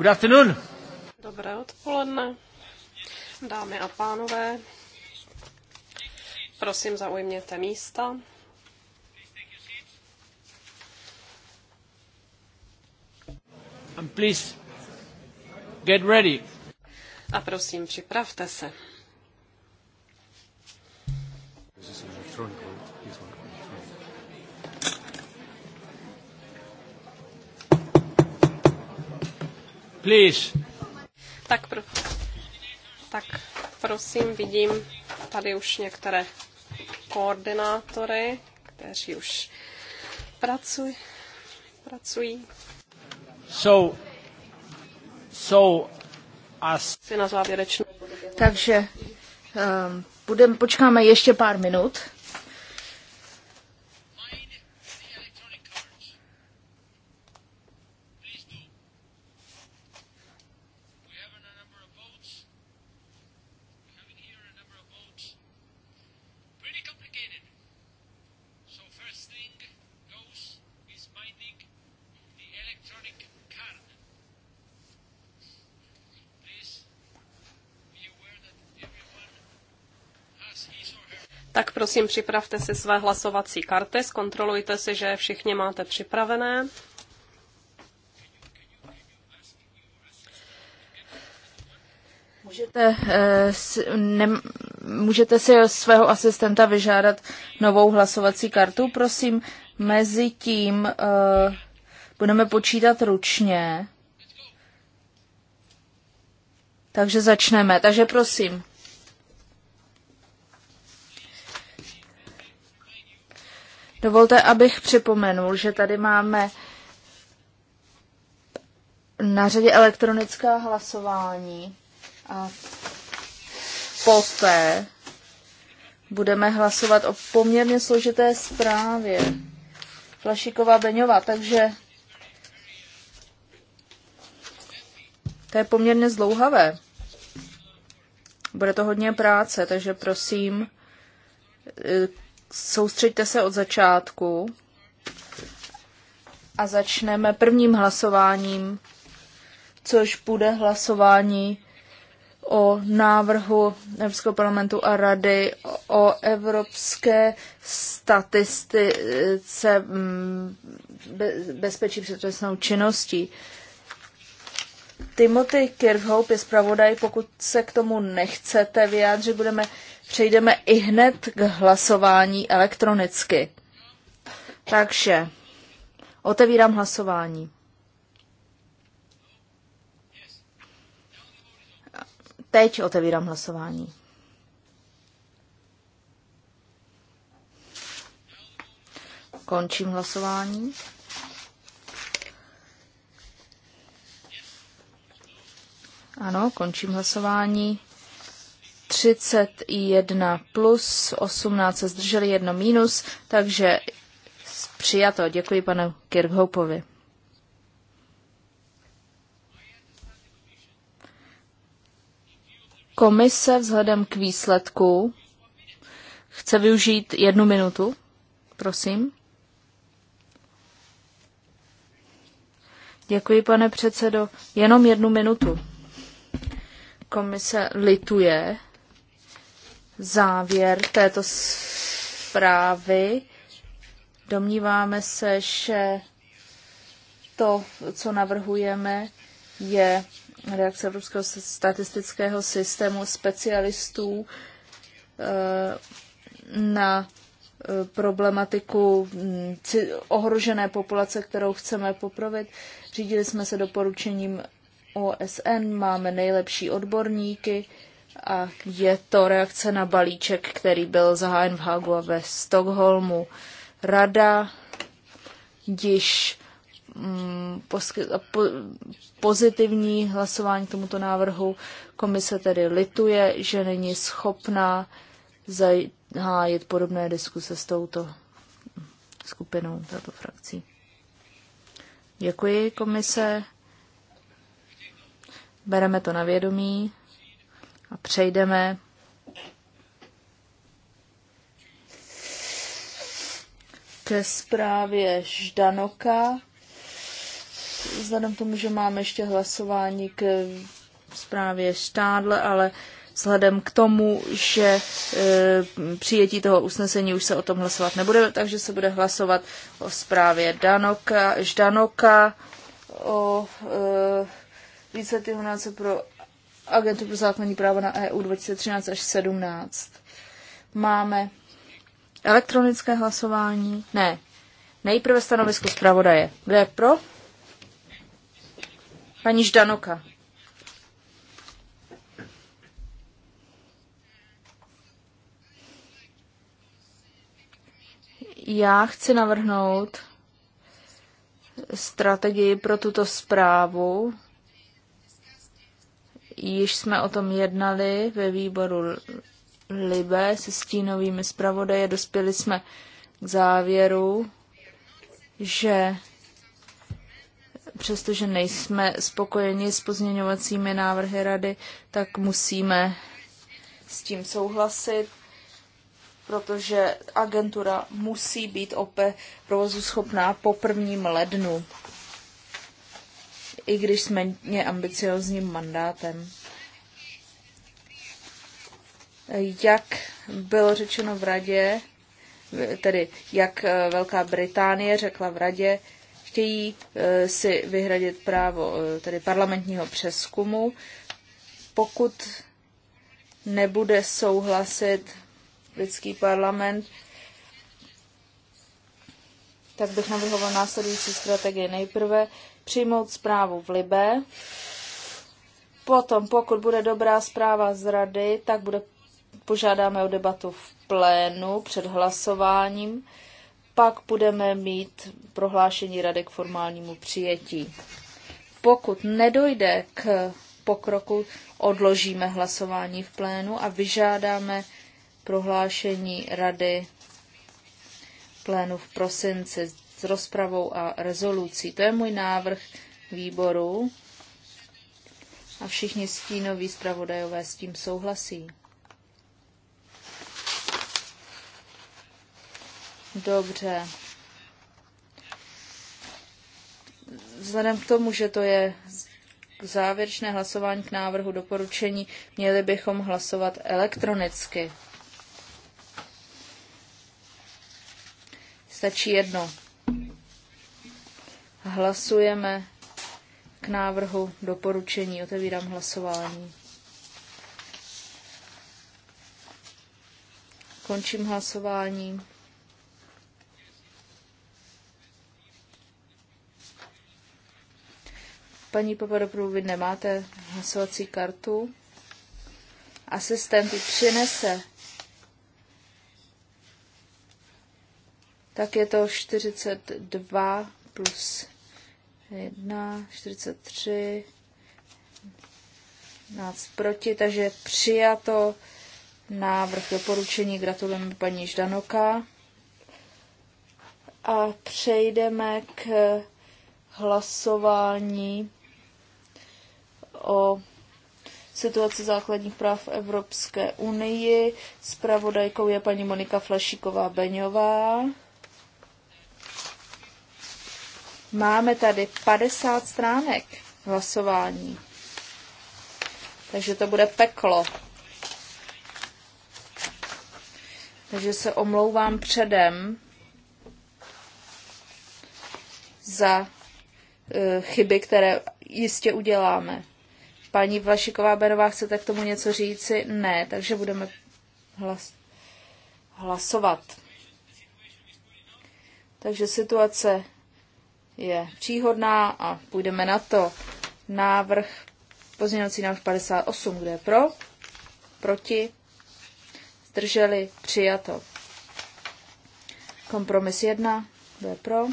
Good afternoon. Dobré odpoledne, dámy a pánové. Prosím, zaujměte místa. And please get ready. A prosím, připravte se. please. Tak, pro, tak prosím, vidím tady už některé koordinátory, kteří už pracují. pracují. So, so as... Takže um, budem, počkáme ještě pár minut. Prosím, připravte si své hlasovací karty, zkontrolujte si, že všichni máte připravené. Můžete, eh, ne, můžete si svého asistenta vyžádat novou hlasovací kartu, prosím. Mezi tím uh, budeme počítat ručně. Takže začneme. Takže prosím. Dovolte, abych připomenul, že tady máme na řadě elektronická hlasování a poté budeme hlasovat o poměrně složité zprávě. Flašiková Beňová, takže to je poměrně zlouhavé. Bude to hodně práce, takže prosím, eh, soustřeďte se od začátku a začneme prvním hlasováním, což bude hlasování o návrhu Evropského parlamentu a rady o evropské statistice mm, bezpečí před trestnou činností. Timothy Kirchhoff je zpravodaj, pokud se k tomu nechcete vyjádřit, budeme přejdeme i hned k hlasování elektronicky. Takže otevírám hlasování. Teď otevírám hlasování. Končím hlasování. Ano, končím hlasování. 31 plus, 18 se zdrželi, jedno minus, takže přijato. Děkuji panu Kirkhopovi. Komise vzhledem k výsledku chce využít jednu minutu, prosím. Děkuji, pane předsedo. Jenom jednu minutu. Komise lituje, závěr této zprávy. Domníváme se, že to, co navrhujeme, je reakce Evropského statistického systému specialistů eh, na eh, problematiku mm, ohrožené populace, kterou chceme popravit. Řídili jsme se doporučením OSN, máme nejlepší odborníky, a je to reakce na balíček, který byl zahájen v Hagu a ve Stockholmu. Rada již mm, pozitivní hlasování k tomuto návrhu. Komise tedy lituje, že není schopná zahájit podobné diskuse s touto skupinou, tato frakcí. Děkuji, komise. Bereme to na vědomí. A přejdeme ke zprávě Ždanoka. Vzhledem k tomu, že máme ještě hlasování k zprávě Štádle, ale vzhledem k tomu, že e, přijetí toho usnesení už se o tom hlasovat nebude, takže se bude hlasovat o zprávě Danoka, Ždanoka, o e, více pro agentu pro základní práva na EU 2013 až 17. Máme elektronické hlasování. Ne. Nejprve stanovisko zpravodaje. Kdo je pro? Paní Ždanoka. Já chci navrhnout strategii pro tuto zprávu Již jsme o tom jednali ve výboru Libe se stínovými zpravodaje. Dospěli jsme k závěru, že přestože nejsme spokojeni s pozměňovacími návrhy rady, tak musíme s tím souhlasit, protože agentura musí být opět provozu schopná po prvním lednu i když s méně ambiciozním mandátem. Jak bylo řečeno v radě, tedy jak eh, Velká Británie řekla v radě, chtějí eh, si vyhradit právo eh, tedy parlamentního přeskumu, pokud nebude souhlasit britský parlament tak bych navrhoval následující strategii. Nejprve přijmout zprávu v Libe, potom, pokud bude dobrá zpráva z rady, tak bude, požádáme o debatu v plénu před hlasováním, pak budeme mít prohlášení rady k formálnímu přijetí. Pokud nedojde k pokroku, odložíme hlasování v plénu a vyžádáme prohlášení rady plénu v prosinci s rozpravou a rezolucí. To je můj návrh výboru a všichni stínoví zpravodajové s tím souhlasí. Dobře. Vzhledem k tomu, že to je závěrečné hlasování k návrhu doporučení, měli bychom hlasovat elektronicky. Stačí jedno. Hlasujeme k návrhu doporučení. Otevírám hlasování. Končím hlasování. Paní Papadopoulou, vy nemáte hlasovací kartu. Asistent ji přinese. tak je to 42 plus 1, 43, 15 proti, takže přijato návrh doporučení. Gratulujeme paní Ždanoka. A přejdeme k hlasování o situaci základních práv v Evropské unii. Spravodajkou je paní Monika Flašíková-Beňová. Máme tady 50 stránek hlasování. Takže to bude peklo. Takže se omlouvám předem za uh, chyby, které jistě uděláme. Paní Vlašiková Berová, chcete k tomu něco říci? Ne, takže budeme hlas, hlasovat. Takže situace je příhodná a půjdeme na to. Návrh, pozměňovací návrh 58, kde je pro, proti, zdrželi, přijato. Kompromis 1, kde je pro,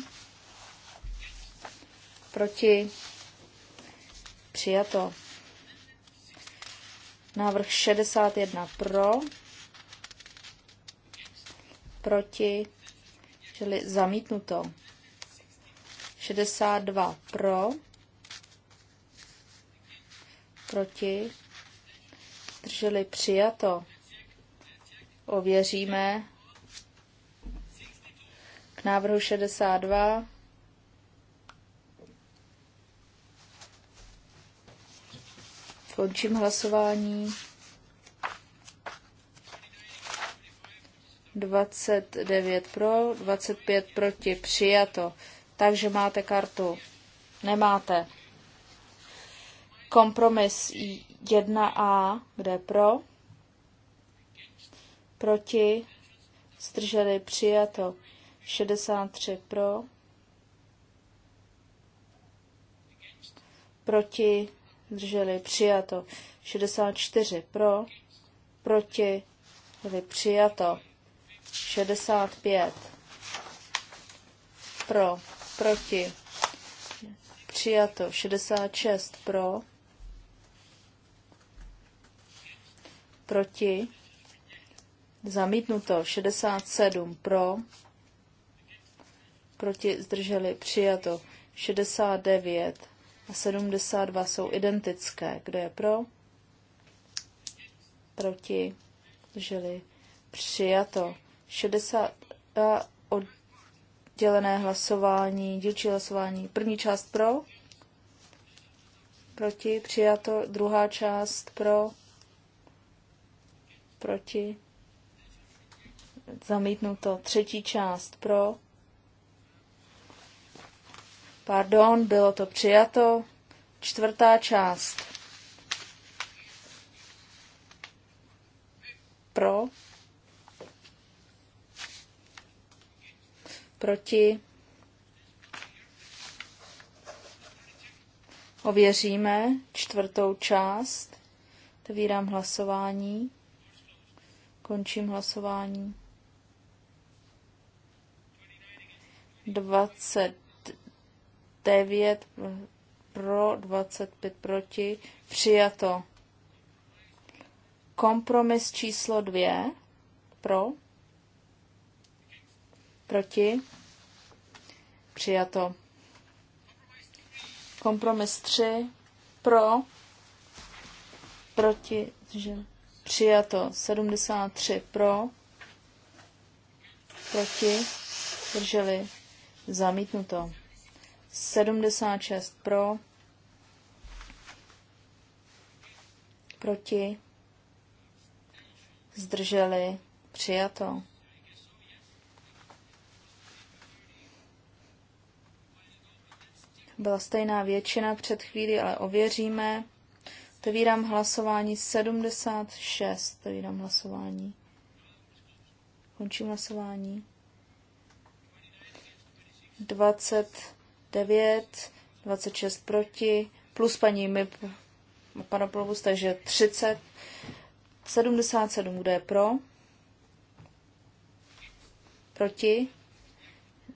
proti, přijato. Návrh 61 pro, proti, čili zamítnuto. 62 pro, proti, drželi přijato. Ověříme k návrhu 62. Končím hlasování. 29 pro, 25 proti, přijato. Takže máte kartu. Nemáte. Kompromis 1A, kde je pro? Proti? Zdrželi přijato. 63 pro. Proti? Zdrželi přijato. 64 pro. Proti? Zdrželi přijato. 65 pro proti, přijato 66 pro, proti, zamítnuto 67 pro, proti zdrželi přijato 69 a 72 jsou identické. Kdo je pro? Proti zdrželi přijato 60 dělené hlasování, dílčí hlasování. První část pro, proti, přijato, druhá část pro, proti, zamítnuto, třetí část pro, pardon, bylo to přijato, čtvrtá část pro, proti. Ověříme čtvrtou část. Otevírám hlasování. Končím hlasování. 29 pro, 25 proti. Přijato. Kompromis číslo 2 pro. Proti? Přijato. Kompromis 3. Pro? Proti? Že? Přijato. 73. Pro? Proti? Drželi. Zamítnuto. 76 pro, proti, zdrželi, přijato. Byla stejná většina před chvíli, ale ověříme. Otevírám hlasování 76. Otevírám hlasování. Končím hlasování. 29, 26 proti, plus paní mi pana Plovus, takže 30, 77, kdo je pro, proti,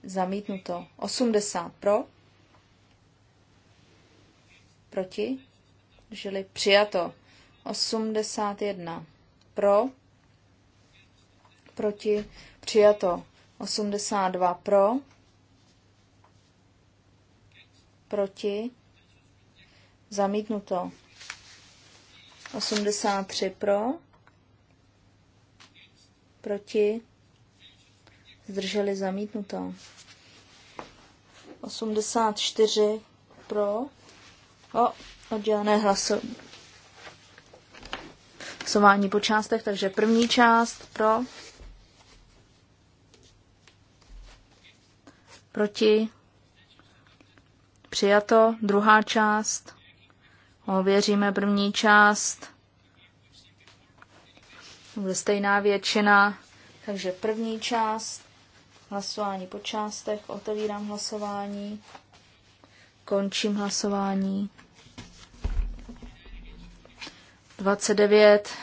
zamítnuto, 80 pro, proti, drželi přijato. 81 pro, proti, přijato. 82 pro, proti, zamítnuto. 83 pro, proti, zdrželi zamítnuto. 84 pro, o oddělené hlasování po částech. Takže první část pro, proti, přijato, druhá část, ověříme první část, bude stejná většina, takže první část, hlasování po částech, otevírám hlasování. Končím hlasování. 29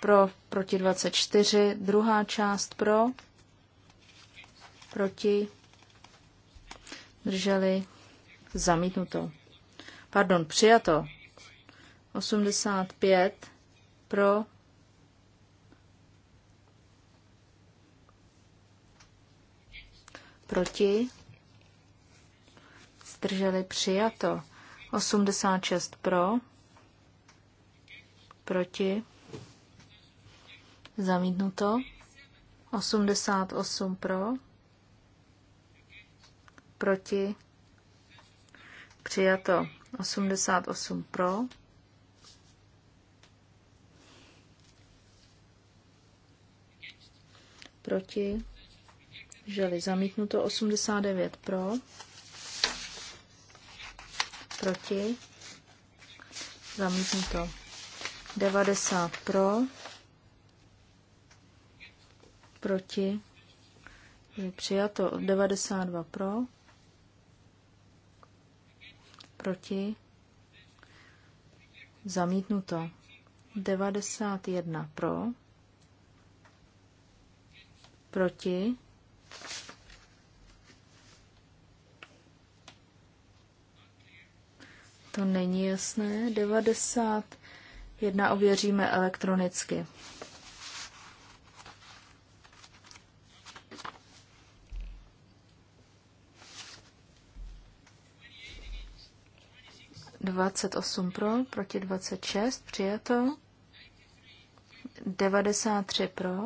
pro, proti 24, druhá část pro, proti, drželi, zamítnuto. Pardon, přijato. 85 pro, proti, zdrželi přijato. 86 pro, proti, zamítnuto. 88 pro, proti, přijato. 88 pro, proti, želi zamítnuto. 89 pro, proti, zamítnuto. 90 pro, proti, Je přijato 92 pro, proti, zamítnuto. 91 pro, proti, To není jasné. 91 ověříme elektronicky. Dvacet osm pro, proti dvacet šest, přijato. Devadesát tři pro,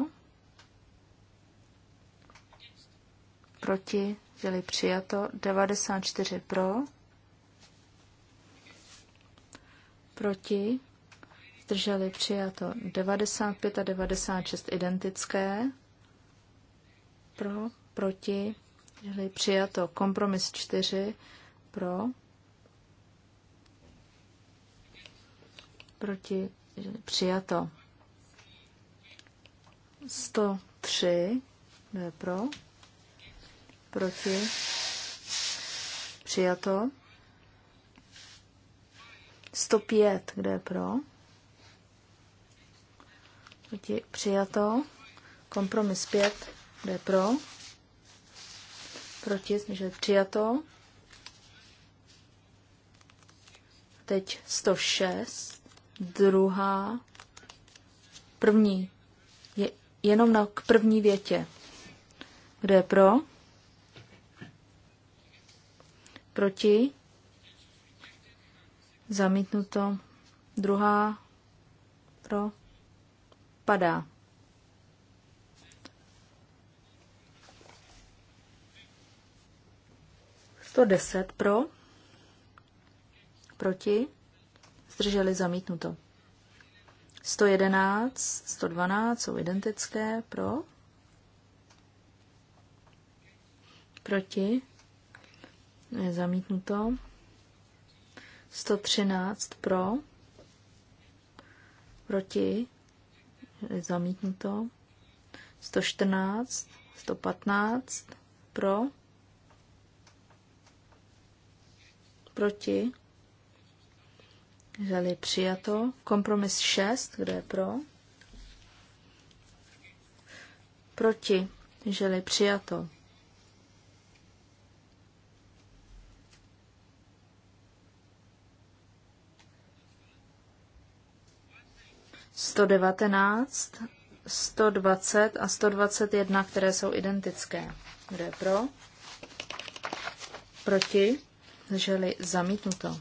proti, jeli přijato. Devadesát čtyři pro proti, zdrželi přijato 95 a 96 identické, pro, proti, zdrželi přijato kompromis 4, pro, proti, přijato 103, pro, proti, přijato 105, kde je pro? Proti přijato. Kompromis 5, kde je pro? Proti, že přijato. Teď 106, druhá, první, je, jenom na, k první větě. Kde je pro? Proti? Zamítnuto. Druhá pro. Padá. Sto deset pro. Proti. Zdrželi zamítnuto. 111, 112 jsou identické pro. Proti. Je zamítnuto. 113 pro, proti, zamítnuto, 114, 115 pro, proti, Žali přijato. Kompromis 6, kde je pro? Proti. Žali přijato. 119, 120 a 121, které jsou identické. Kdo je pro? Proti? Želi zamítnuto.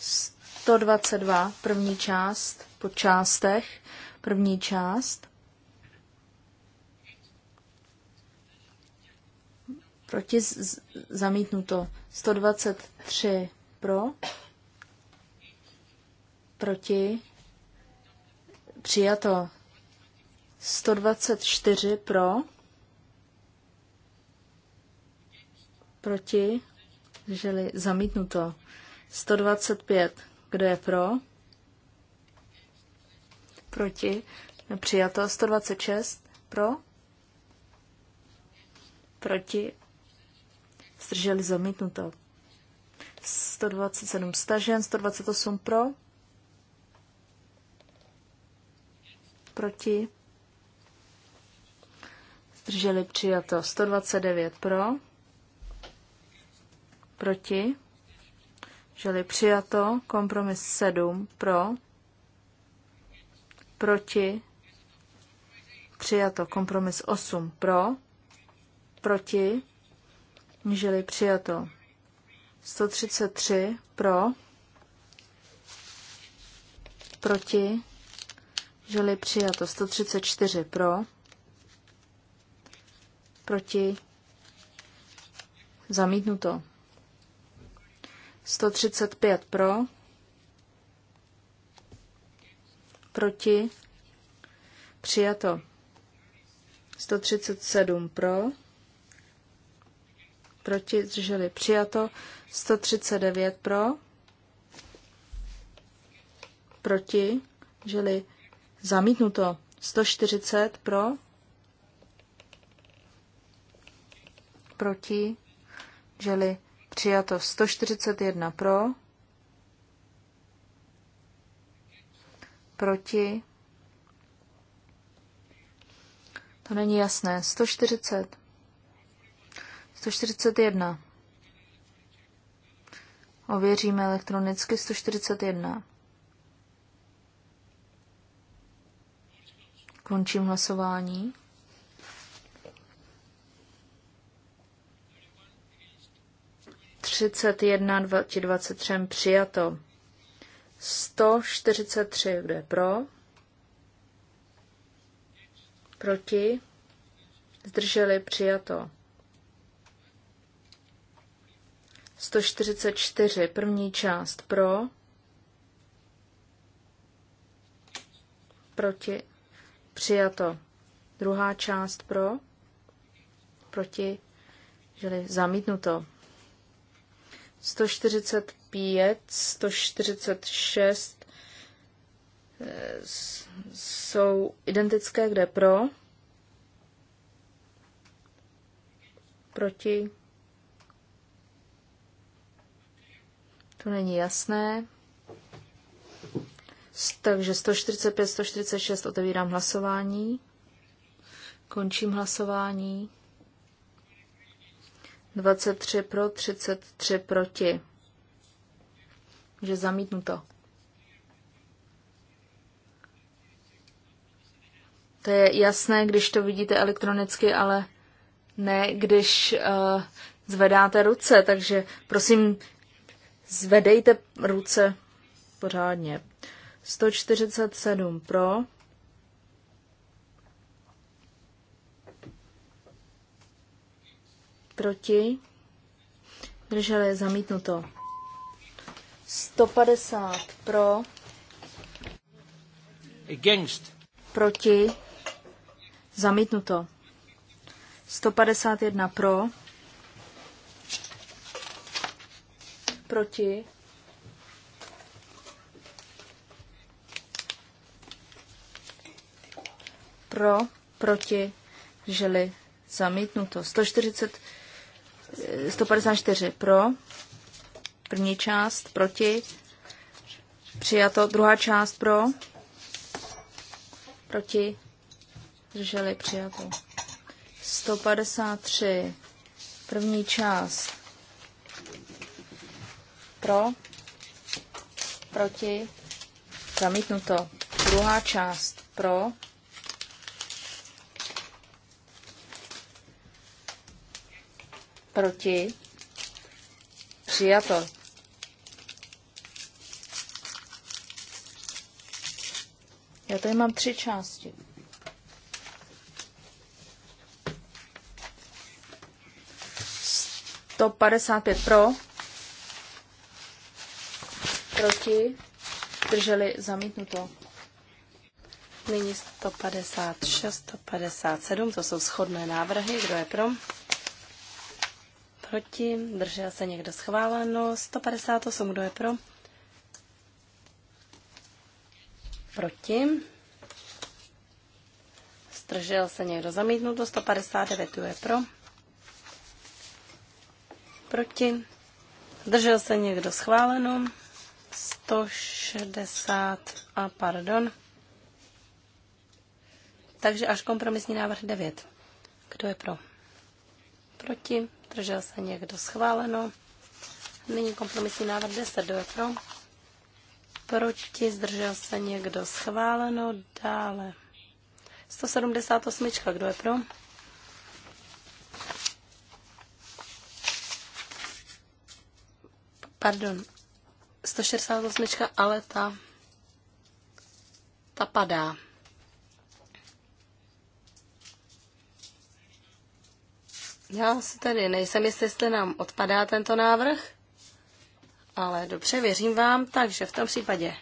122, první část, po částech, první část. Proti zamítnuto. 123 pro, proti, přijato 124 pro, proti, želi zamítnuto 125, kdo je pro, proti, přijato 126 pro, proti, zdrželi zamítnuto 127 stažen, 128 pro, proti, zdrželi přijato 129 pro, proti, žili přijato kompromis 7 pro, proti, přijato kompromis 8 pro, proti, zdrželi přijato 133 pro, proti, Žili přijato 134 pro, proti, zamítnuto. 135 pro, proti, přijato. 137 pro, proti, zdrželi přijato. 139 pro, proti, žili Zamítnuto. 140 pro. Proti. Želi přijato. 141 pro. Proti. To není jasné. 140. 141. Ověříme elektronicky 141. Končím hlasování. Třicet jedna dvacet třem přijato. Sto čtyřicet tři, kdo je pro? Proti? Zdrželi přijato. 144, první část pro, proti, Přijato. Druhá část pro, proti, žili zamítnuto. 145, 146 eh, jsou identické, kde pro, proti, to není jasné. Takže 145, 146 otevírám hlasování. Končím hlasování. 23 pro, 33 proti. Takže zamítnuto. To je jasné, když to vidíte elektronicky, ale ne, když uh, zvedáte ruce. Takže prosím, zvedejte ruce pořádně. 147 pro, proti, drželi zamítnuto. 150 pro, against, proti, zamítnuto. 151 pro, proti, pro, proti, žili zamítnuto. 140, 154 pro, první část, proti, přijato, druhá část pro, proti, drželi přijato. 153, první část, pro, proti, zamítnuto. Druhá část pro, Proti? Přijato. Já tady mám tři části. To 55 pro, proti, drželi zamítnuto. Nyní 156, 157, to jsou shodné návrhy. Kdo je pro? proti, držel se někdo schváleno, 158, kdo je pro, proti, zdržel se někdo zamítnuto, 159, kdo je pro, proti, zdržel se někdo schváleno, 160 a pardon, takže až kompromisní návrh 9. Kdo je pro? Proti? Držel se někdo schváleno. Nyní kompromisní návrh 10. Kdo je pro? Proti? Zdržel se někdo schváleno. Dále. 178. Kdo je pro? Pardon. 168, ale ta, ta padá. Já si tady nejsem jistý, jestli nám odpadá tento návrh, ale dobře, věřím vám, takže v tom případě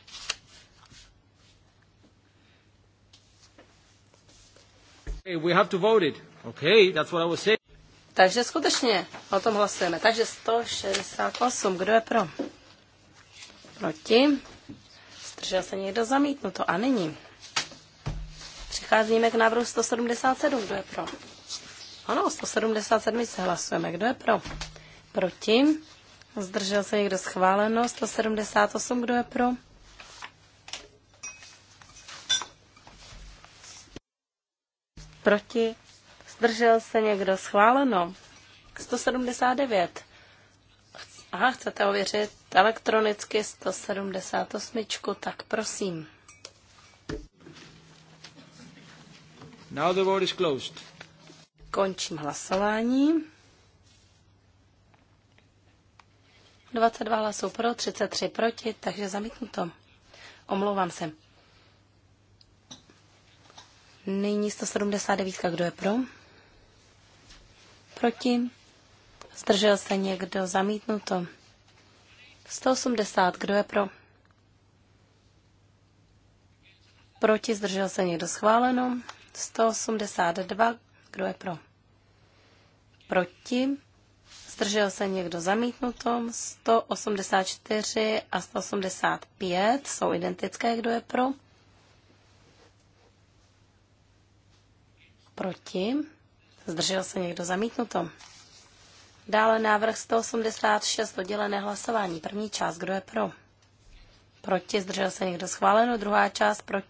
We have to vote it. Okay, that's what I was saying. Takže skutečně o tom hlasujeme. Takže 168. Kdo je pro? Proti? Zdržel se někdo zamítnuto? A není. Přicházíme k návrhu 177. Kdo je pro? Ano, 177 se hlasujeme. Kdo je pro? Proti? Zdržel se někdo schváleno? 178, kdo je pro? Proti? Zdržel se někdo schváleno? 179. Aha, chcete ověřit elektronicky 178, tak prosím. Now the vote is closed. Končím hlasování. 22 hlasů pro, 33 proti, takže zamítnuto. Omlouvám se. Nyní 179, kdo je pro? Proti? Zdržel se někdo? Zamítnuto. 180, kdo je pro? Proti? Zdržel se někdo? Schváleno. 182, kdo je pro? proti, zdržel se někdo zamítnutom 184 a 185 jsou identické, kdo je pro, proti, zdržel se někdo zamítnuto. Dále návrh 186, oddělené hlasování. První část, kdo je pro? Proti, zdržel se někdo schváleno. Druhá část, pro,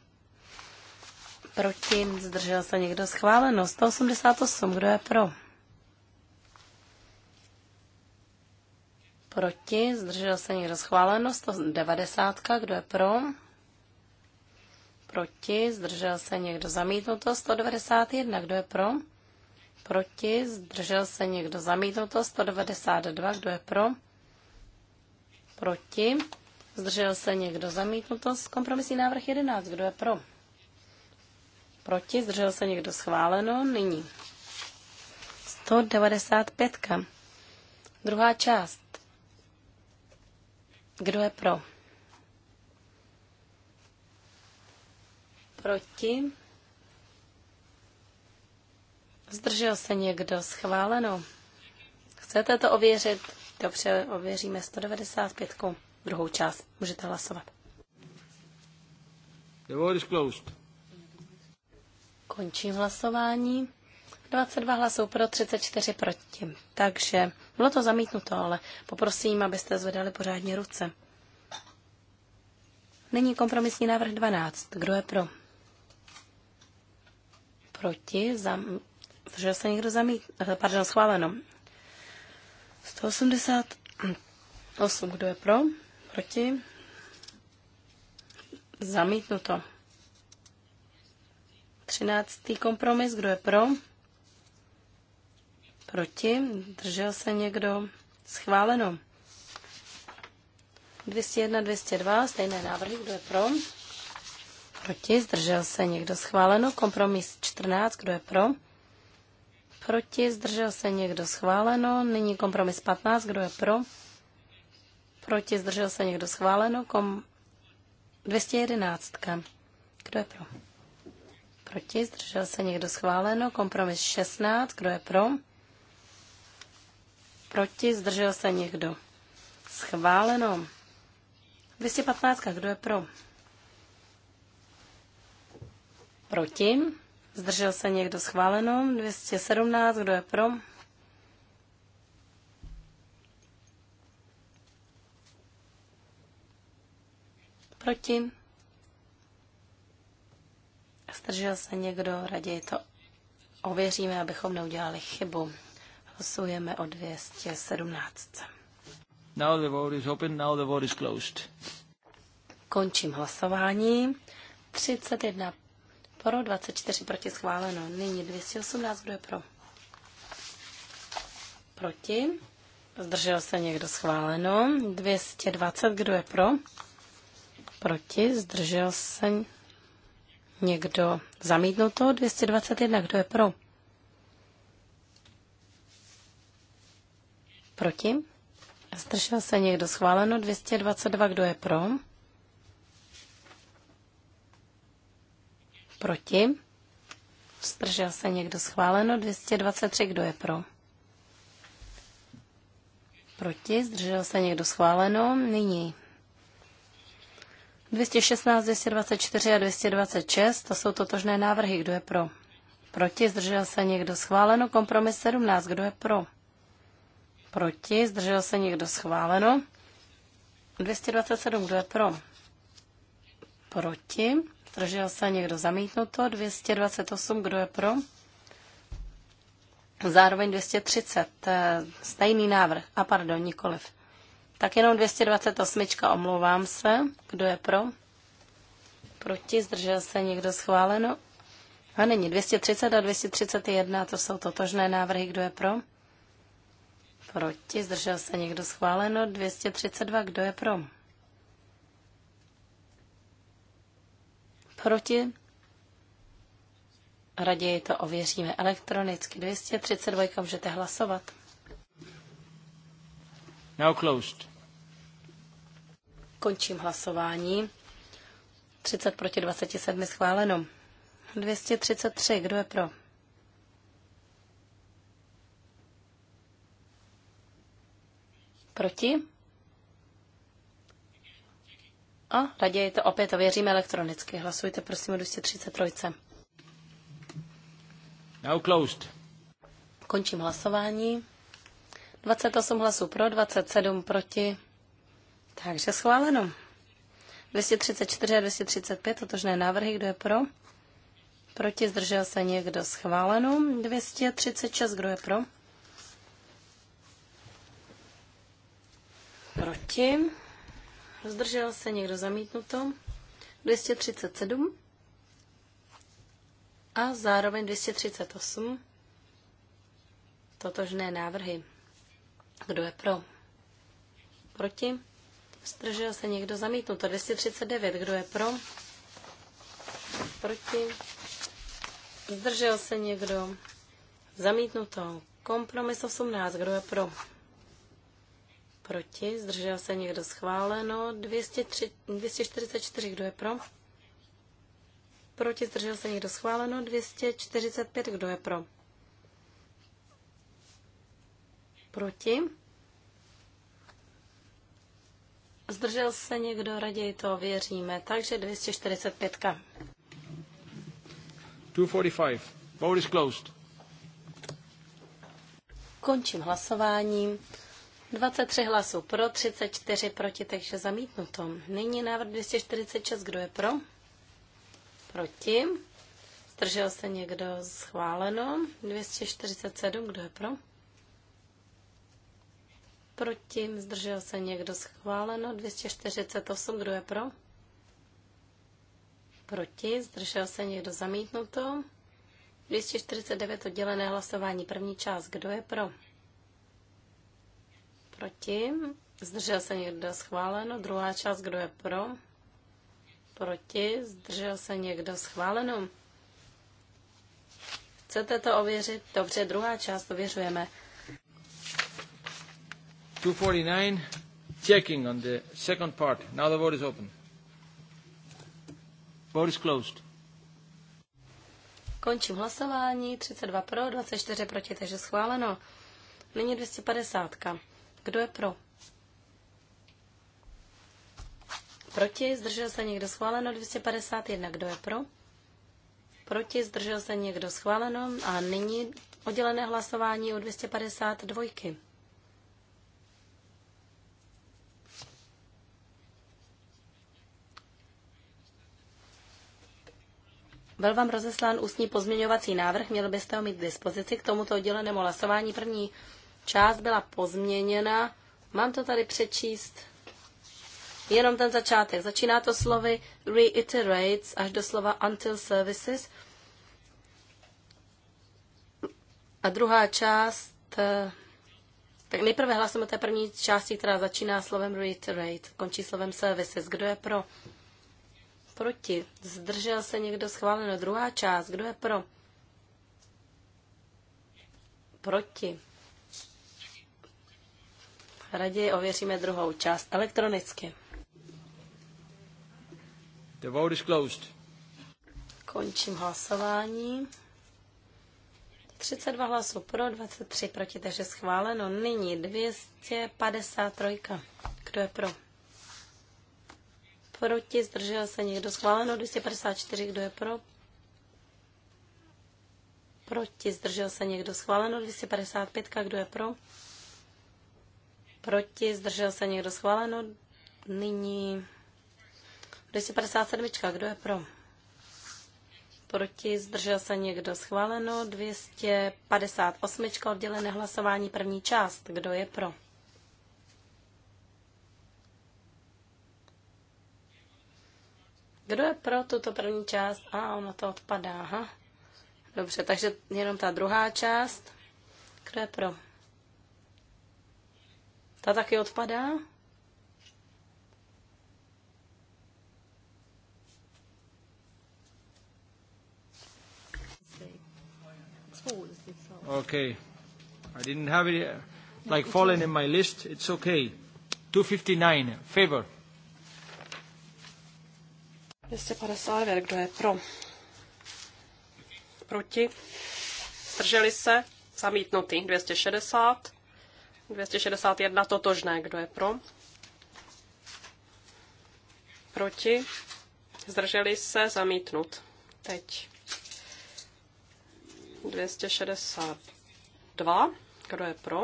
proti, zdržel se někdo schváleno. 188, kdo je pro? Proti? Zdržel se někdo schváleno? 190. Kdo je pro? Proti? Zdržel se někdo zamítnuto? 191. Kdo je pro? Proti? Zdržel se někdo zamítnuto? 192. Kdo je pro? Proti? Zdržel se někdo zamítnuto? Kompromisní návrh 11. Kdo je pro? Proti? Zdržel se někdo schváleno? Nyní. 195. Druhá část. Kdo je pro? Proti? Zdržel se někdo? Schváleno. Chcete to ověřit? Dobře, ověříme 195. Druhou část. Můžete hlasovat. The vote is closed. Končím hlasování. 22 hlasů pro, 34 proti. Takže bylo to zamítnuto, ale poprosím, abyste zvedali pořádně ruce. Není kompromisní návrh 12. Kdo je pro? Proti? Zam... Zdržel se někdo zamít... Eh, pardon, schváleno. 188. Kdo je pro? Proti? Zamítnuto. 13. kompromis. Kdo je pro? Proti? Držel se někdo? Schváleno. 201, 202, stejné návrhy, kdo je pro? Proti? Zdržel se někdo? Schváleno. Kompromis 14, kdo je pro? Proti? Zdržel se někdo? Schváleno. Nyní kompromis 15, kdo je pro? Proti? Zdržel se někdo? Schváleno. Kom... 211. Kdo je pro? Proti? Zdržel se někdo? Schváleno. Kompromis 16, kdo je pro? Proti? Zdržel se někdo? Schváleno. 215. Kdo je pro? Proti? Zdržel se někdo? Schváleno. 217. Kdo je pro? Proti? Zdržel se někdo? Raději to ověříme, abychom neudělali chybu. Hlasujeme o 217. Now the vote is open, now the vote is closed. Končím hlasování. 31 pro, 24 proti schváleno. Nyní 218, kdo je pro? Proti. Zdržel se někdo schváleno. 220, kdo je pro? Proti. Zdržel se někdo zamítnuto. 221, kdo je pro? Proti? Zdržel se někdo schváleno 222, kdo je pro? Proti? Zdržel se někdo schváleno 223, kdo je pro? Proti? Zdržel se někdo schváleno? Nyní 216, 224 a 226, to jsou totožné návrhy. Kdo je pro? Proti? Zdržel se někdo schváleno? Kompromis 17, kdo je pro? Proti? Zdržel se někdo? Schváleno. 227. Kdo je pro? Proti? Zdržel se někdo? Zamítnuto. 228. Kdo je pro? Zároveň 230. Eh, stejný návrh. A pardon, nikoliv. Tak jenom 228. Omlouvám se. Kdo je pro? Proti? Zdržel se někdo? Schváleno. A není 230 a 231, to jsou totožné návrhy. Kdo je pro? Proti? Zdržel se někdo? Schváleno. 232. Kdo je pro? Proti? Raději to ověříme elektronicky. 232. Můžete hlasovat. Now closed. Končím hlasování. 30 proti 27 schváleno. 233. Kdo je pro? Proti? A raději to opět ověříme elektronicky. Hlasujte prosím o 233. Now closed. Končím hlasování. 28 hlasů pro, 27 proti. Takže schváleno. 234 a 235, totožné návrhy, kdo je pro? Proti zdržel se někdo schváleno. 236, kdo je pro? Proti. Zdržel se někdo zamítnuto. 237. A zároveň 238. Totožné návrhy. Kdo je pro? Proti? Zdržel se někdo zamítnuto. 239. Kdo je pro? Proti? Zdržel se někdo? Zamítnuto. Kompromis 18. Kdo je pro? Proti? Zdržel se někdo schváleno? 203, 244, kdo je pro? Proti? Zdržel se někdo schváleno? 245, kdo je pro? Proti? Zdržel se někdo, raději to věříme. Takže 245. 245. Vote is closed. Končím hlasováním. 23 hlasů pro, 34 proti, takže zamítnuto. Nyní návrh 246, kdo je pro? Proti. Zdržel se někdo schváleno. 247, kdo je pro? Proti. Zdržel se někdo schváleno. 248, kdo je pro? Proti. Zdržel se někdo zamítnuto. 249 oddělené hlasování. První část. Kdo je pro? Proti? Zdržel se někdo? Schváleno. Druhá část, kdo je pro? Proti? Zdržel se někdo? Schváleno. Chcete to ověřit? Dobře, druhá část ověřujeme. 249, checking on the second part. Now the vote is open. Vote is closed. Končím hlasování, 32 pro, 24 proti, takže schváleno. Nyní 250. Kdo je pro? Proti? Zdržel se někdo schváleno? 251. Kdo je pro? Proti? Zdržel se někdo schváleno? A nyní oddělené hlasování o 252. Byl vám rozeslán ústní pozměňovací návrh, měl byste ho mít k dispozici k tomuto oddělenému hlasování. První část byla pozměněna. Mám to tady přečíst. Jenom ten začátek. Začíná to slovy reiterates až do slova until services. A druhá část, eh, tak nejprve hlasujeme té první části, která začíná slovem reiterate, končí slovem services. Kdo je pro? Proti. Zdržel se někdo schváleno. Druhá část. Kdo je pro? Proti. Raději ověříme druhou část elektronicky. The vote is closed. Končím hlasování. 32 hlasů pro, 23 proti, takže schváleno. Nyní 253. Kdo je pro? Proti, zdržel se někdo. Schváleno 254. Kdo je pro? Proti, zdržel se někdo. Schváleno 255. Kdo je pro? proti, zdržel se někdo schváleno. Nyní 257. Kdo je pro? Proti, zdržel se někdo schváleno. 258. Oddělené hlasování první část. Kdo je pro? Kdo je pro tuto první část? A ah, ono to odpadá, aha. Dobře, takže jenom ta druhá část. Kdo je pro? Ta taky odpadá? OK. I didn't have it uh, like fallen in my list. It's OK. 259, favor. 259, kdo je pro? Proti? Zdrželi se? Zamítnutý. 260. 261 totožné. Kdo je pro? Proti? Zdrželi se zamítnut. Teď. 262. Kdo je pro?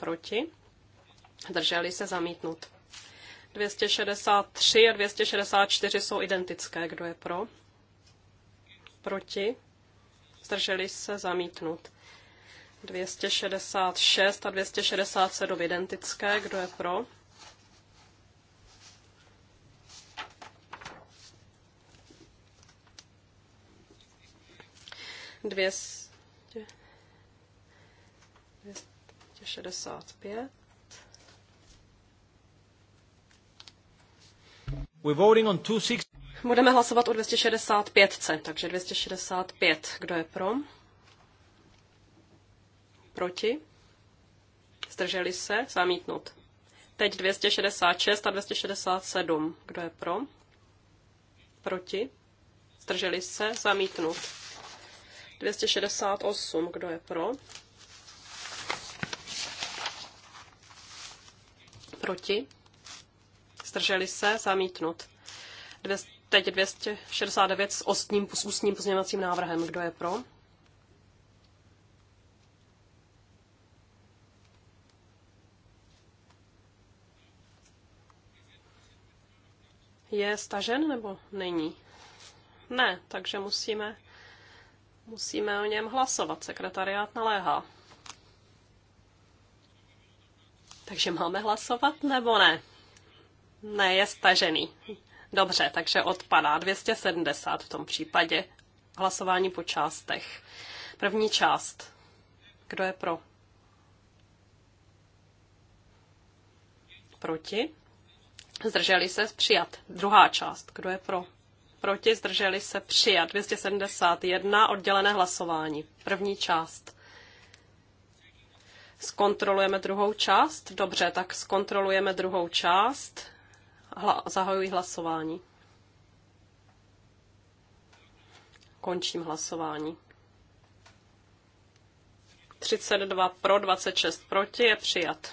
Proti? Zdrželi se zamítnut. 263 a 264 jsou identické. Kdo je pro? Proti? Zdrželi se zamítnut. 266 a 267 identické. Kdo je pro? Dvě, 265. We're voting on two six... Budeme hlasovat o 265, takže 265. Kdo je pro? Proti? Zdrželi se? Zamítnut. Teď 266 a 267. Kdo je pro? Proti? Zdrželi se? Zamítnut. 268. Kdo je pro? Proti? Zdrželi se? Zamítnut. Dvě, teď 269 s, ostním, s ústním pozměňovacím návrhem. Kdo je pro? je stažen nebo není? Ne, takže musíme, musíme o něm hlasovat. Sekretariát naléhá. Takže máme hlasovat nebo ne? Ne, je stažený. Dobře, takže odpadá 270 v tom případě. Hlasování po částech. První část. Kdo je pro? Proti? Zdrželi se přijat. Druhá část. Kdo je pro? Proti zdrželi se přijat. 271 oddělené hlasování. První část. Zkontrolujeme druhou část? Dobře, tak zkontrolujeme druhou část. Hla- zahajuji hlasování. Končím hlasování. 32 pro, 26 proti je přijat.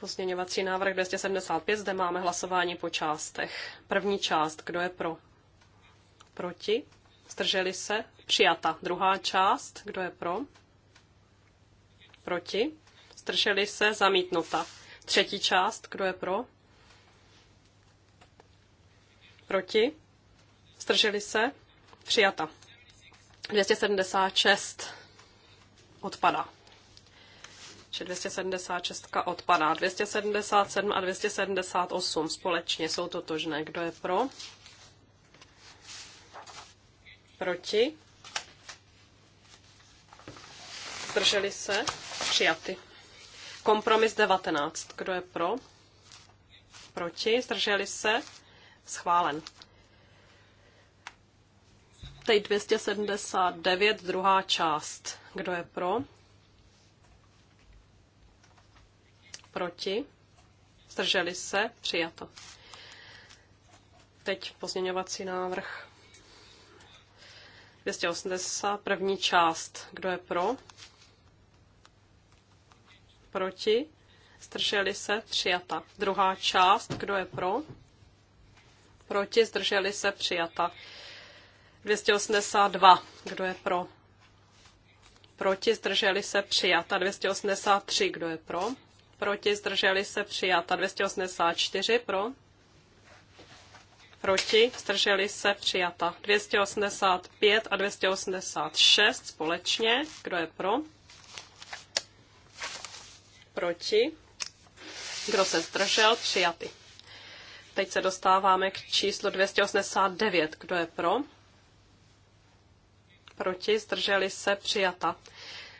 Pozměňovací návrh 275, zde máme hlasování po částech. První část, kdo je pro? Proti? Zdrželi se? Přijata. Druhá část, kdo je pro? Proti? Zdrželi se? Zamítnuta. Třetí část, kdo je pro? Proti? Zdrželi se? Přijata. 276 odpada že 276 odpadá. 277 a 278 společně jsou totožné. Kdo je pro? Proti? Zdrželi se? Přijaty. Kompromis 19. Kdo je pro? Proti? Zdrželi se? Schválen. Teď 279, druhá část. Kdo je pro? proti, zdrželi se, přijato. Teď pozměňovací návrh 280, první část. Kdo je pro? Proti? Zdrželi se? Přijata. Druhá část. Kdo je pro? Proti? Zdrželi se? Přijata. 282. Kdo je pro? Proti? Zdrželi se? Přijata. 283. Kdo je pro? proti, zdrželi se přijata 284 pro, proti, zdrželi se přijata 285 a 286 společně, kdo je pro, proti, kdo se zdržel, přijaty. Teď se dostáváme k číslu 289, kdo je pro, proti, zdrželi se přijata.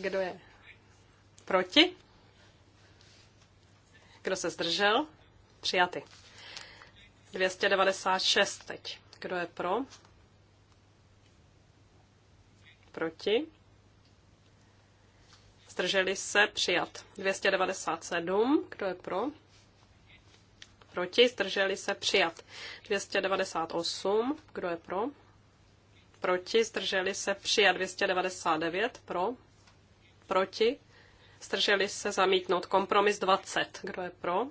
Kdo je proti? Kdo se zdržel? Přijaty. 296 teď. Kdo je pro? Proti? Zdrželi se přijat. 297. Kdo je pro? Proti? Zdrželi se přijat. 298. Kdo je pro? Proti? Zdrželi se přijat. 299. Pro? Proti? Zdrželi se zamítnout. Kompromis 20. Kdo je pro?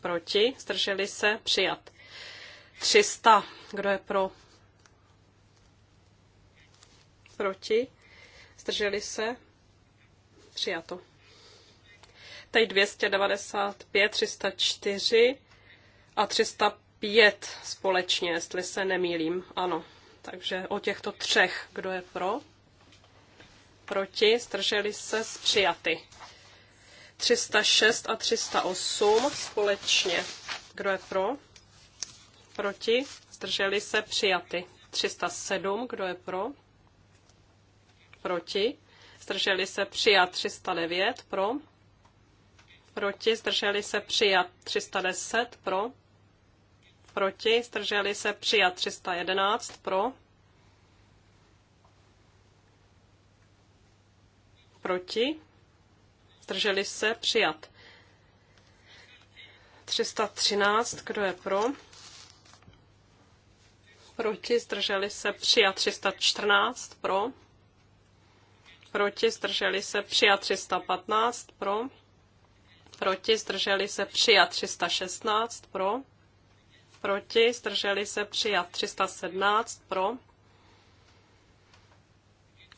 Proti? Zdrželi se přijat. 300. Kdo je pro? Proti? Zdrželi se? Přijato. Teď 295, 304 a 305 společně, jestli se nemýlím. Ano. Takže o těchto třech, kdo je pro? proti, zdrželi se přijaty. 306 a 308 společně. Kdo je pro? Proti, zdrželi se přijaty. 307, kdo je pro? Proti, zdrželi se přijat 309 pro. Proti, zdrželi se přijat 310 pro. Proti, zdrželi se přijat 311 pro proti, zdrželi se, přijat. 313, kdo je pro, proti, zdrželi se, přijat. 314, pro, proti, zdrželi se, přijat. 315, pro, proti, zdrželi se, přijat. 316, pro, proti, zdrželi se, přijat. 317, pro,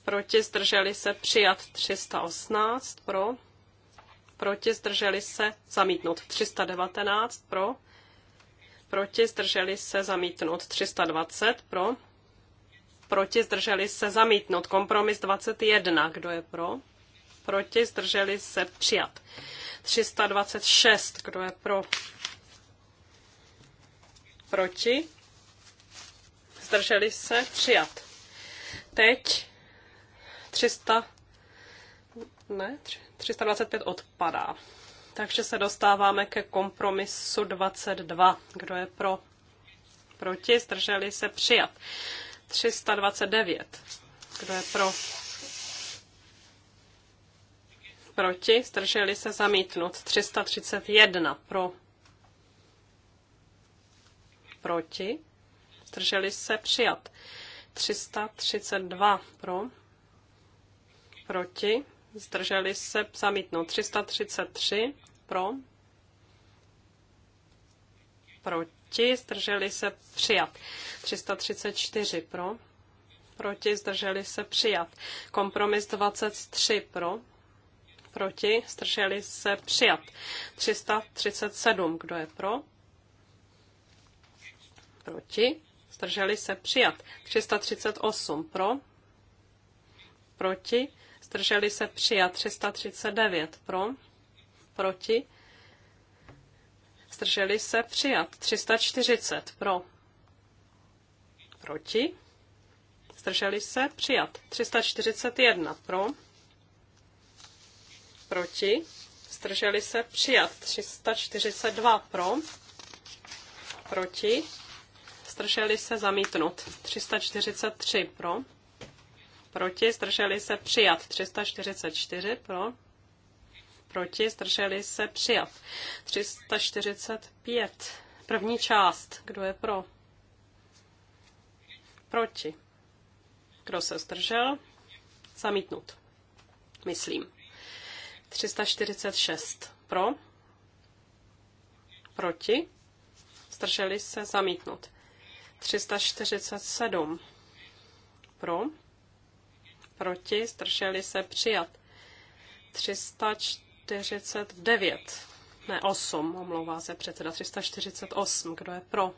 proti, zdrželi se přijat 318 pro, proti, zdrželi se zamítnout 319 pro, proti, zdrželi se zamítnout 320 pro, proti, zdrželi se zamítnout kompromis 21, kdo je pro, proti, zdrželi se přijat 326, kdo je pro, proti, zdrželi se přijat. Teď 300, ne, 325 odpadá. Takže se dostáváme ke kompromisu 22. Kdo je pro? Proti? Zdrželi se přijat. 329. Kdo je pro? Proti? Zdrželi se zamítnout. 331. Pro? Proti? Zdrželi se přijat. 332. Pro? proti, zdrželi se, zamítnout 333 pro, proti, zdrželi se, přijat 334 pro, proti, zdrželi se, přijat kompromis 23 pro, proti, zdrželi se, přijat 337, kdo je pro, proti, zdrželi se, přijat 338 pro, proti, zdrželi se přijat 339 pro, proti, zdrželi se přijat 340 pro, proti, zdrželi se přijat 341 pro, proti, zdrželi se přijat 342 pro, proti, zdrželi se zamítnut 343 pro, proti, zdrželi se přijat. 344 pro, proti, zdrželi se přijat. 345, první část, kdo je pro? Proti. Kdo se zdržel? Zamítnut. Myslím. 346 pro, proti, zdrželi se zamítnut. 347 pro, proti, zdrželi se přijat. 349, ne 8, omlouvá se předseda 348, kdo je pro,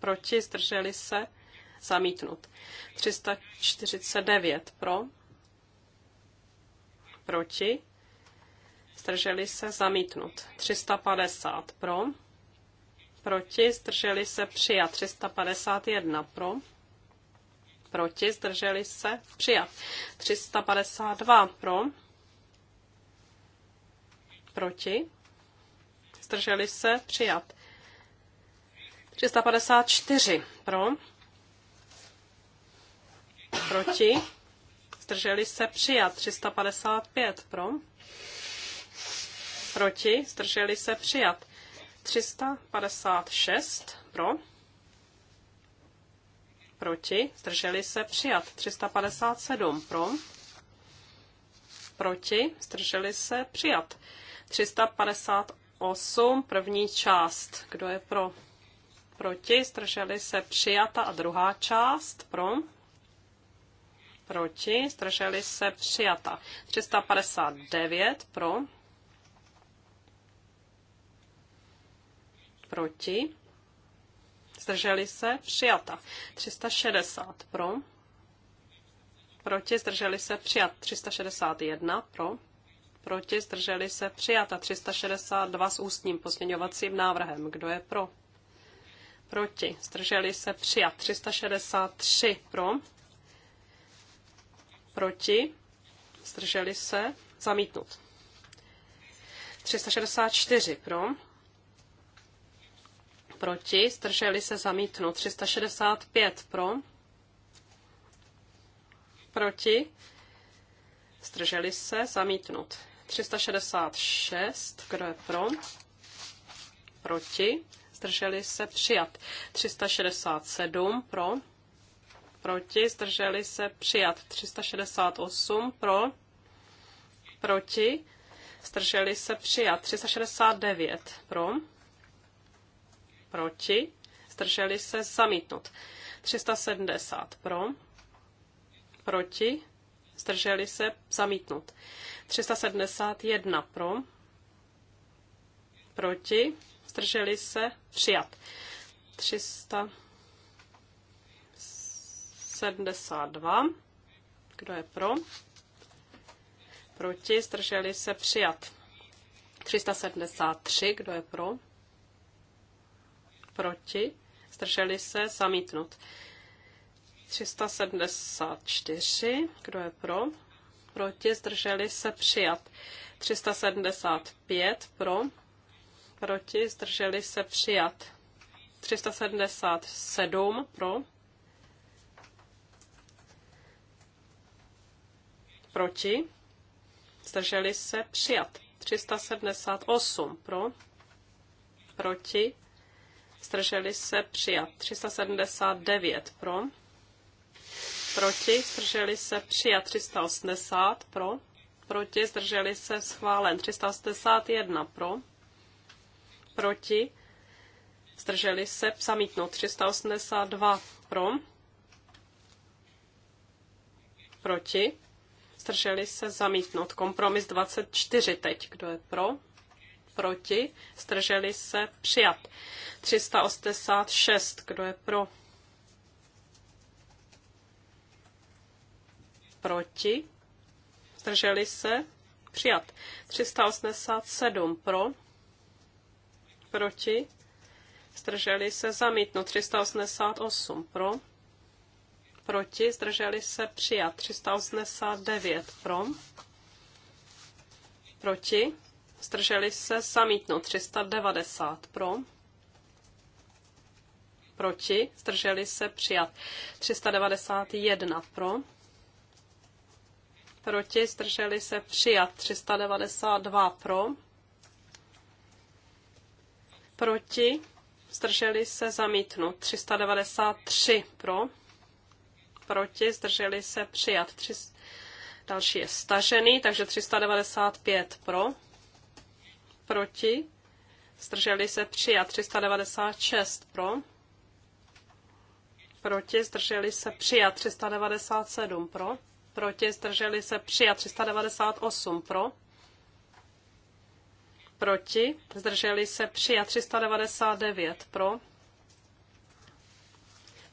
proti, zdrželi se, zamítnut. 349 pro, proti, zdrželi se, zamítnut. 350 pro, proti, zdrželi se, přijat. 351 pro, proti, zdrželi se, přijat. 352 pro, proti, zdrželi se, přijat. 354 pro, proti, zdrželi se, přijat. 355 pro, proti, zdrželi se, přijat. 356 pro, proti, zdrželi se přijat. 357 pro, proti, zdrželi se přijat. 358 první část, kdo je pro, proti, zdrželi se přijata a druhá část pro, proti, zdrželi se přijata. 359 pro, proti, zdrželi se, přijata. 360 pro, proti, zdrželi se, přijat. 361 pro, proti, zdrželi se, přijata. 362 s ústním posměňovacím návrhem. Kdo je pro? Proti, zdrželi se, přijat. 363 pro, proti, zdrželi se, zamítnut. 364 pro, proti, zdrželi se zamítnu. 365 pro, proti, zdrželi se zamítnout. 366, kdo je pro, proti, zdrželi se přijat. 367 pro, proti, zdrželi se přijat. 368 pro, proti, zdrželi se přijat. 369 pro, proti, zdrželi se zamítnut. 370 pro, proti, zdrželi se zamítnut. 371 pro, proti, zdrželi se přijat. 372, kdo je pro, proti, zdrželi se přijat. 373, kdo je pro, proti, zdrželi se, zamítnut. 374, kdo je pro, proti, zdrželi se, přijat. 375 pro, proti, zdrželi se, přijat. 377 pro, proti, zdrželi se, přijat. 378 pro, proti, zdrželi se přijat. 379 pro, proti, zdrželi se přijat. 380 pro, proti, zdrželi se schválen. 381 pro, proti, zdrželi se zamítnout. 382 pro, proti, zdrželi se zamítnout. Kompromis 24 teď, kdo je pro? proti, zdrželi se, přijat. 386, kdo je pro, proti, zdrželi se, přijat. 387 pro, proti, zdrželi se, zamítno. 388 pro, proti, zdrželi se, přijat. 389 pro, proti, Zdrželi se samítno 390 pro. Proti. Zdrželi se přijat 391 pro. Proti. Zdrželi se přijat 392 pro. Proti. Zdrželi se zamítnu 393 pro. Proti. Zdrželi se přijat tři Další je stažený, takže 395 pro proti, zdrželi se 3 a 396 pro, proti, zdrželi se 3 a 397 pro, proti, zdrželi se 3 a 398 pro, proti, zdrželi se 3 a 399 pro,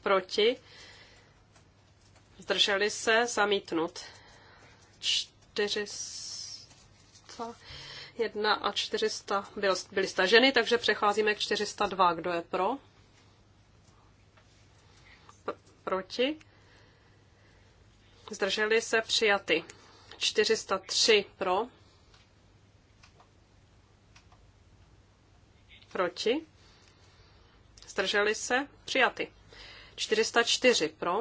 proti, zdrželi se zamítnut 400, 1 a 400 byl, byly staženy, takže přecházíme k 402. Kdo je pro? P- proti? Zdrželi se přijaty. 403 pro. Proti? Zdrželi se přijaty. 404 pro.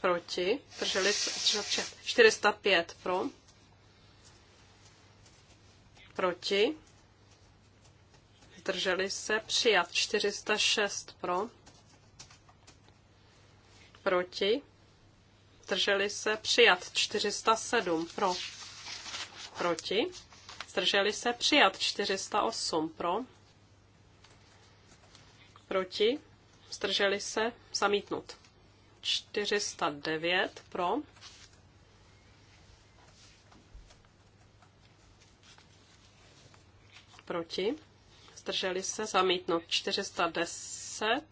proti, drželi se 405 pro, proti, drželi se přijat 406 pro, proti, drželi se přijat 407 pro, proti, drželi se přijat 408 pro, proti, zdrželi se zamítnut. 409 pro. Proti. Zdrželi se zamítnout 410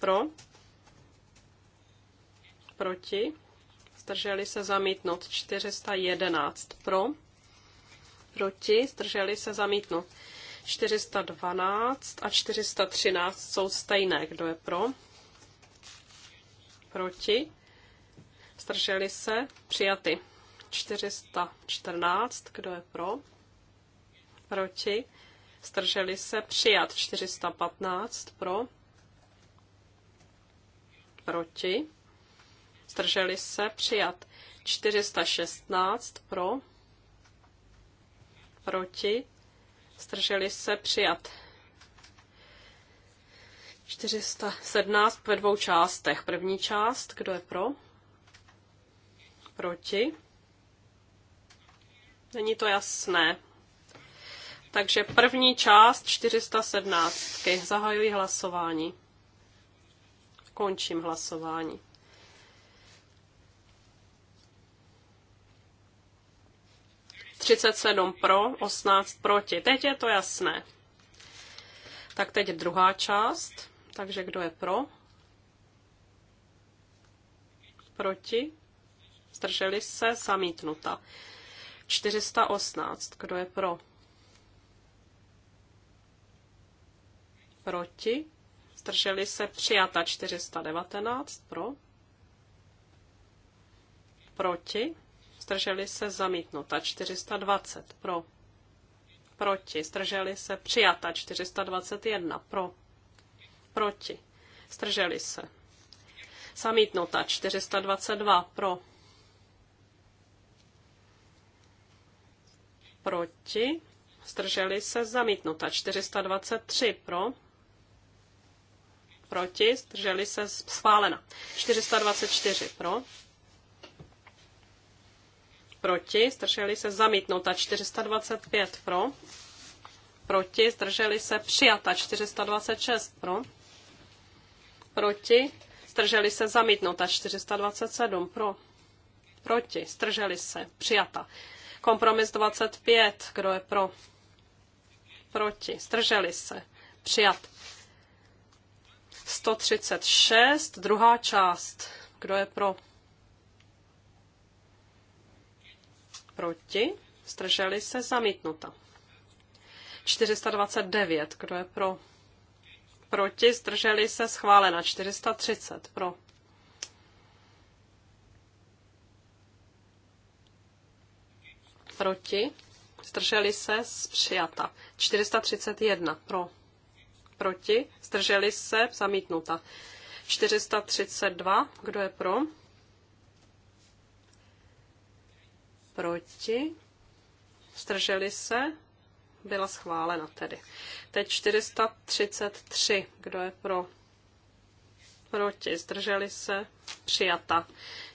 pro. Proti. Zdrželi se zamítnout 411 pro. Proti. Zdrželi se zamítnout 412 a 413 jsou stejné. Kdo je pro? proti, zdrželi se, přijaty. 414, kdo je pro, proti, zdrželi se, přijat. 415 pro, proti, zdrželi se, přijat. 416 pro, proti, zdrželi se, přijat. 417 ve dvou částech. První část, kdo je pro? Proti? Není to jasné. Takže první část 417. Zahajuji hlasování. Končím hlasování. Třicet sedm pro, osmnáct proti. Teď je to jasné. Tak teď druhá část. Takže kdo je pro? Proti? Zdrželi se? Zamítnuta. 418. Kdo je pro? Proti? Zdrželi se? Přijata 419. Pro? Proti? Zdrželi se? Zamítnuta 420. Pro? Proti? Zdrželi se? Přijata 421. Pro? proti, Strželi se. Samítnota 422 pro, proti, Strželi se, zamítnota 423 pro, proti, Strželi se, schválena 424 pro, proti, Strželi se, zamítnota 425 pro, proti, zdrželi se, přijata 426 pro, proti, strželi se zamítnuta 427 pro, proti, strželi se přijata. Kompromis 25, kdo je pro, proti, strželi se přijat. 136, druhá část, kdo je pro, proti, strželi se zamítnuta. 429, kdo je pro, proti, zdrželi se, schválena 430 pro. Proti, zdrželi se, přijata 431 pro. Proti, zdrželi se, zamítnuta 432, kdo je pro? Proti, zdrželi se, byla schválena tedy. Teď 433. Kdo je pro? Proti. Zdrželi se? Přijata.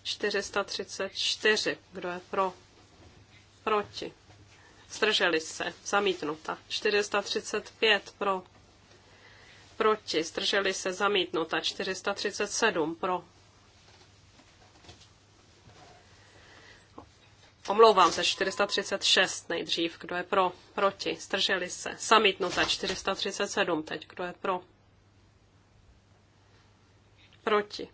434. Kdo je pro? Proti. Zdrželi se. Zamítnuta. 435 pro. Proti. Zdrželi se. Zamítnuta. 437 pro Omlouvám se, 436 nejdřív. Kdo je pro? Proti. Strželi se. Samitnuta 437 teď. Kdo je pro? Proti.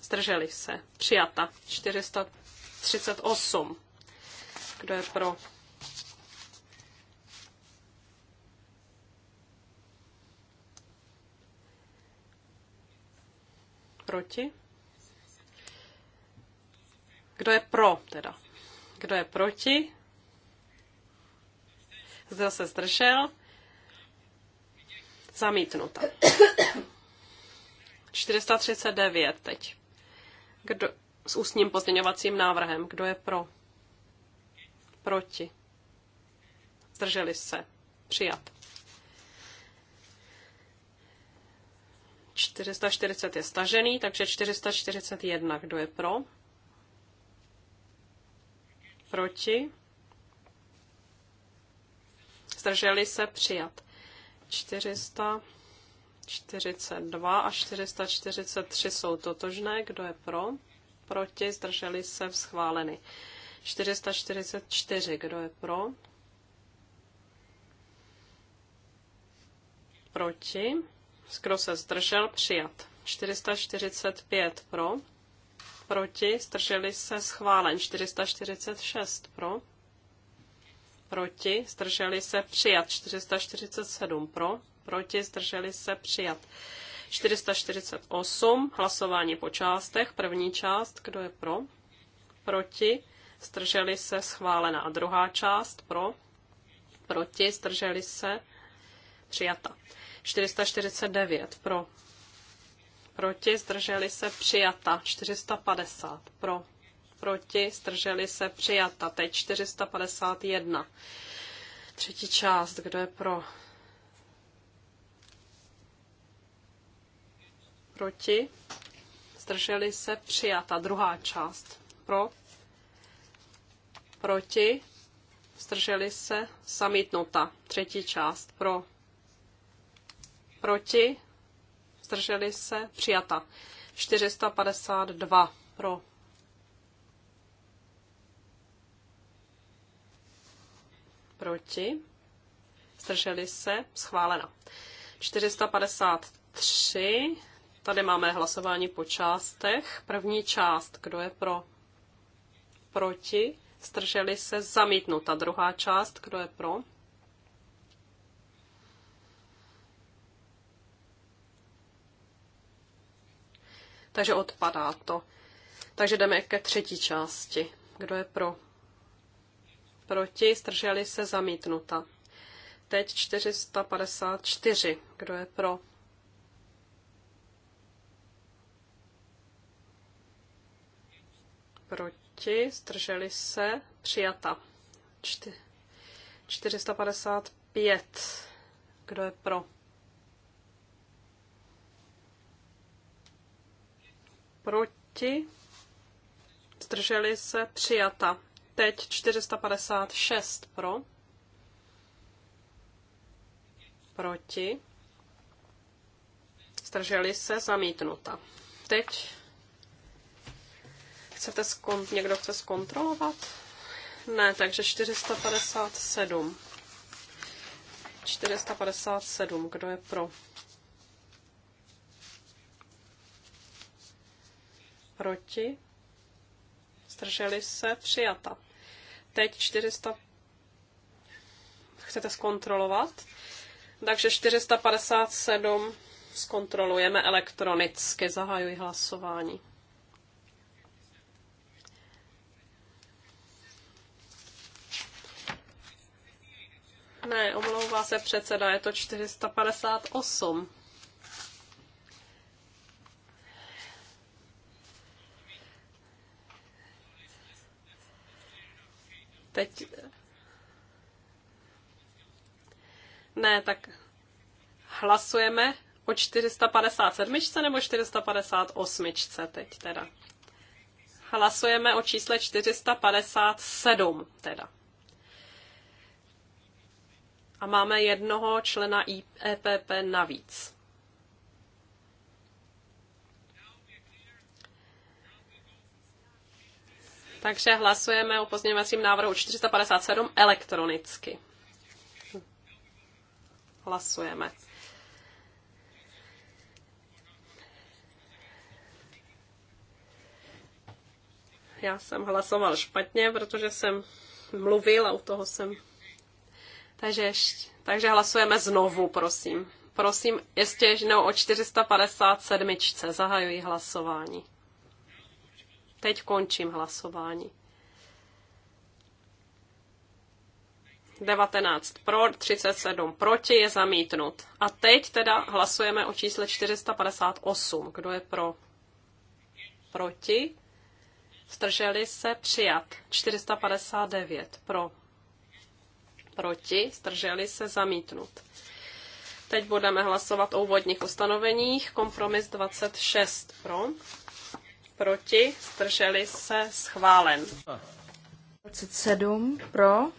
strželi se. Přijata 438. Kdo je pro? Proti? Kdo je pro teda? Kdo je proti? Zdel se zdržel. Zamítnuta. 439 teď. Kdo, s ústním pozměňovacím návrhem. Kdo je pro? Proti. Zdrželi se. Přijat. 440 je stažený, takže 441. Kdo je pro? Proti? Zdrželi se přijat. 442 a 443 jsou totožné. Kdo je pro? Proti? Zdrželi se v schváleny. 444. Kdo je pro? Proti? Kdo se zdržel? Přijat. 445 pro proti, zdrželi se schválen 446 pro, proti, zdrželi se přijat 447 pro, proti, zdrželi se přijat 448, hlasování po částech, první část, kdo je pro, proti, zdrželi se schválena a druhá část pro, proti, zdrželi se přijata. 449 pro, proti, zdrželi se přijata. 450 pro, proti, zdrželi se přijata. Teď 451. Třetí část, kdo je pro? Proti, zdrželi se přijata. Druhá část pro, proti, zdrželi se zamítnuta. Třetí část pro, proti, zdrželi se, přijata. 452 pro. Proti, zdrželi se, schválena. 453, tady máme hlasování po částech. První část, kdo je pro? Proti, zdrželi se, zamítnuta. Druhá část, kdo je pro? takže odpadá to. Takže jdeme ke třetí části. Kdo je pro? Proti, strželi se zamítnuta. Teď 454. Kdo je pro? Proti, strželi se, přijata. 455. Kdo je pro? proti, zdrželi se, přijata. Teď 456 pro, proti, zdrželi se, zamítnuta. Teď chcete skon- někdo chce zkontrolovat? Ne, takže 457. 457, kdo je pro? proti, zdrželi se, přijata. Teď 400 chcete zkontrolovat, takže 457 zkontrolujeme elektronicky, zahajuji hlasování. Ne, omlouvá se předseda, je to 458. Teď... Ne, tak hlasujeme o 457 nebo 458 teď teda. Hlasujeme o čísle 457 teda. A máme jednoho člena EPP navíc. Takže hlasujeme o pozměňovacím návrhu 457 elektronicky. Hlasujeme. Já jsem hlasoval špatně, protože jsem mluvil a u toho jsem... Takže, takže hlasujeme znovu, prosím. Prosím, ještě jednou o 457. Zahajuji hlasování. Teď končím hlasování. 19 pro, 37 proti je zamítnut. A teď teda hlasujeme o čísle 458. Kdo je pro? Proti? Strželi se přijat. 459 pro. Proti? Strželi se zamítnut. Teď budeme hlasovat o úvodních ustanoveních. Kompromis 26 pro proti, zdrželi se, schválen. 27 pro,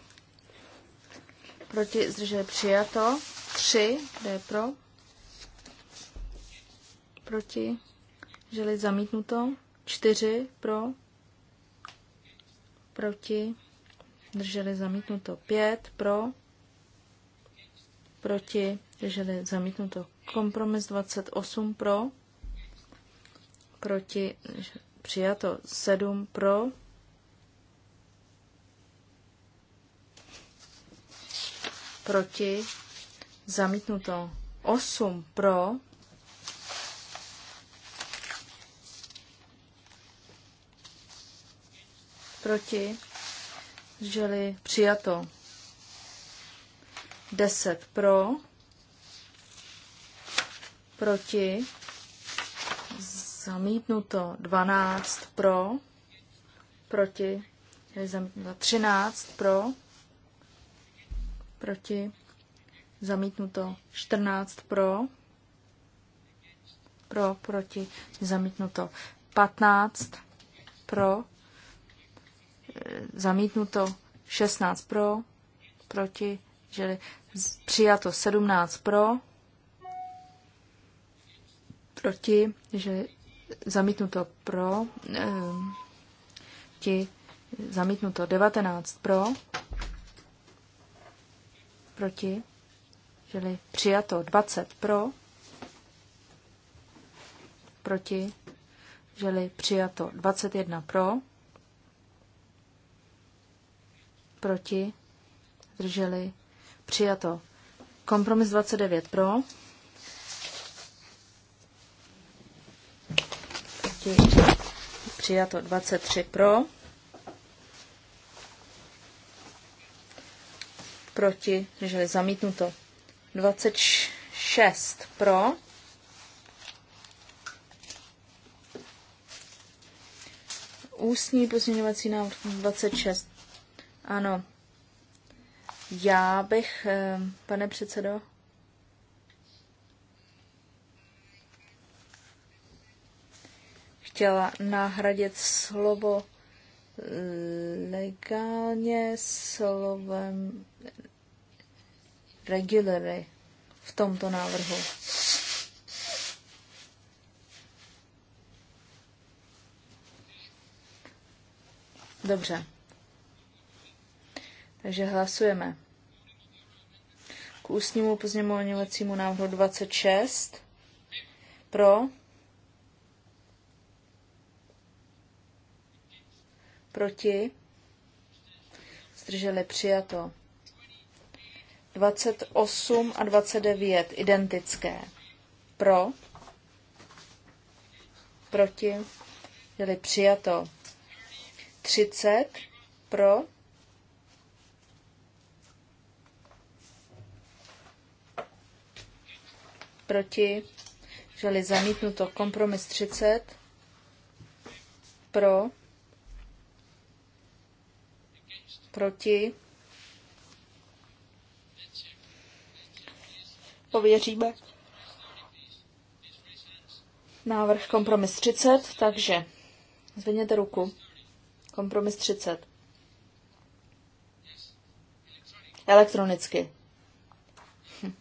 proti, zdrželi přijato, 3, kde je pro, proti, zdrželi zamítnuto, 4 pro, proti, drželi zamítnuto 5, pro, proti, drželi zamítnuto kompromis 28, pro, proti, přijato 7 pro, proti, zamítnuto 8 pro, proti, želi přijato 10 pro, proti, Zamítnuto 12 pro, proti, zamítnuto 13 pro, proti, zamítnuto 14 pro, pro, proti, zamítnuto 15 pro, eh, zamítnuto 16 pro, proti, čili přijato 17 pro, proti, že zamítnuto pro, eh, ti zamítnuto 19 pro, proti, čili přijato 20 pro, proti, čili přijato 21 pro, proti, drželi přijato kompromis 29 pro, proti, přijato 23 pro, proti, že je zamítnuto 26 pro, ústní pozměňovací návrh 26. Ano. Já bych, eh, pane předsedo, chtěla nahradit slovo eh, legálně slovem regulary v tomto návrhu. Dobře. Takže hlasujeme. K ústnímu pozměňovacímu návrhu 26 pro proti, zdrželi přijato. 28 a 29 identické. Pro, proti, Zdrželi přijato. 30 pro, proti, želi zamítnuto kompromis 30 pro, Proti? Pověříme. Návrh kompromis 30, takže zvedněte ruku. Kompromis 30. Elektronicky. Hm.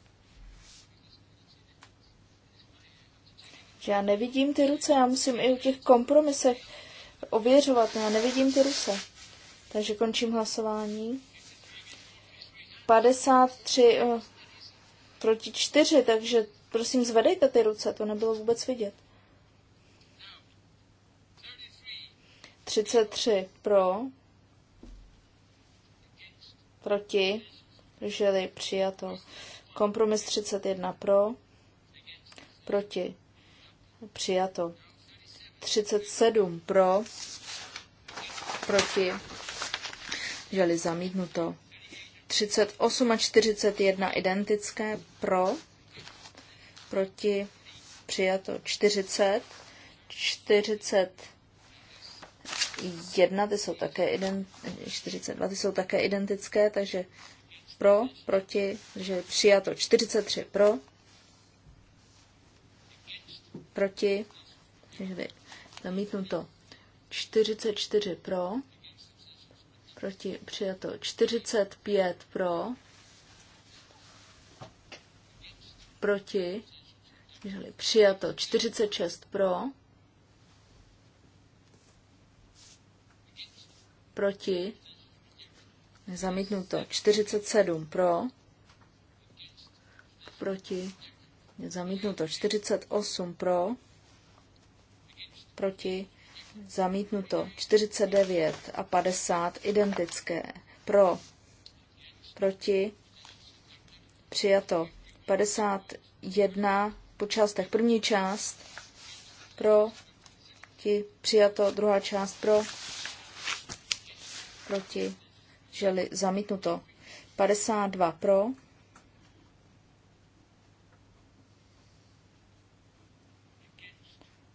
já nevidím ty ruce, já musím i u těch kompromisech ověřovat, já nevidím ty ruce. Takže končím hlasování. 53 uh, eh, proti 4, takže prosím zvedejte ty ruce, to nebylo vůbec vidět. 33 pro, proti, drželi, přijato. Kompromis 31 pro, proti, přijato. 37 pro, proti, Želi zamítnuto. 38 a 41 identické pro, proti přijato 40, 41, ty jsou také, ident, 42, ty jsou také identické, takže pro, proti, že přijato 43 pro, proti, takže zamítnuto 44 pro, proti přijato 45 pro, proti, měli přijato 46 pro, proti, zamítnuto 47 pro, proti, zamítnuto 48 pro, proti, Zamítnuto. 49 a 50 identické. Pro. Proti. Přijato. 51 po částech. První část. Pro. ti, Přijato. Druhá část. Pro. Proti. Želi. Zamítnuto. 52 pro.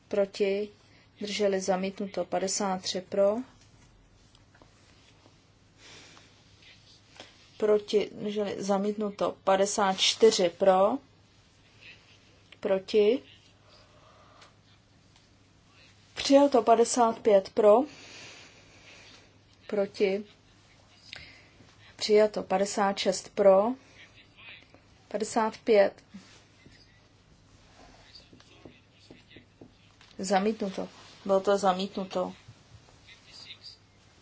Proti drželi zamítnuto 53 pro, proti, drželi zamítnuto 54 pro, proti, přijato 55 pro, proti, přijato 56 pro, 55 zamítnuto bylo to zamítnuto.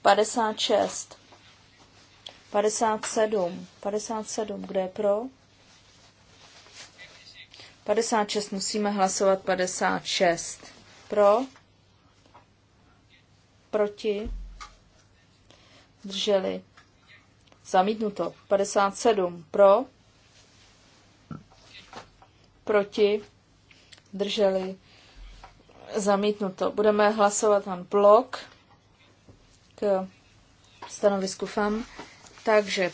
56. 57. 57. Kde je pro? 56. Musíme hlasovat 56. Pro? Proti? Drželi. Zamítnuto. 57. Pro? Proti? Drželi zamítnuto. Budeme hlasovat tam blok k stanovisku FAM. Takže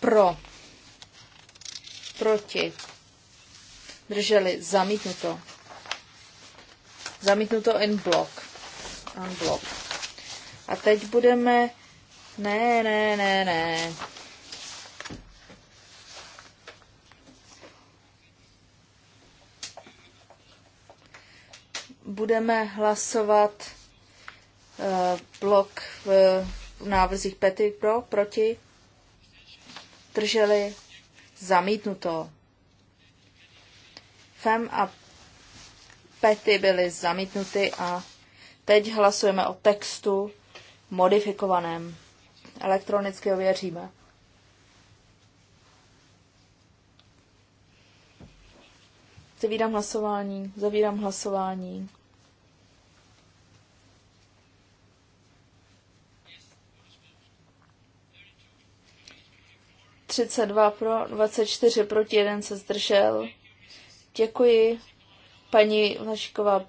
pro, proti, drželi zamítnuto. Zamítnuto en blok. Unblock. A teď budeme... Ne, ne, ne, ne. budeme hlasovat eh, blok v návrzích pety pro, proti, drželi, zamítnuto. FEM a pety byly zamítnuty a teď hlasujeme o textu modifikovaném. Elektronicky ověříme. Zavírám hlasování, zavírám hlasování. 32 pro, 24 proti, jeden se zdržel. Děkuji, paní Vlašiková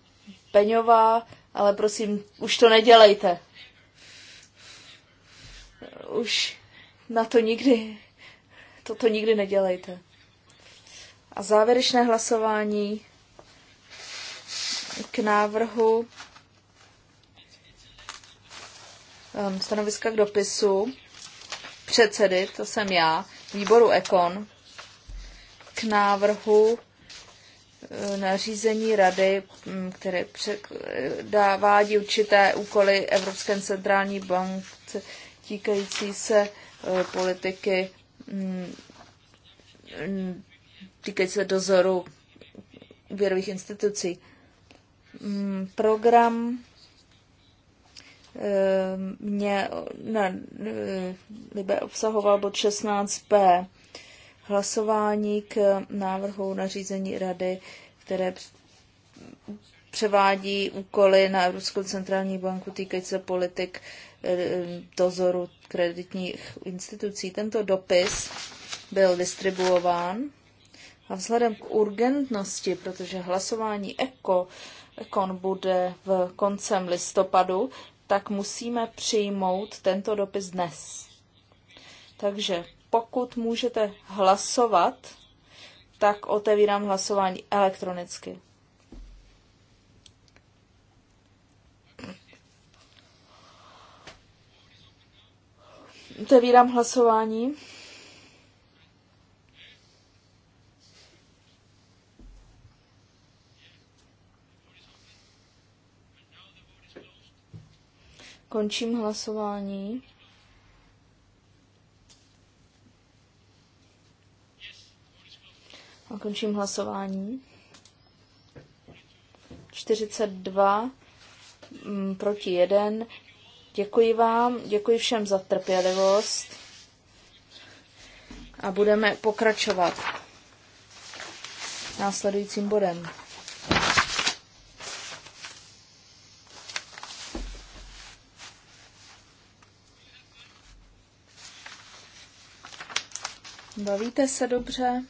Peňová, ale prosím, už to nedělejte. Už na to nikdy, toto nikdy nedělejte. A závěrečné hlasování k návrhu ehm, stanoviska k dopisu předsedy, to jsem já, výboru Ekon k návrhu eh, nařízení rady, mm, které dává určité úkoly Evropské centrální bance týkající se eh, politiky mm, týkající se dozoru úvěrových institucí. Mm, program mě ne, Libe obsahoval bod 16b hlasování k návrhu nařízení rady, které převádí úkoly na Evropskou centrální banku týkající se politik eh, dozoru kreditních institucí. Tento dopis byl distribuován a vzhledem k urgentnosti, protože hlasování ECO, ECON bude v koncem listopadu, tak musíme přijmout tento dopis dnes. Takže pokud můžete hlasovat, tak otevírám hlasování elektronicky. Otevírám hlasování. Končím hlasování. A končím hlasování. 42 mm, proti 1. Děkuji vám, děkuji všem za trpělivost a budeme pokračovat následujícím bodem. Bavíte se dobře?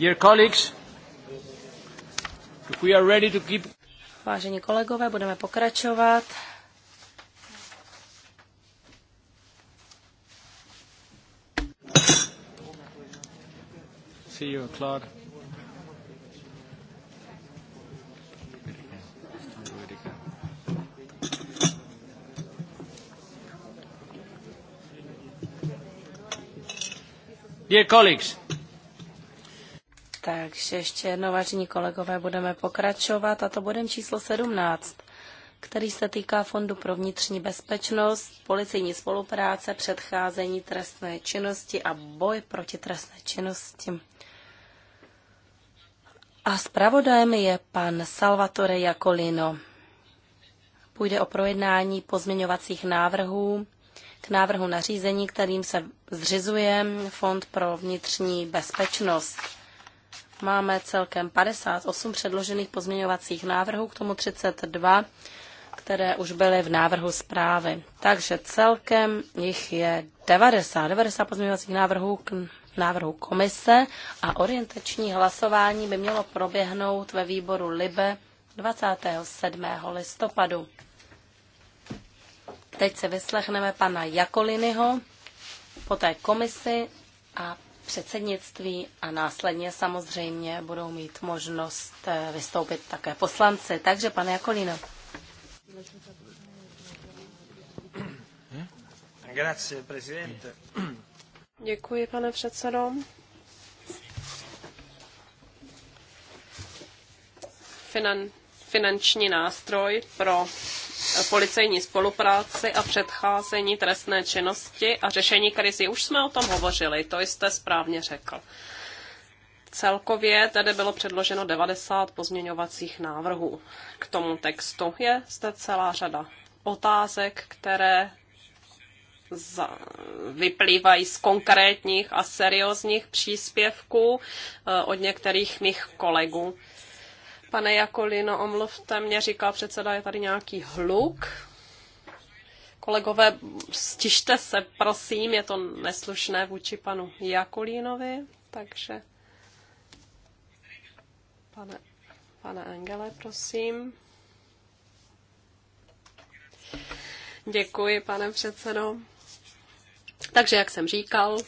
Dear Vážení kolegové, budeme pokračovat. See you, Claude. Dear colleagues, takže ještě jednou, vážení kolegové, budeme pokračovat a to bodem číslo 17, který se týká Fondu pro vnitřní bezpečnost, policejní spolupráce, předcházení trestné činnosti a boj proti trestné činnosti. A zpravodajem je pan Salvatore Jakolino. Půjde o projednání pozměňovacích návrhů k návrhu nařízení, kterým se zřizuje Fond pro vnitřní bezpečnost. Máme celkem 58 předložených pozměňovacích návrhů, k tomu 32, které už byly v návrhu zprávy. Takže celkem jich je 90, 90 pozměňovacích návrhů k návrhu komise a orientační hlasování by mělo proběhnout ve výboru LIBE 27. listopadu. Teď se vyslechneme pana Jakolinyho, poté komisi a předsednictví a následně samozřejmě budou mít možnost eh, vystoupit také poslanci. Takže, pane Jakolino. Děkuji, pane předsedo. Finan, finanční nástroj pro policejní spolupráci a předcházení trestné činnosti a řešení krizi. Už jsme o tom hovořili, to jste správně řekl. Celkově tedy bylo předloženo 90 pozměňovacích návrhů k tomu textu. Je zde celá řada otázek, které za, vyplývají z konkrétních a seriózních příspěvků eh, od některých mých kolegů. Pane Jakolino, omluvte mě, říká předseda, je tady nějaký hluk. Kolegové, stište se, prosím, je to neslušné vůči panu Jakolínovi, takže... Pane, pane Angele, prosím. Děkuji, pane předsedo. Takže, jak jsem říkal,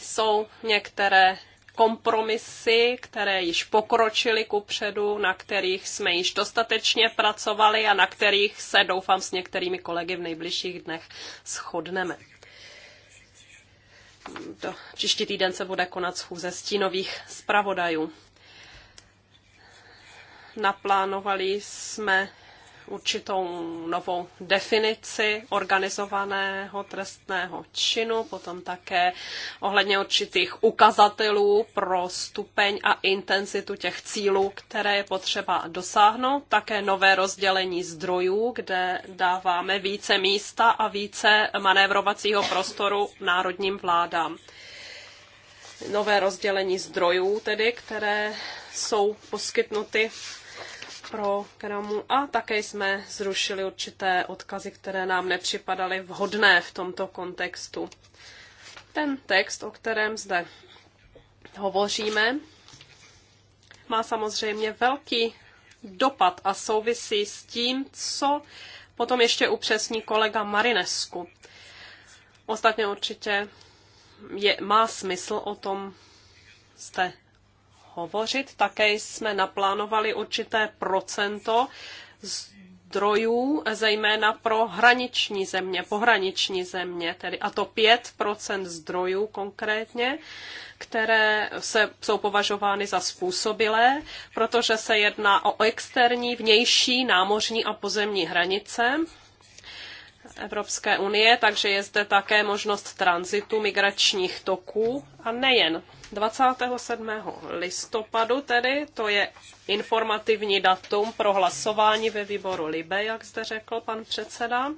jsou některé kompromisy, které již pokročily ku předu, na kterých jsme již dostatečně pracovali a na kterých se doufám s některými kolegy v nejbližších dnech shodneme. Do, příští týden se bude konat schůze stínových zpravodajů. Naplánovali jsme určitou novou definici organizovaného trestného činu, potom také ohledně určitých ukazatelů pro stupeň a intenzitu těch cílů, které je potřeba dosáhnout, také nové rozdělení zdrojů, kde dáváme více místa a více manévrovacího prostoru národním vládám nové rozdělení zdrojů, tedy, které jsou poskytnuty programu a také jsme zrušili určité odkazy, které nám nepřipadaly vhodné v tomto kontextu. Ten text, o kterém zde hovoříme, má samozřejmě velký dopad a souvisí s tím, co potom ještě upřesní kolega Marinesku. Ostatně určitě je, má smysl o tom zde hovořit. Také jsme naplánovali určité procento zdrojů, zejména pro hraniční země, pohraniční země, tedy a to 5% zdrojů konkrétně, které se, jsou považovány za způsobilé, protože se jedná o externí, vnější, námořní a pozemní hranice, Evropské unie, takže je zde také možnost tranzitu migračních toků a nejen 27. listopadu tedy, to je informativní datum pro hlasování ve výboru Libe, jak zde řekl pan předseda.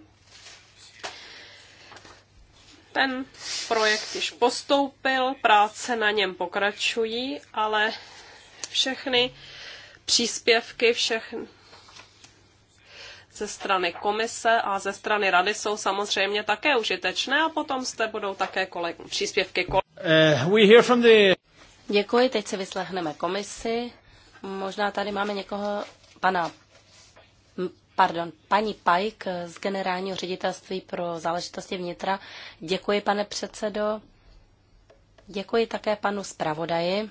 Ten projekt již postoupil, práce na něm pokračují, ale všechny příspěvky, všechny, ze strany komise a ze strany rady jsou samozřejmě také užitečné a potom zde budou také koleg- příspěvky kolegů. Uh, we hear from the... Děkuji, teď se vyslechneme komisi. Možná tady máme někoho, pana, pardon, paní Pajk z generálního ředitelství pro záležitosti vnitra. Děkuji, pane předsedo. Děkuji také panu zpravodaji.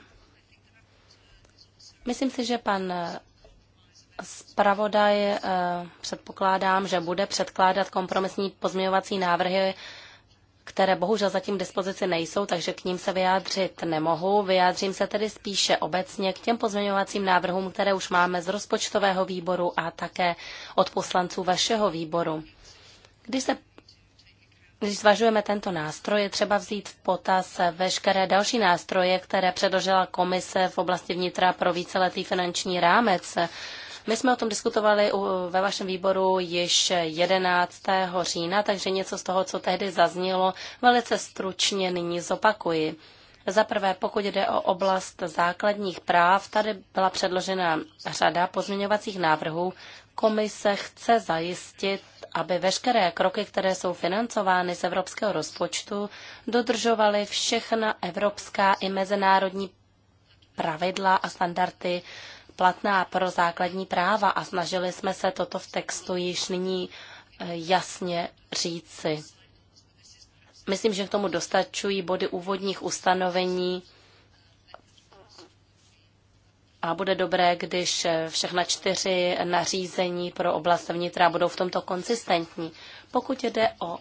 Myslím si, že pan zpravodaj eh, předpokládám, že bude předkládat kompromisní pozměňovací návrhy které bohužel zatím k dispozici nejsou, takže k ním se vyjádřit nemohu. Vyjádřím se tedy spíše obecně k těm pozměňovacím návrhům, které už máme z rozpočtového výboru a také od poslanců vašeho výboru. Když se když zvažujeme tento nástroj, je třeba vzít v potaz veškeré další nástroje, které předložila komise v oblasti vnitra pro víceletý finanční rámec. My jsme o tom diskutovali ve vašem výboru již 11. října, takže něco z toho, co tehdy zaznělo, velice stručně nyní zopakuji. Za prvé, pokud jde o oblast základních práv, tady byla předložena řada pozměňovacích návrhů. Komise chce zajistit, aby veškeré kroky, které jsou financovány z evropského rozpočtu, dodržovaly všechna evropská i mezinárodní pravidla a standardy platná pro základní práva a snažili jsme se toto v textu již nyní eh, jasně říci. Myslím, že k tomu dostačují body úvodních ustanovení a bude dobré, když eh, všechna čtyři nařízení pro oblast vnitra budou v tomto konsistentní. Pokud jde o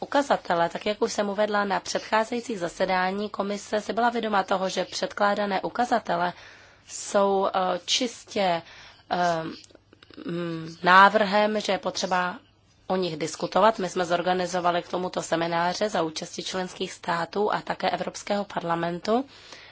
ukazatele, tak jak už jsem uvedla na předcházejících zasedání, komise se byla vědoma toho, že předkládané ukazatele jsou eh, čistě eh, mm, návrhem, že je potřeba o nich diskutovat. My jsme zorganizovali k tomuto semináře za účasti členských států a také Evropského parlamentu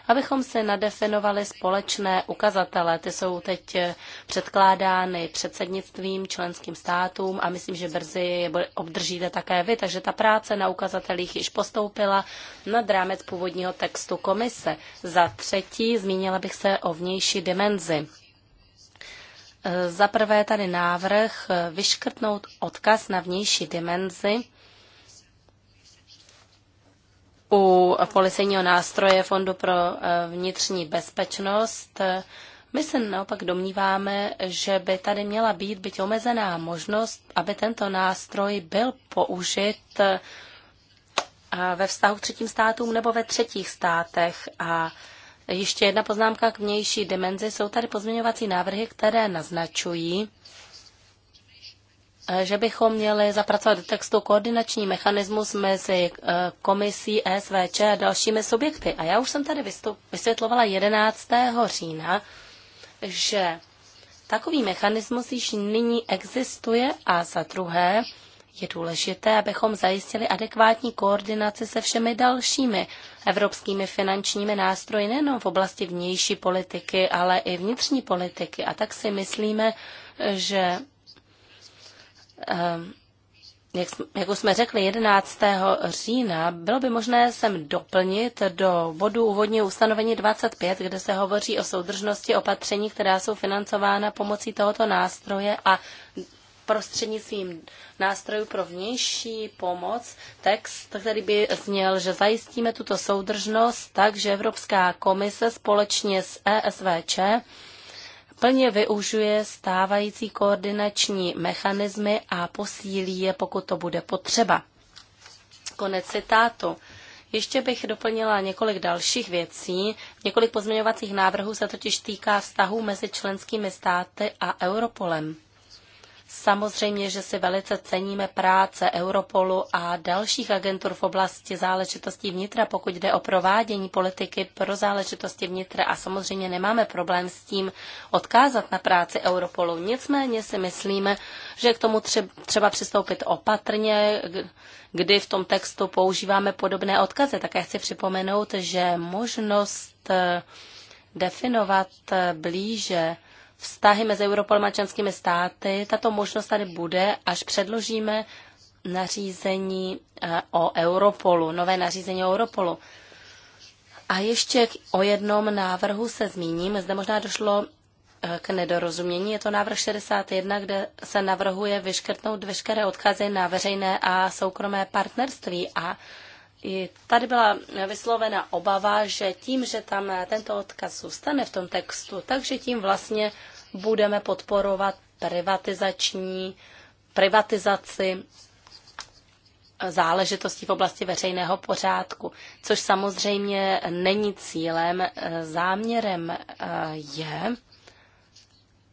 abychom si nadefinovali společné ukazatele. Ty jsou teď eh, předkládány předsednictvím, členským státům a myslím, že brzy je obdržíte také vy. Takže ta práce na ukazatelích již postoupila nad rámec původního textu komise. Za třetí zmínila bych se o vnější dimenzi. Eh, za prvé tady návrh eh, vyškrtnout odkaz na vnější dimenzi u policejního nástroje Fondu pro eh, vnitřní bezpečnost. My se naopak domníváme, že by tady měla být byť omezená možnost, aby tento nástroj byl použit eh, ve vztahu k třetím státům nebo ve třetích státech. A ještě jedna poznámka k vnější dimenzi. Jsou tady pozměňovací návrhy, které naznačují, že bychom měli zapracovat do textu koordinační mechanismus mezi eh, komisí SVČ a dalšími subjekty. A já už jsem tady vysvětlovala 11. října, že takový mechanismus již nyní existuje a za druhé je důležité, abychom zajistili adekvátní koordinaci se všemi dalšími evropskými finančními nástroji, nejenom v oblasti vnější politiky, ale i vnitřní politiky. A tak si myslíme, že Ehm, jak, jak už jsme řekli, 11. října, bylo by možné sem doplnit do bodu úvodního ustanovení 25, kde se hovoří o soudržnosti opatření, která jsou financována pomocí tohoto nástroje a prostřednictvím nástrojů pro vnější pomoc text, který by zněl, že zajistíme tuto soudržnost tak, že Evropská komise společně s ESVČ plně využije stávající koordinační mechanismy a posílí je, pokud to bude potřeba. Konec citátu. Ještě bych doplnila několik dalších věcí. Několik pozměňovacích návrhů se totiž týká vztahů mezi členskými státy a Europolem. Samozřejmě, že si velice ceníme práce Europolu a dalších agentur v oblasti záležitostí vnitra, pokud jde o provádění politiky pro záležitosti vnitra a samozřejmě nemáme problém s tím odkázat na práci Europolu. Nicméně si myslíme, že k tomu třeba přistoupit opatrně, kdy v tom textu používáme podobné odkazy. Také chci připomenout, že možnost eh, definovat eh, blíže vztahy mezi Europolem a členskými státy. Tato možnost tady bude, až předložíme nařízení eh, o Europolu, nové nařízení o Europolu. A ještě o jednom návrhu se zmíním. Zde možná došlo eh, k nedorozumění. Je to návrh 61, kde se navrhuje vyškrtnout veškeré odkazy na veřejné a soukromé partnerství a i tady byla vyslovena obava, že tím, že tam tento odkaz zůstane v tom textu, takže tím vlastně budeme podporovat privatizační, privatizaci záležitostí v oblasti veřejného pořádku, což samozřejmě není cílem. Záměrem eh, je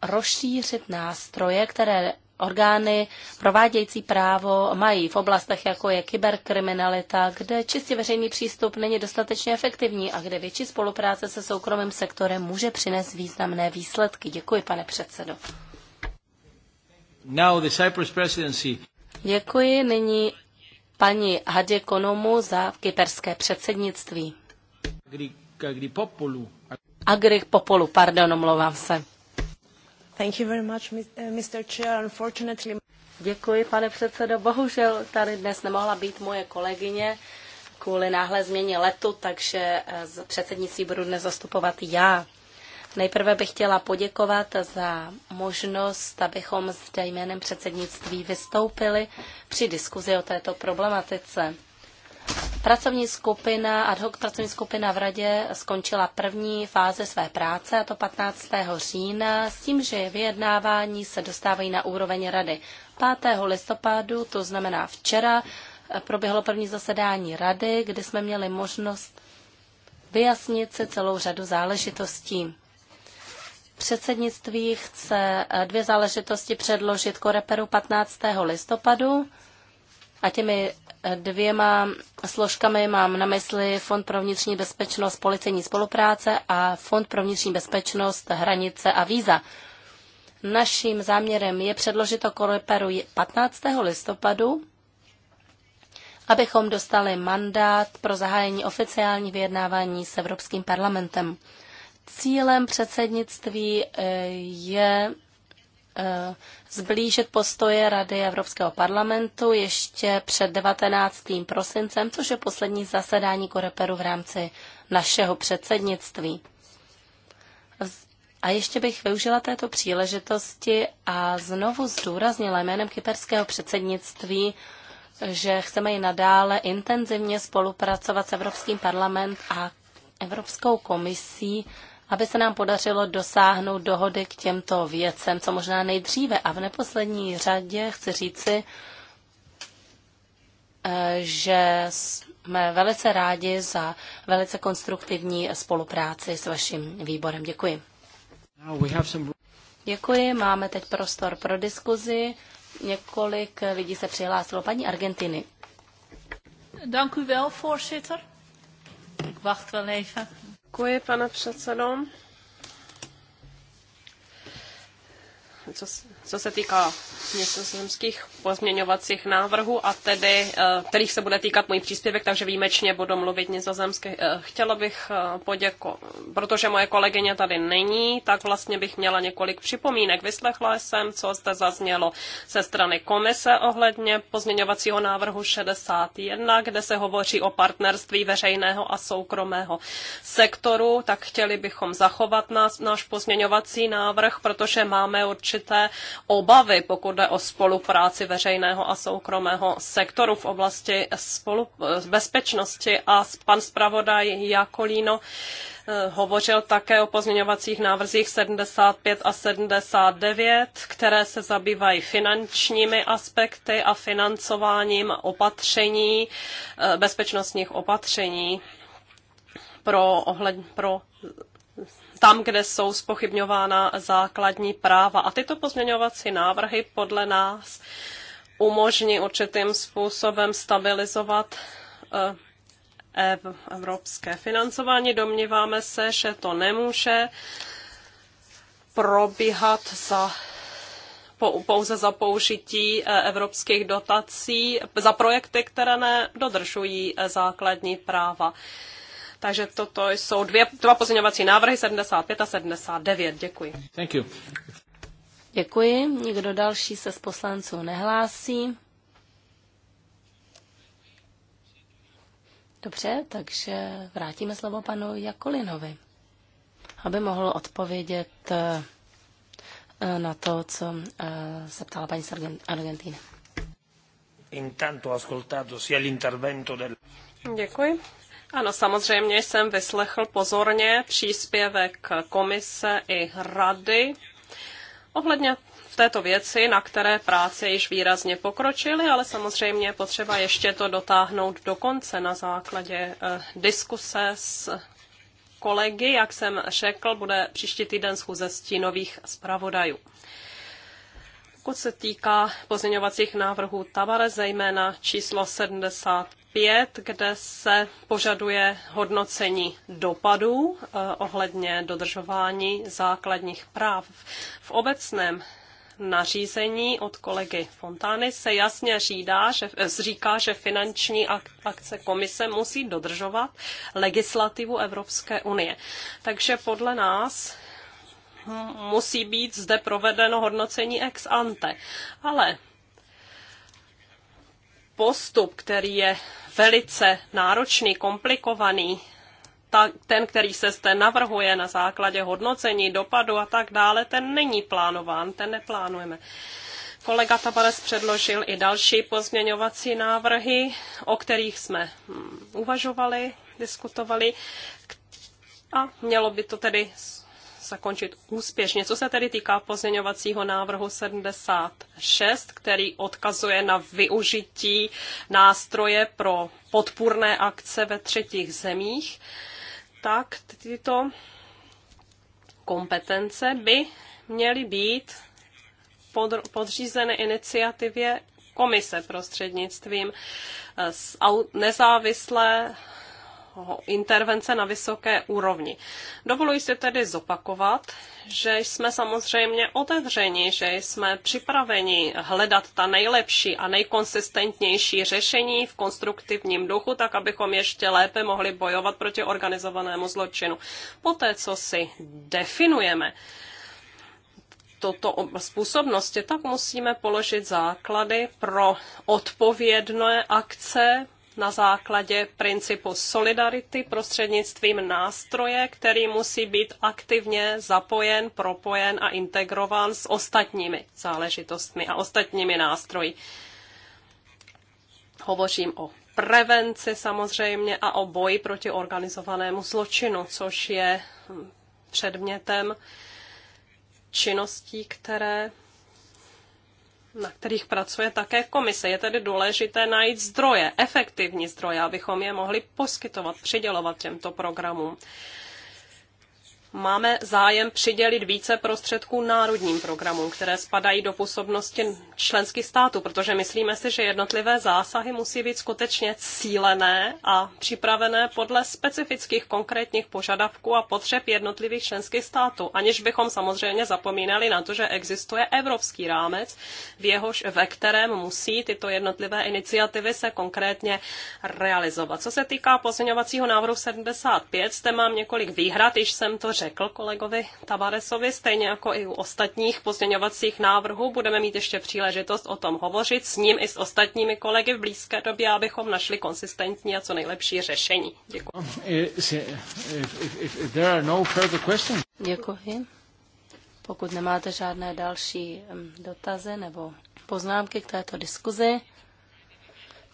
rozšířit nástroje, které orgány provádějící právo mají v oblastech, jako je kyberkriminalita, kde čistě veřejný přístup není dostatečně efektivní a kde větší spolupráce se soukromým sektorem může přinést významné výsledky. Děkuji, pane předsedo. Now the Cyprus presidency. Děkuji nyní paní Hadě Konomu za kyperské předsednictví. Agri, agri popolu. Agri popolu, pardon, omlouvám se. Eh, Děkuji, pane předsedo. Bohužel tady dnes nemohla být moje kolegyně kvůli náhle změně letu, takže eh, z předsednictví budu dnes zastupovat já. Nejprve bych chtěla poděkovat za možnost, abychom zde jménem předsednictví vystoupili při diskuzi o této problematice. Pracovní skupina, ad hoc pracovní skupina v radě skončila první fáze své práce, a to 15. října, s tím, že vyjednávání se dostávají na úroveň rady. 5. listopadu, to znamená včera, proběhlo první zasedání rady, kdy jsme měli možnost vyjasnit si celou řadu záležitostí. Předsednictví chce eh, dvě záležitosti předložit koreperu 15. listopadu a těmi dvěma složkami mám na mysli Fond pro vnitřní bezpečnost policejní spolupráce a Fond pro vnitřní bezpečnost hranice a víza. Naším záměrem je předložit to koreperu 15. listopadu, abychom dostali mandát pro zahájení oficiální vyjednávání s Evropským parlamentem. Cílem předsednictví eh, je Eh, zblížit postoje Rady Evropského parlamentu ještě před 19. prosincem, což je poslední zasedání Koreperu v rámci našeho předsednictví. A ještě bych využila této příležitosti a znovu zdůraznila jménem kyperského předsednictví, že chceme i nadále intenzivně spolupracovat s Evropským parlamentem a Evropskou komisí aby se nám podařilo dosáhnout dohody k těmto věcem, co možná nejdříve. A v neposlední řadě chci říci, eh, že jsme velice rádi za velice konstruktivní spolupráci s vaším výborem. Děkuji. Děkuji, máme teď prostor pro diskuzi. Několik lidí se přihlásilo. Paní Argentiny. Děkuji, wel, voorzitter. wacht wel even. Děkuji, pane předsedo. Co se co se týká nizozemských pozměňovacích návrhů a tedy, eh, kterých se bude týkat můj příspěvek, takže výjimečně budu mluvit nizozemsky. Eh, chtěla bych eh, poděkovat, protože moje kolegyně tady není, tak vlastně bych měla několik připomínek. Vyslechla jsem, co zde zaznělo ze strany komise ohledně pozměňovacího návrhu 61, kde se hovoří o partnerství veřejného a soukromého sektoru, tak chtěli bychom zachovat nás, náš pozměňovací návrh, protože máme určité obavy, pokud jde o spolupráci veřejného a soukromého sektoru v oblasti spolu, eh, bezpečnosti a pan zpravodaj Jakolíno eh, hovořil také o pozměňovacích návrzích 75 a 79, které se zabývají finančními aspekty a financováním opatření, eh, bezpečnostních opatření pro, ohled, pro tam, kde jsou spochybňována základní práva. A tyto pozměňovací návrhy podle nás umožní určitým způsobem stabilizovat eh, evropské financování. Domníváme se, že to nemůže probíhat za pouze za použití eh, evropských dotací za projekty, které nedodržují eh, základní práva. Takže toto jsou dvě, dva pozměňovací návrhy, 75 a 79. Děkuji. Thank you. Děkuji. Nikdo další se z poslanců nehlásí. Dobře, takže vrátíme slovo panu Jakolinovi, aby mohl odpovědět eh, eh, na to, co eh, se ptala paní z Argentíny. Intanto ascoltato sia l'intervento del... Děkuji. Ano, samozřejmě jsem vyslechl pozorně příspěvek komise i rady ohledně této věci, na které práce již výrazně pokročily, ale samozřejmě potřeba ještě to dotáhnout do konce na základě eh, diskuse s kolegy, jak jsem řekl, bude příští týden schůze stínových zpravodajů. Pokud se týká pozměňovacích návrhů Tavare, zejména číslo 75, kde se požaduje hodnocení dopadů eh, ohledně dodržování základních práv. V obecném nařízení od kolegy Fontány se jasně řídá, že, eh, říká, že finanční akce komise musí dodržovat legislativu Evropské unie. Takže podle nás musí být zde provedeno hodnocení ex ante. Ale postup, který je velice náročný, komplikovaný, ta, ten, který se zde navrhuje na základě hodnocení, dopadu a tak dále, ten není plánován, ten neplánujeme. Kolega Tabares předložil i další pozměňovací návrhy, o kterých jsme mm, uvažovali, diskutovali a mělo by to tedy zakončit úspěšně. Co se tedy týká pozměňovacího návrhu 76, který odkazuje na využití nástroje pro podpůrné akce ve třetích zemích, tak tyto kompetence by měly být podřízeny iniciativě komise prostřednictvím eh, nezávislé intervence na vysoké úrovni. Dovoluji si tedy zopakovat, že jsme samozřejmě otevřeni, že jsme připraveni hledat ta nejlepší a nejkonsistentnější řešení v konstruktivním duchu, tak abychom ještě lépe mohli bojovat proti organizovanému zločinu. Poté, co si definujeme, toto způsobnosti, tak musíme položit základy pro odpovědné akce na základě principu solidarity prostřednictvím nástroje, který musí být aktivně zapojen, propojen a integrován s ostatními záležitostmi a ostatními nástroji. Hovořím o prevenci samozřejmě a o boji proti organizovanému zločinu, což je předmětem činností, které na kterých pracuje také komise. Je tedy důležité najít zdroje, efektivní zdroje, abychom je mohli poskytovat, přidělovat těmto programům. Máme zájem přidělit více prostředků národním programům, které spadají do působnosti členských států, protože myslíme si, že jednotlivé zásahy musí být skutečně cílené a připravené podle specifických konkrétních požadavků a potřeb jednotlivých členských států, aniž bychom samozřejmě zapomínali na to, že existuje evropský rámec, v jehož, ve kterém musí tyto jednotlivé iniciativy se konkrétně realizovat. Co se týká pozměňovacího návrhu 75, zde mám několik výhrad, již jsem to řekl kolegovi Tavaresovi, stejně jako i u ostatních pozměňovacích návrhů. Budeme mít ještě příležitost příležitost o tom hovořit s ním i s ostatními kolegy v blízké době, abychom našli konsistentní a co nejlepší řešení. Děkuji. Um, uh, no Děkuji. Pokud nemáte žádné další um, dotazy nebo poznámky k této diskuzi,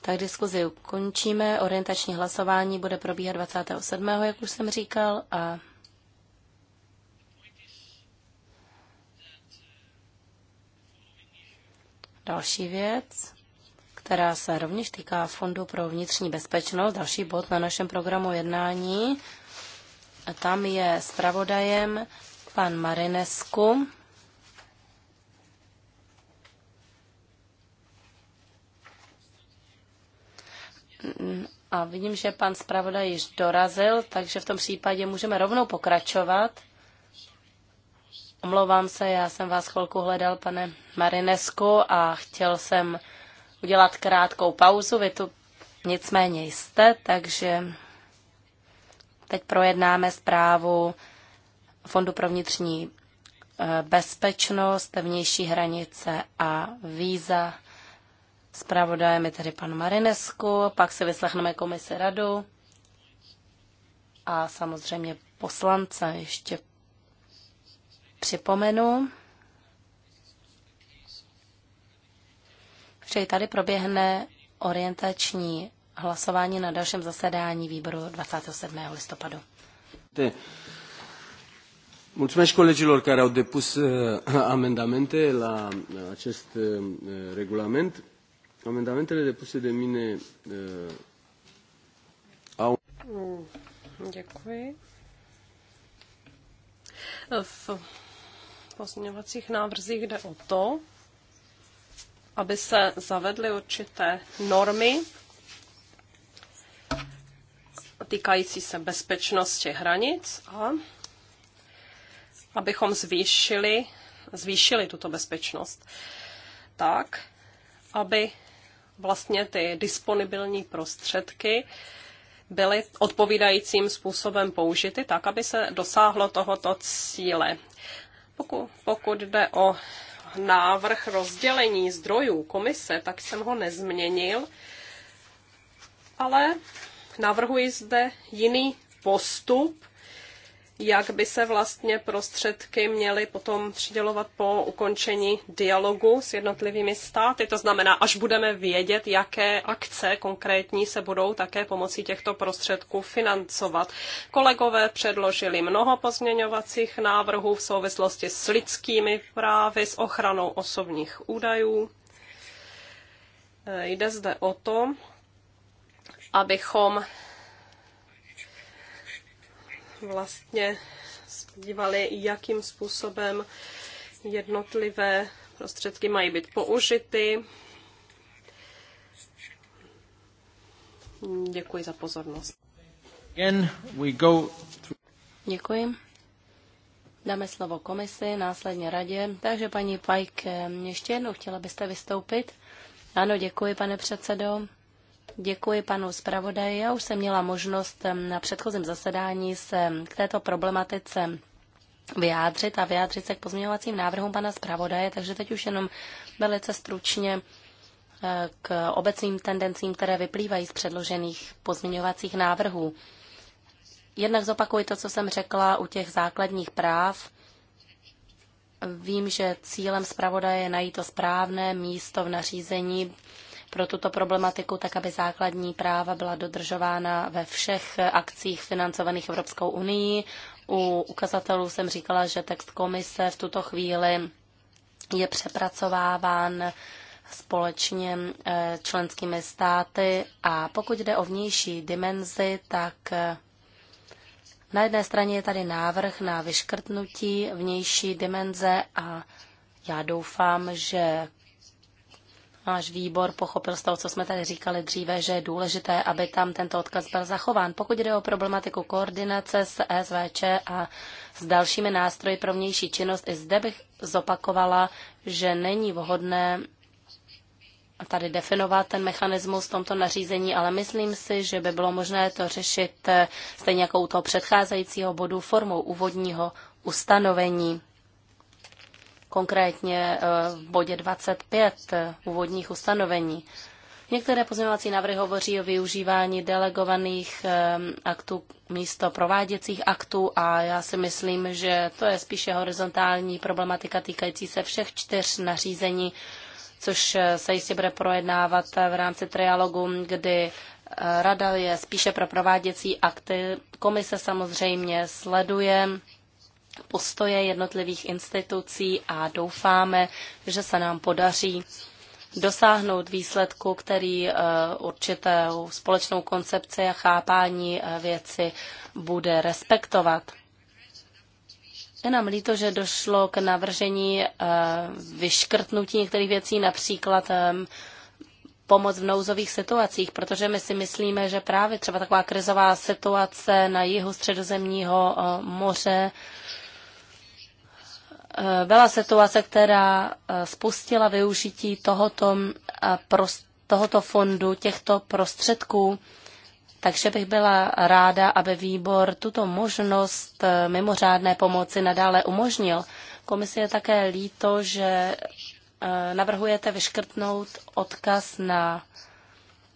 tak diskuzi ukončíme. Orientační hlasování bude probíhat 27. jak už jsem říkal, a Další věc, která se rovněž týká Fondu pro vnitřní bezpečnost, další bod na našem programu jednání. Tam je zpravodajem pan Marinesku. A vidím, že pan zpravodaj již dorazil, takže v tom případě můžeme rovnou pokračovat. Omlouvám se, já jsem vás chvilku hledal, pane Marinesku, a chtěl jsem udělat krátkou pauzu. Vy tu nicméně jste, takže teď projednáme zprávu Fondu pro vnitřní eh, bezpečnost, vnější hranice a víza. Zpravodajem je tedy pan Marinesku, pak si vyslechneme komisi radu a samozřejmě poslance ještě připomenu, že i tady proběhne orientační hlasování na dalším zasedání výboru 27. listopadu. Mulțumesc colegilor care au depus eh, amendamente la eh, acest eh, regulament. Amendamentele depuse de mine au... Mm, děkuji pozměňovacích návrzích jde o to, aby se zavedly určité normy týkající se bezpečnosti hranic a abychom zvýšili, zvýšili tuto bezpečnost tak, aby vlastně ty disponibilní prostředky byly odpovídajícím způsobem použity, tak, aby se dosáhlo tohoto cíle. Pokud, pokud jde o návrh rozdělení zdrojů komise, tak jsem ho nezměnil, ale navrhuji zde jiný postup jak by se vlastně prostředky měly potom přidělovat po ukončení dialogu s jednotlivými státy. To znamená, až budeme vědět, jaké akce konkrétní se budou také pomocí těchto prostředků financovat. Kolegové předložili mnoho pozměňovacích návrhů v souvislosti s lidskými právy, s ochranou osobních údajů. E, jde zde o to, abychom vlastně dívali, jakým způsobem jednotlivé prostředky mají být použity. Děkuji za pozornost. Děkuji. Dáme slovo komisi, následně radě. Takže paní Pajk, ještě jednou chtěla byste vystoupit? Ano, děkuji, pane předsedo. Děkuji panu zpravodaji. Já už jsem měla možnost na předchozím zasedání se k této problematice vyjádřit a vyjádřit se k pozměňovacím návrhům pana zpravodaje, takže teď už jenom velice stručně e, k obecným tendencím, které vyplývají z předložených pozměňovacích návrhů. Jednak zopakuji to, co jsem řekla u těch základních práv. Vím, že cílem zpravodaje je najít to správné místo v nařízení, pro tuto problematiku, tak aby základní práva byla dodržována ve všech akcích financovaných Evropskou unii. U ukazatelů jsem říkala, že text komise v tuto chvíli je přepracováván společně eh, členskými státy a pokud jde o vnější dimenzi, tak eh, na jedné straně je tady návrh na vyškrtnutí vnější dimenze a já doufám, že náš výbor pochopil z toho, co jsme tady říkali dříve, že je důležité, aby tam tento odkaz byl zachován. Pokud jde o problematiku koordinace s SVČ a s dalšími nástroji pro vnější činnost, i zde bych zopakovala, že není vhodné tady definovat ten mechanismus v tomto nařízení, ale myslím si, že by bylo možné to řešit eh, stejně jako u toho předcházejícího bodu formou úvodního ustanovení konkrétně eh, v bodě 25 eh, úvodních ustanovení. Některé pozměňovací návrhy hovoří o využívání delegovaných eh, aktů místo prováděcích aktů a já si myslím, že to je spíše horizontální problematika týkající se všech čtyř nařízení, což se jistě bude projednávat v rámci trialogu, kdy Rada je spíše pro prováděcí akty. Komise samozřejmě sleduje postoje jednotlivých institucí a doufáme, že se nám podaří dosáhnout výsledku, který eh, určitou společnou koncepci a chápání eh, věci bude respektovat. Je nám líto, že došlo k navržení eh, vyškrtnutí některých věcí, například pomoc v nouzových situacích, protože my si myslíme, že právě třeba taková krizová situace na jihu středozemního moře Eh, byla situace, která eh, spustila využití tohoto, eh, tohoto fondu, těchto prostředků. Takže bych byla ráda, aby výbor tuto možnost mimořádné pomoci nadále umožnil. Komisi je také líto, že navrhujete vyškrtnout odkaz na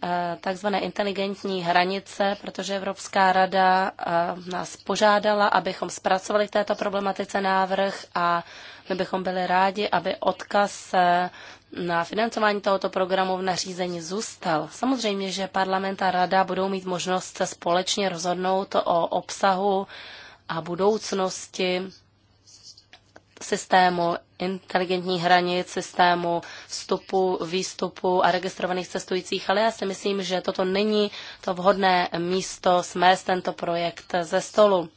Eh, takzvané inteligentní hranice, protože Evropská rada eh, nás požádala, abychom zpracovali k této problematice návrh a my bychom byli rádi, aby odkaz eh, na financování tohoto programu v nařízení zůstal. Samozřejmě, že parlament a rada budou mít možnost společně rozhodnout o obsahu a budoucnosti systému inteligentních hranic, systému vstupu, výstupu a registrovaných cestujících, ale já si myslím, že toto není to vhodné místo smést tento projekt ze stolu.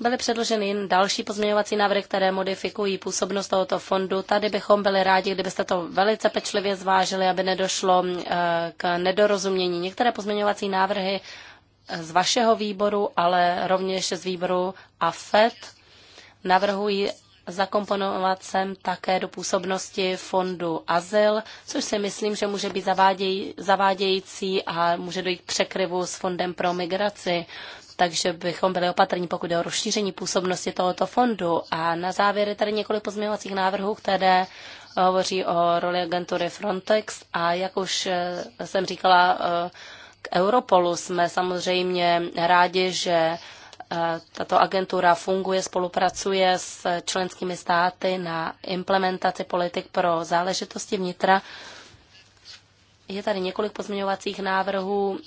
Byly předloženy jen další pozměňovací návrhy, které modifikují působnost tohoto fondu. Tady bychom byli rádi, kdybyste to velice pečlivě zvážili, aby nedošlo eh, k nedorozumění. Některé pozměňovací návrhy z vašeho výboru, ale rovněž z výboru AFET navrhuji zakomponovat sem také do působnosti fondu Azyl, což si myslím, že může být zaváděj, zavádějící a může dojít k překryvu s fondem pro migraci. Takže bychom byli opatrní, pokud je o rozšíření působnosti tohoto fondu. A na závěr je tady několik pozměňovacích návrhů, které hovoří o roli agentury Frontex a jak už eh, jsem říkala, eh, k Europolu jsme samozřejmě rádi, že Eh, tato agentura funguje, spolupracuje s členskými státy na implementaci politik pro záležitosti vnitra. Je tady několik pozměňovacích návrhů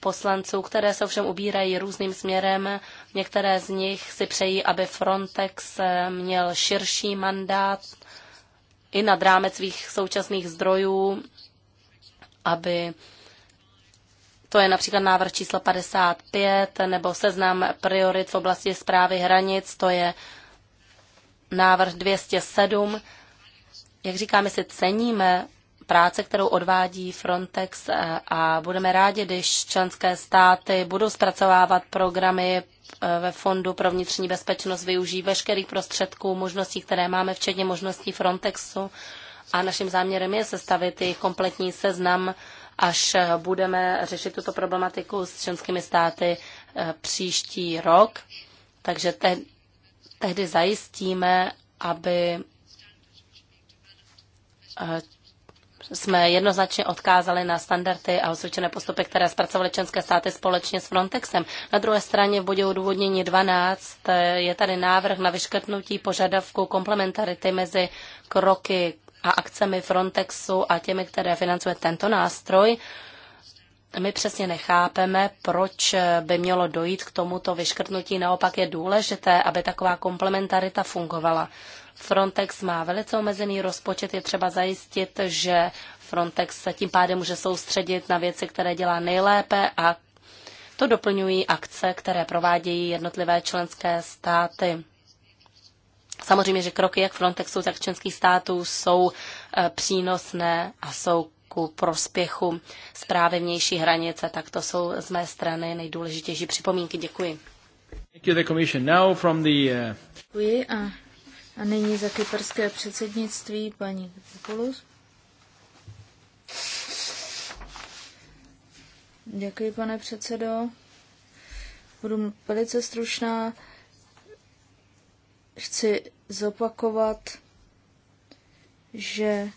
poslanců, které se ovšem ubírají různým směrem. Některé z nich si přejí, aby Frontex eh, měl širší mandát i nad rámec svých současných zdrojů, aby to je například návrh číslo 55 nebo seznam priorit v oblasti zprávy hranic, to je návrh 207. Jak říkám, my si ceníme práce, kterou odvádí Frontex a budeme rádi, když členské státy budou zpracovávat programy eh, ve Fondu pro vnitřní bezpečnost, využijí veškerých prostředků, možností, které máme, včetně možností Frontexu. A naším záměrem je sestavit jejich kompletní seznam až budeme řešit tuto problematiku s členskými státy eh, příští rok. Takže te, tehdy zajistíme, aby eh, jsme jednoznačně odkázali na standardy a osvědčené postupy, které zpracovaly členské státy společně s Frontexem. Na druhé straně v bodě odůvodnění 12 eh, je tady návrh na vyškrtnutí požadavku komplementarity mezi kroky a akcemi Frontexu a těmi, které financuje tento nástroj, my přesně nechápeme, proč by mělo dojít k tomuto vyškrtnutí. Naopak je důležité, aby taková komplementarita fungovala. Frontex má velice omezený rozpočet, je třeba zajistit, že Frontex se tím pádem může soustředit na věci, které dělá nejlépe a to doplňují akce, které provádějí jednotlivé členské státy. Samozřejmě, že kroky jak Frontexu, tak členských států jsou eh, přínosné a jsou ku prospěchu zprávy vnější hranice. Tak to jsou z mé strany nejdůležitější připomínky. Děkuji. Eh, Děkuji a, a nyní za kyperské předsednictví paní Kupulus. Děkuji, pane předsedo. Budu velice stručná chci zopakovat, že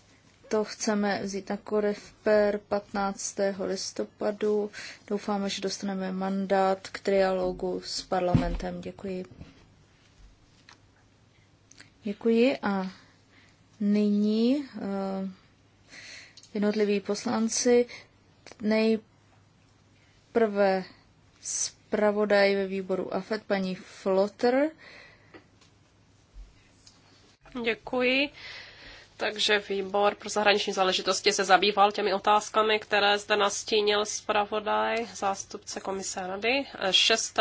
to chceme vzít na Korefer 15. listopadu. Doufáme, že dostaneme mandát k trialogu s parlamentem. Děkuji. Děkuji a nyní uh, jednotliví poslanci nejprve zpravodaj ve výboru AFED, paní Flotter. Uh, Děkuji. Takže výbor pro zahraniční záležitosti se zabýval těmi otázkami, které zde nastínil zpravodaj, zástupce komise rady. 6.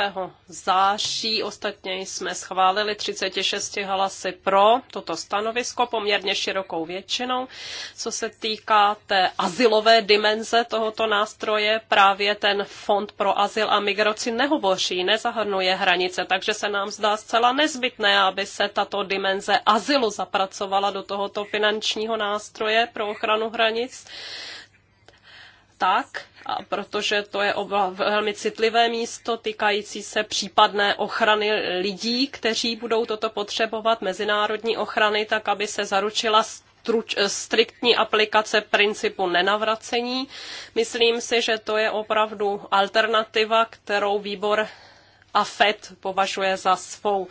září ostatně jsme schválili 36 hlasy pro toto stanovisko poměrně širokou většinou. Co se týká té asilové dimenze tohoto nástroje, právě ten fond pro azyl a migraci nehovoří, nezahrnuje hranice, takže se nám zdá zcela nezbytné, aby se tato dimenze azylu zapracovala do tohoto finančního finančního nástroje pro ochranu hranic tak, a protože to je obla, velmi citlivé místo týkající se případné ochrany lidí, kteří budou toto potřebovat, mezinárodní ochrany, tak aby se zaručila struč, striktní aplikace principu nenavracení. Myslím si, že to je opravdu alternativa, kterou výbor AFET považuje za svou.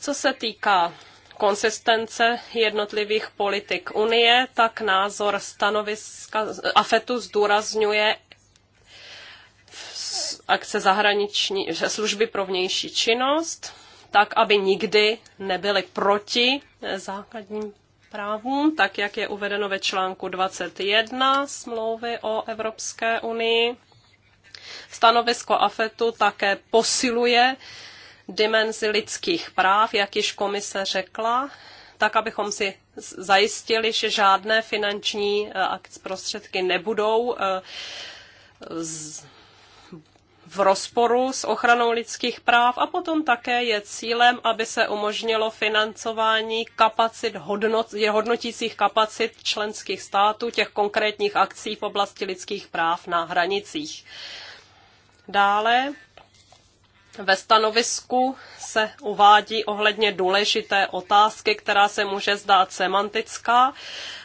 Co se týká konsistence jednotlivých politik Unie, tak názor stanoviska AFETu zdůrazňuje akce zahraniční, služby pro vnější činnost, tak, aby nikdy nebyly proti základním právům, tak jak je uvedeno ve článku 21 smlouvy o Evropské unii. Stanovisko AFETu také posiluje uh, dimenzi lidských práv, jak již komise řekla, tak abychom si zajistili, že žádné finanční eh, prostředky nebudou eh, v rozporu s ochranou lidských práv a potom také je cílem, aby se umožnilo financování kapacit hodnot, hodnotících kapacit členských států těch konkrétních akcí v oblasti lidských práv na hranicích. Dále ve stanovisku se uvádí ohledně důležité otázky, která se může zdát semantická,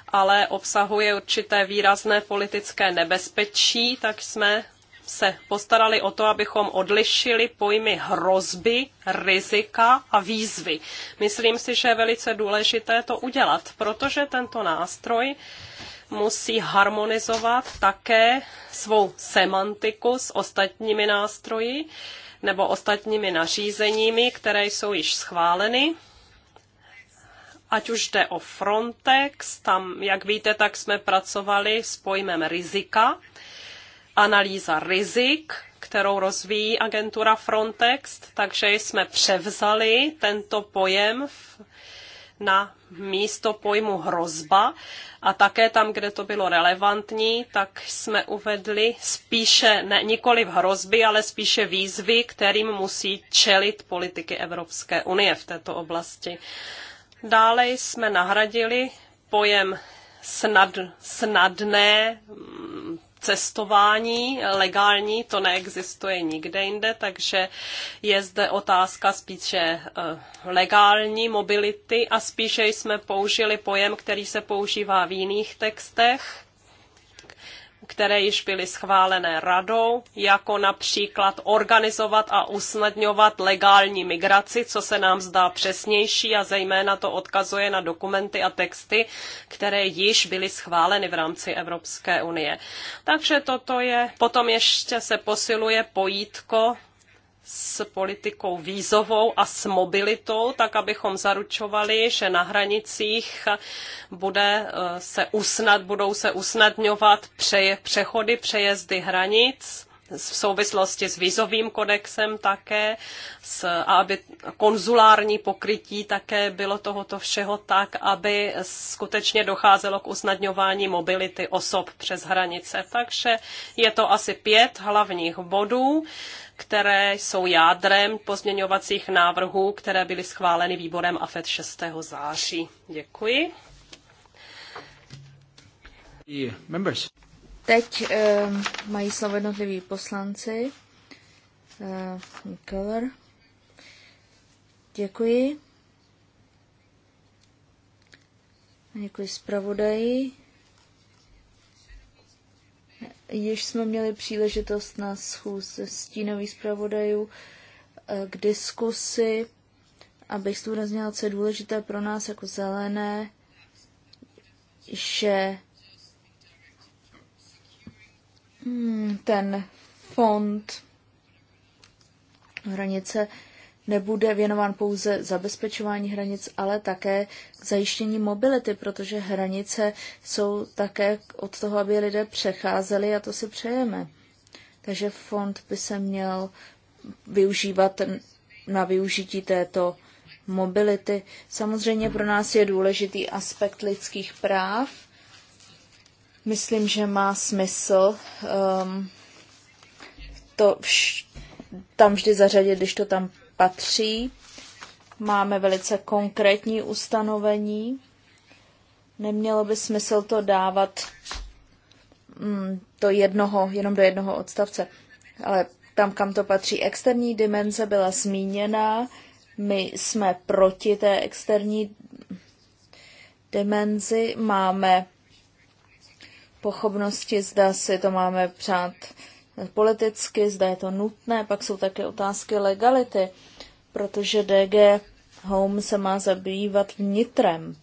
ale obsahuje určité výrazné politické nebezpečí, tak jsme se postarali o to, abychom odlišili pojmy hrozby, rizika a výzvy. Myslím si, že je velice důležité to udělat, protože tento nástroj musí harmonizovat také svou semantiku s ostatními nástroji, nebo ostatními nařízeními, které jsou již schváleny. Ať už jde o Frontex, tam, jak víte, tak jsme pracovali s pojmem rizika, analýza rizik, kterou rozvíjí agentura Frontex, takže jsme převzali tento pojem na místo pojmu hrozba a také tam, kde to bylo relevantní, tak jsme uvedli spíše ne, nikoli v hrozby, ale spíše výzvy, kterým musí čelit politiky Evropské unie v této oblasti. Dále jsme nahradili pojem snad, snadné cestování legální, to neexistuje nikde jinde, takže je zde otázka spíše eh, legální mobility a spíše jsme použili pojem, který se používá v jiných textech, které již byly schválené radou, jako například organizovat a usnadňovat legální migraci, co se nám zdá přesnější a zejména to odkazuje na dokumenty a texty, které již byly schváleny v rámci Evropské unie. Takže toto je, potom ještě se posiluje pojítko s politikou vízovou a s mobilitou, tak abychom zaručovali, že na hranicích bude eh, se usnad, budou se usnadňovat přechody, přejezdy hranic v souvislosti s vízovým kodexem také, s, aby konzulární pokrytí také bylo tohoto všeho tak, aby skutečně docházelo k usnadňování mobility osob přes hranice. Takže je to asi pět hlavních bodů které jsou jádrem pozměňovacích návrhů, které byly schváleny výborem AFED 6. září. Děkuji. Teď uh, mají slovo jednotliví poslanci. Uh, Děkuji. Děkuji zpravodaji. Již jsme měli příležitost na schůzce stínových zpravodajů eh, k diskusi, abych zdůraznila, co je důležité pro nás jako zelené, že hmm, ten fond hranice nebude věnován pouze zabezpečování hranic, ale také k zajištění mobility, protože hranice jsou také od toho, aby lidé přecházeli a to si přejeme. Takže fond by se měl využívat na využití této mobility. Samozřejmě pro nás je důležitý aspekt lidských práv. Myslím, že má smysl um, to vš- tam vždy zařadit, když to tam patří. Máme velice konkrétní ustanovení. Nemělo by smysl to dávat to mm, jednoho, jenom do jednoho odstavce. Ale tam, kam to patří, externí dimenze byla zmíněna. My jsme proti té externí dimenzi. Máme pochopnosti, zda si to máme přát politicky, zda je to nutné, pak jsou také otázky legality, protože DG Home se má zabývat vnitrem.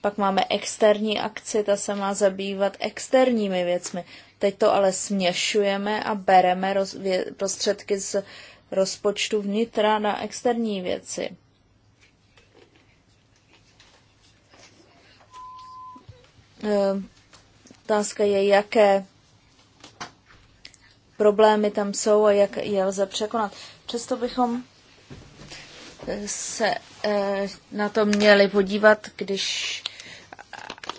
Pak máme externí akci, ta se má zabývat externími věcmi. Teď to ale směšujeme a bereme roz, vě, prostředky z rozpočtu vnitra na externí věci. E, otázka je, jaké problémy tam jsou a jak je lze překonat. Přesto bychom eh, se eh, na to měli podívat, když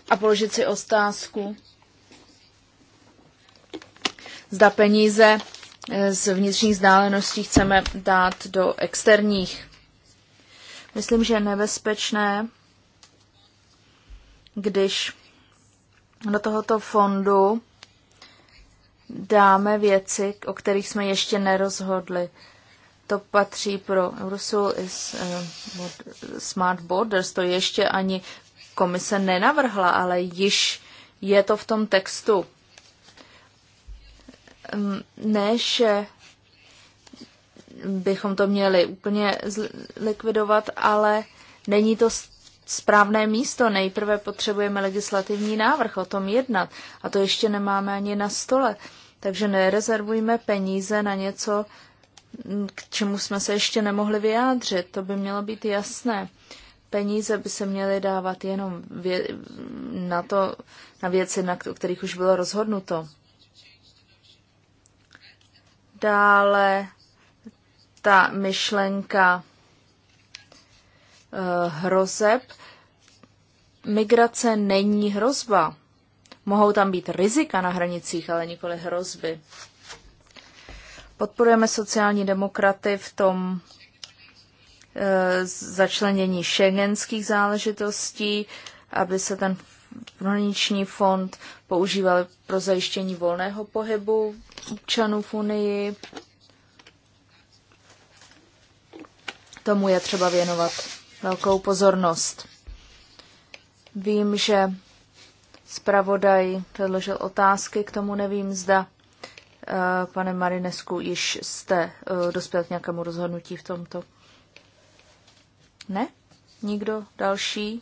a položit si otázku, zda peníze eh, z vnitřních vzdáleností chceme dát do externích. Myslím, že je nebezpečné, když do tohoto fondu dáme věci, o kterých jsme ještě nerozhodli. To patří pro Eurosul is uh, eh, Smart Borders, to ještě ani komise nenavrhla, ale již je to v tom textu. Ehm, ne, že bychom to měli úplně likvidovat, ale není to správné místo. Nejprve potřebujeme legislativní návrh, o tom jednat. A to ještě nemáme ani na stole. Uh, takže nerezervujme peníze na něco, k čemu jsme se ještě nemohli vyjádřit. To by mělo být jasné. Peníze by se měly dávat jenom na, to, na věci, na o kterých už bylo rozhodnuto. Dále ta myšlenka eh, hrozeb. Migrace není hrozba. Mohou tam být rizika na hranicích, ale nikoli hrozby. Podporujeme sociální demokraty v tom e, začlenění šengenských záležitostí, aby se ten hraniční fond používal pro zajištění volného pohybu občanů v Unii. Tomu je třeba věnovat velkou pozornost. Vím, že Spravodaj předložil otázky, k tomu nevím, zda eh, pane Marinesku, již jste eh, dospěl k nějakému rozhodnutí v tomto. Ne? Nikdo další?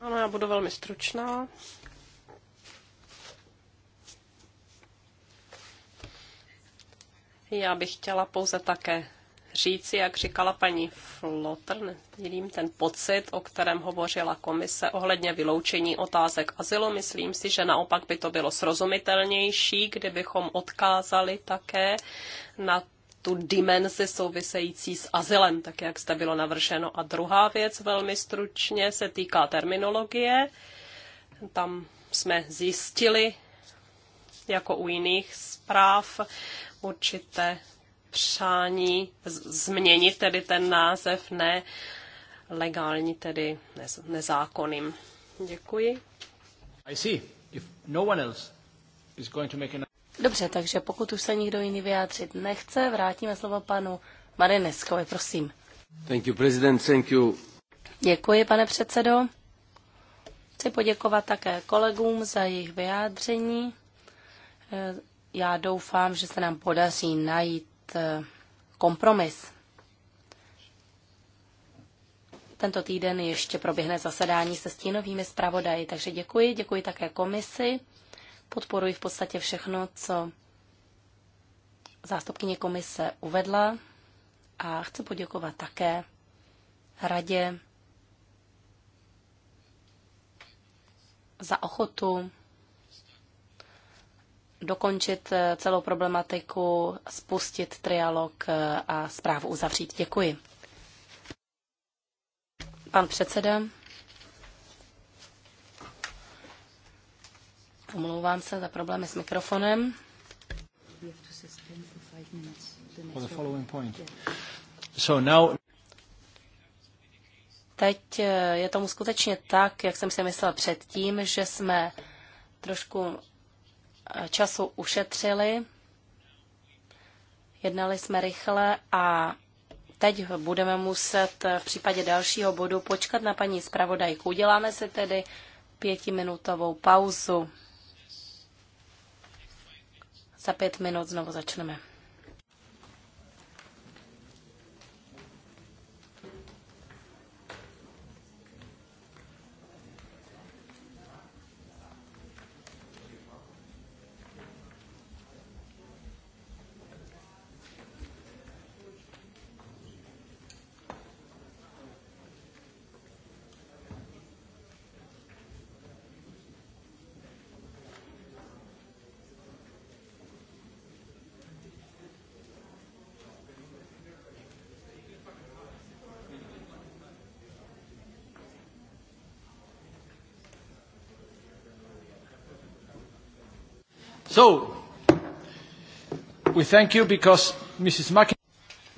Ano, já budu velmi stručná. Já bych chtěla pouze také říci, jak říkala paní Flotr, nezdílím ten pocit, o kterém hovořila komise ohledně vyloučení otázek azylu. Myslím si, že naopak by to bylo srozumitelnější, kdybychom odkázali také na tu dimenzi související s azylem, tak jak zde bylo navrženo. A druhá věc velmi stručně se týká terminologie. Tam jsme zjistili, jako u jiných zpráv, určité přání změnit tedy ten název ne legální, tedy nez, nezákonným. Děkuji. I see. If no one else is going to make an... Dobře, takže pokud už se nikdo jiný vyjádřit nechce, vrátíme slovo panu Marineskovi, prosím. Thank you, president. Thank you. Děkuji, pane předsedo. Chci poděkovat také kolegům za jejich vyjádření. E, já doufám, že se nám podaří najít kompromis. Tento týden ještě proběhne zasedání se stínovými zpravodaji, takže děkuji, děkuji také komisi. Podporuji v podstatě všechno, co zástupkyně komise uvedla a chci poděkovat také radě za ochotu dokončit eh, celou problematiku, spustit trialog eh, a zprávu uzavřít. Děkuji. Pan předseda. Omlouvám se za problémy s mikrofonem. Teď eh, je tomu skutečně tak, jak jsem si myslela předtím, že jsme trošku času ušetřili. Jednali jsme rychle a teď budeme muset v případě dalšího bodu počkat na paní zpravodajku. Uděláme si tedy pětiminutovou pauzu. Za pět minut znovu začneme.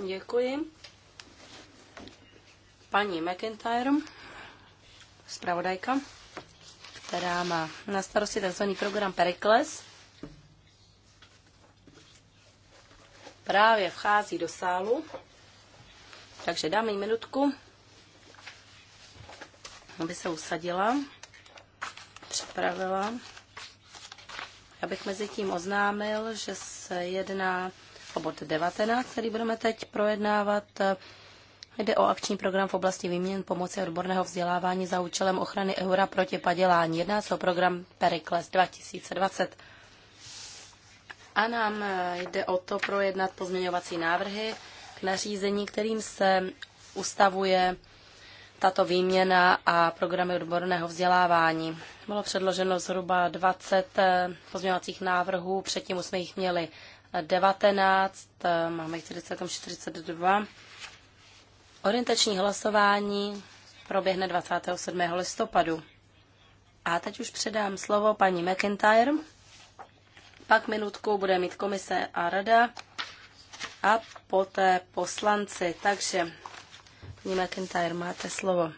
Děkuji. Paní McIntyre, zpravodajka, která má na starosti tzv. program Pericles, právě vchází do sálu, takže dáme jí minutku, aby se usadila, připravila abych mezi tím oznámil, že se jedná o bod 19, který budeme teď projednávat. Jde o akční program v oblasti výměn pomoci odborného vzdělávání za účelem ochrany eura proti padělání. Jedná se o program Perikles 2020. A nám eh, jde o to projednat pozměňovací návrhy k nařízení, kterým se ustavuje tato výměna a programy odborného vzdělávání. Bylo předloženo zhruba 20 eh, pozměňovacích návrhů, předtím jsme jich měli 19, eh, máme jich 42. Orientační hlasování proběhne 27. listopadu. A teď už předám slovo paní McIntyre. Pak minutku bude mít komise a rada a poté poslanci. Takže Paní McIntyre, máte slovo.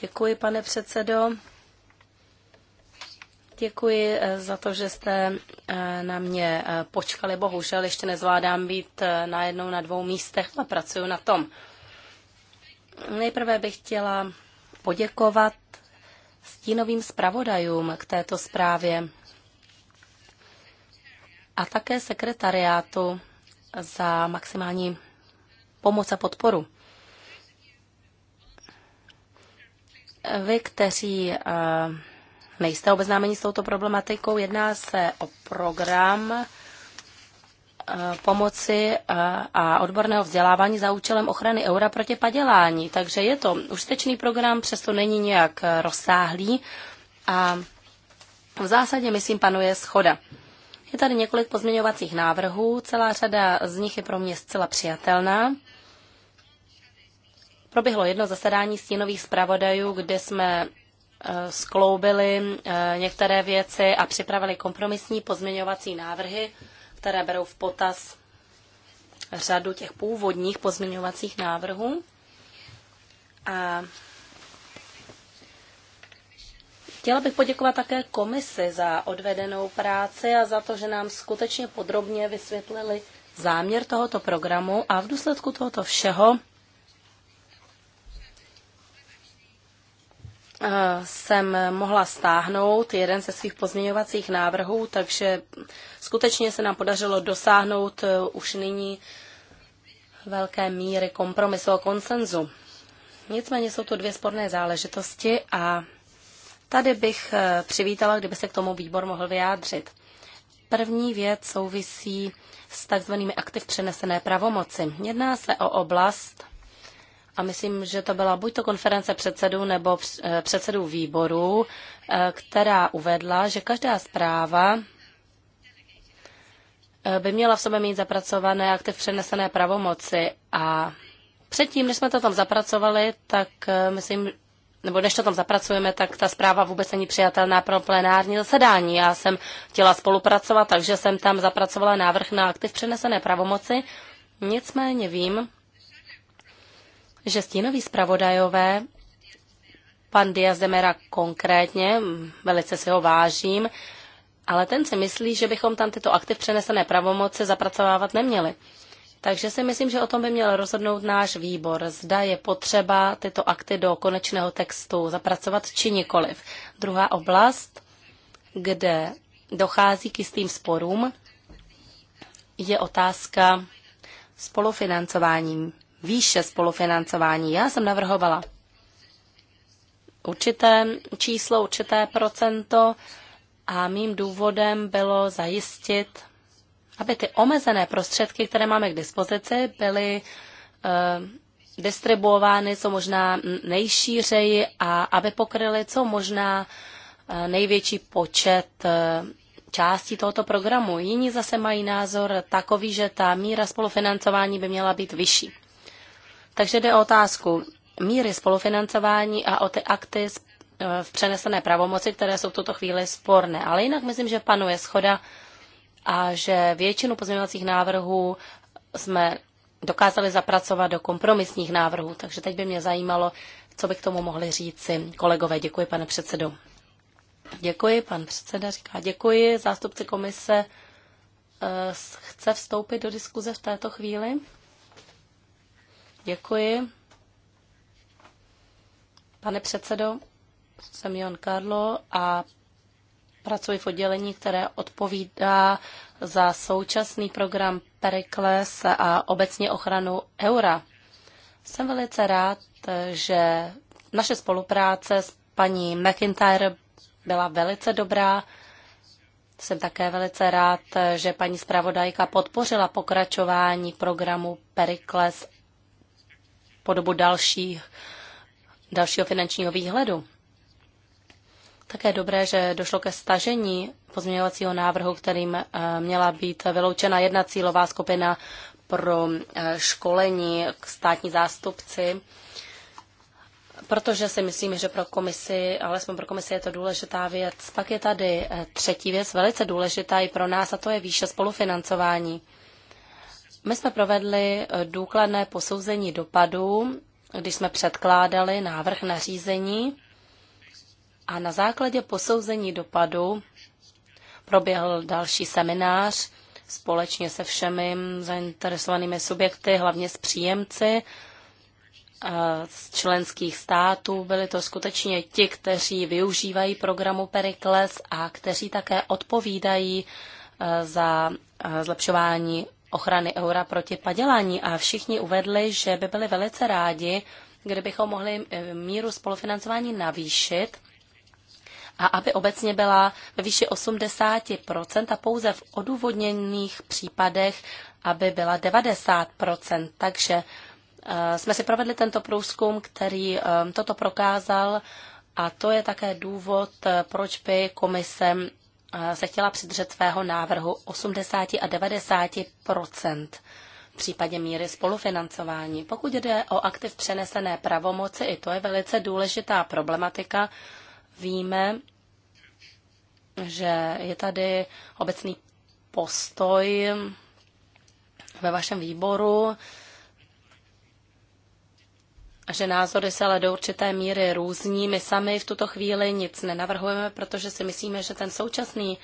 Děkuji, pane předsedo. Děkuji eh, za to, že jste eh, na mě eh, počkali. Bohužel ještě nezvládám být najednou na dvou místech, a pracuji na tom. Nejprve bych chtěla poděkovat stínovým zpravodajům k této zprávě a také sekretariátu za maximální pomoc a podporu. Vy, kteří eh, nejste obeznámeni s touto problematikou, jedná se o program eh, pomoci eh, a odborného vzdělávání za účelem ochrany eura proti padělání. Takže je to užitečný program, přesto není nějak rozsáhlý a v zásadě, myslím, panuje schoda. Je tady několik pozměňovacích návrhů, celá řada z nich je pro mě zcela přijatelná proběhlo jedno zasedání stínových zpravodajů, kde jsme e, skloubili e, některé věci a připravili kompromisní pozměňovací návrhy, které berou v potaz řadu těch původních pozměňovacích návrhů. A Chtěla bych poděkovat také komisi za odvedenou práci a za to, že nám skutečně podrobně vysvětlili záměr tohoto programu a v důsledku tohoto všeho Eh, jsem mohla stáhnout jeden ze svých pozměňovacích návrhů, takže skutečně se nám podařilo dosáhnout eh, už nyní velké míry kompromisu a konsenzu. Nicméně jsou to dvě sporné záležitosti a tady bych eh, přivítala, kdyby se k tomu výbor mohl vyjádřit. První věc souvisí s takzvanými aktiv přenesené pravomoci. Jedná se o oblast, a myslím, že to byla buď to konference předsedů nebo eh, předsedů výborů, eh, která uvedla, že každá zpráva eh, by měla v sobě mít zapracované akty v přenesené pravomoci. A předtím, než jsme to tam zapracovali, tak myslím, nebo než to tam zapracujeme, tak ta zpráva vůbec není přijatelná pro plenární zasedání. Já jsem chtěla spolupracovat, takže jsem tam zapracovala návrh na v přenesené pravomoci. Nicméně vím, že stínoví zpravodajové, pan Diaz de Mera konkrétně, velice si ho vážím, ale ten si myslí, že bychom tam tyto akty přenesené pravomoce zapracovávat neměli. Takže si myslím, že o tom by měl rozhodnout náš výbor. Zda je potřeba tyto akty do konečného textu zapracovat či nikoliv. Druhá oblast, kde dochází k jistým sporům, je otázka spolufinancováním výše spolufinancování. Já jsem navrhovala určité číslo, určité procento a mým důvodem bylo zajistit, aby ty omezené prostředky, které máme k dispozici, byly eh, distribuovány co možná nejšířeji a aby pokryly co možná eh, největší počet eh, částí tohoto programu. Jiní zase mají názor takový, že ta míra spolufinancování by měla být vyšší. Takže jde o otázku míry spolufinancování a o ty akty e, v přenesené pravomoci, které jsou v tuto chvíli sporné. Ale jinak myslím, že panuje schoda a že většinu pozměňovacích návrhů jsme dokázali zapracovat do kompromisních návrhů. Takže teď by mě zajímalo, co by k tomu mohli říci kolegové. Děkuji, pane předsedo. Děkuji, pan předseda říká děkuji. Zástupci komise e, chce vstoupit do diskuze v této chvíli. Děkuji. Pane předsedo, jsem Jan Karlo a pracuji v oddělení, které odpovídá za současný program Perikles a obecně ochranu eura. Jsem velice rád, že naše spolupráce s paní McIntyre byla velice dobrá. Jsem také velice rád, že paní zpravodajka podpořila pokračování programu Perikles po dobu další, dalšího finančního výhledu. Také dobré, že došlo ke stažení pozměňovacího návrhu, kterým eh, měla být vyloučena jedna cílová skupina pro eh, školení k státní zástupci, protože si myslím, že pro komisi, alespoň pro komisi je to důležitá věc. Pak je tady eh, třetí věc, velice důležitá i pro nás, a to je výše spolufinancování. My jsme provedli eh, důkladné posouzení dopadů, když jsme předkládali návrh na řízení a na základě posouzení dopadu proběhl další seminář společně se všemi zainteresovanými subjekty, hlavně s příjemci eh, z členských států. Byli to skutečně ti, kteří využívají programu Perikles a kteří také odpovídají eh, za zlepšování ochrany eura proti padělání a všichni uvedli, že by byli velice rádi, kdybychom mohli eh, míru spolufinancování navýšit a aby obecně byla ve výši 80% a pouze v odůvodněných případech, aby byla 90%. Takže eh, jsme si provedli tento průzkum, který eh, toto prokázal a to je také důvod, proč by komise se chtěla přidržet svého návrhu 80 a 90 v případě míry spolufinancování. Pokud jde o aktiv přenesené pravomoci, i to je velice důležitá problematika. Víme, že je tady obecný postoj ve vašem výboru, že názory se ale do určité míry různí. My sami v tuto chvíli nic nenavrhujeme, protože si myslíme, že ten současný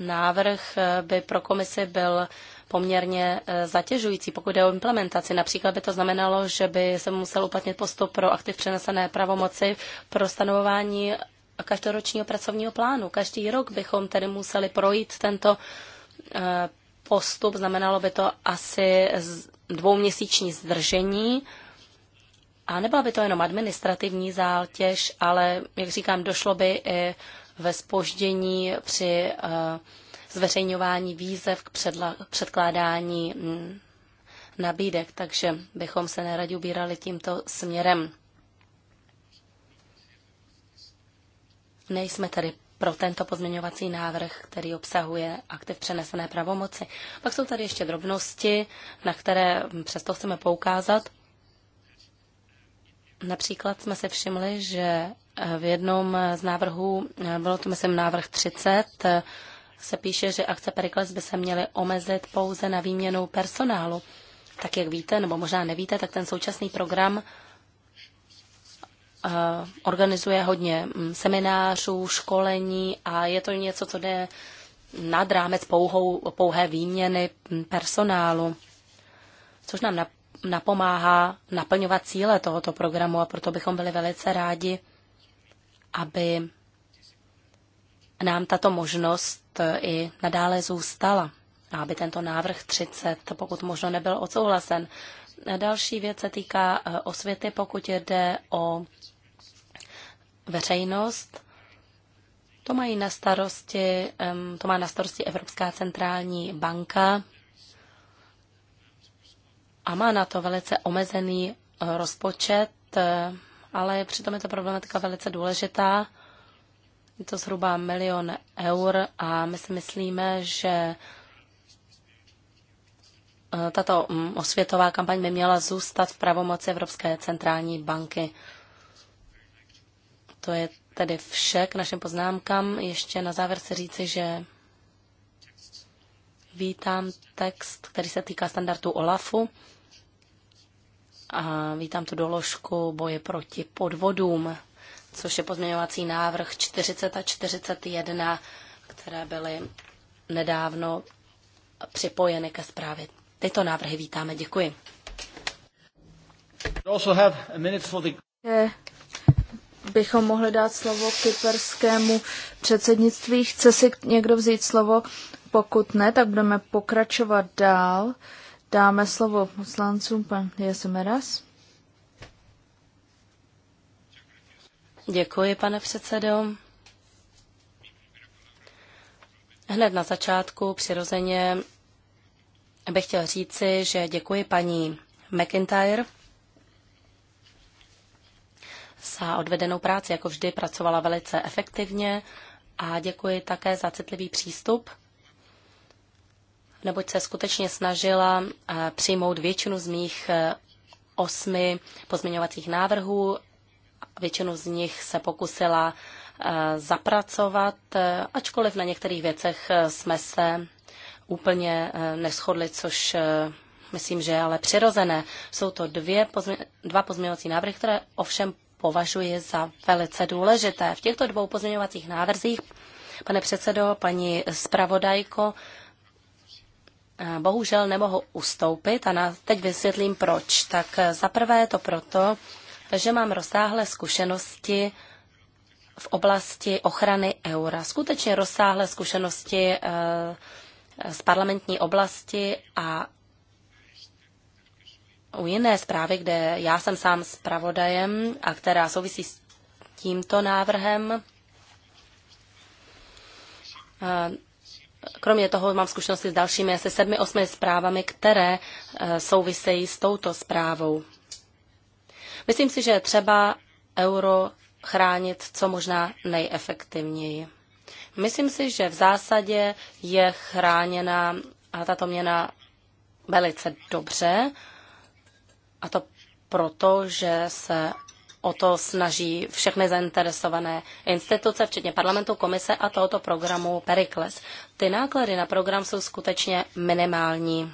návrh eh, by pro komisi byl poměrně eh, zatěžující, pokud jde o implementaci. Například by to znamenalo, že by se musel uplatnit postup pro aktiv přenesené pravomoci pro stanovování každoročního pracovního plánu. Každý rok bychom tedy museli projít tento eh, postup, znamenalo by to asi dvouměsíční zdržení a nebyla by to jenom administrativní zátěž, ale, jak říkám, došlo by i ve spoždění při eh, zveřejňování výzev k předkládání mm, nabídek, takže bychom se neradi ubírali tímto směrem. Nejsme tady pro tento pozměňovací návrh, který obsahuje aktiv přenesené pravomoci. Pak jsou tady ještě drobnosti, na které mm, přesto chceme poukázat. Například jsme se všimli, že eh, v jednom eh, z návrhů, eh, bylo to myslím návrh 30, se píše, že akce Perikles by se měly omezit pouze na výměnu personálu. Tak jak víte, nebo možná nevíte, tak ten současný program organizuje hodně mm, seminářů, školení a je to něco, co jde nad rámec pouhou, pouhé výměny mm, personálu. Což nám napomáhá naplňovat cíle tohoto programu a proto bychom byli velice rádi, aby nám tato možnost eh, i nadále zůstala a aby tento návrh 30 pokud možno nebyl odsouhlasen. Další věc se týká eh, osvěty, pokud jde o veřejnost. To, mají na starosti, to má na starosti Evropská centrální banka a má na to velice omezený eh, rozpočet, eh, ale přitom je to problematika velice důležitá. Je to zhruba milion eur a my si myslíme, že eh, tato mm, osvětová kampaň by měla zůstat v pravomoci Evropské centrální banky. To je tedy vše k našim poznámkám. Ještě na závěr se říci, že vítám text, který se týká standardu OLAFu a vítám tu doložku boje proti podvodům, což je pozměňovací návrh 40 a 41, které byly nedávno připojeny ke zprávě. Tyto návrhy vítáme. Děkuji. Eh, bychom mohli dát slovo kyperskému předsednictví. Chce si někdo vzít slovo? Pokud ne, tak budeme pokračovat dál dáme slovo poslancům pan Jasomeras. Děkuji, pane předsedo. Hned na začátku přirozeně bych chtěl říci, že děkuji paní McIntyre za odvedenou práci. Jako vždy pracovala velice efektivně a děkuji také za citlivý přístup neboť se skutečně snažila eh, přijmout většinu z mých eh, osmi pozměňovacích návrhů. Většinu z nich se pokusila eh, zapracovat, ačkoliv na některých věcech jsme se úplně neschodli, což myslím, že je ale přirozené. Jsou to dvě pozmě- dva pozměňovací návrhy, které ovšem považuji za velice důležité. V těchto dvou pozměňovacích návrzích, pane předsedo, paní zpravodajko, Eh, bohužel nemohu ustoupit a teď vysvětlím proč. Tak eh, zaprvé je to proto, že mám rozsáhlé zkušenosti v oblasti ochrany eura. Skutečně rozsáhlé zkušenosti eh, z parlamentní oblasti a u jiné zprávy, kde já jsem sám zpravodajem a která souvisí s tímto návrhem, Kromě toho mám zkušenosti s dalšími asi sedmi, osmi zprávami, které eh, souvisejí s touto zprávou. Myslím si, že je třeba euro chránit co možná nejefektivněji. Myslím si, že v zásadě je chráněna tato měna velice dobře, a to proto, že se o to snaží všechny zainteresované instituce, včetně parlamentu, komise a tohoto programu Perikles. Ty náklady na program jsou skutečně minimální.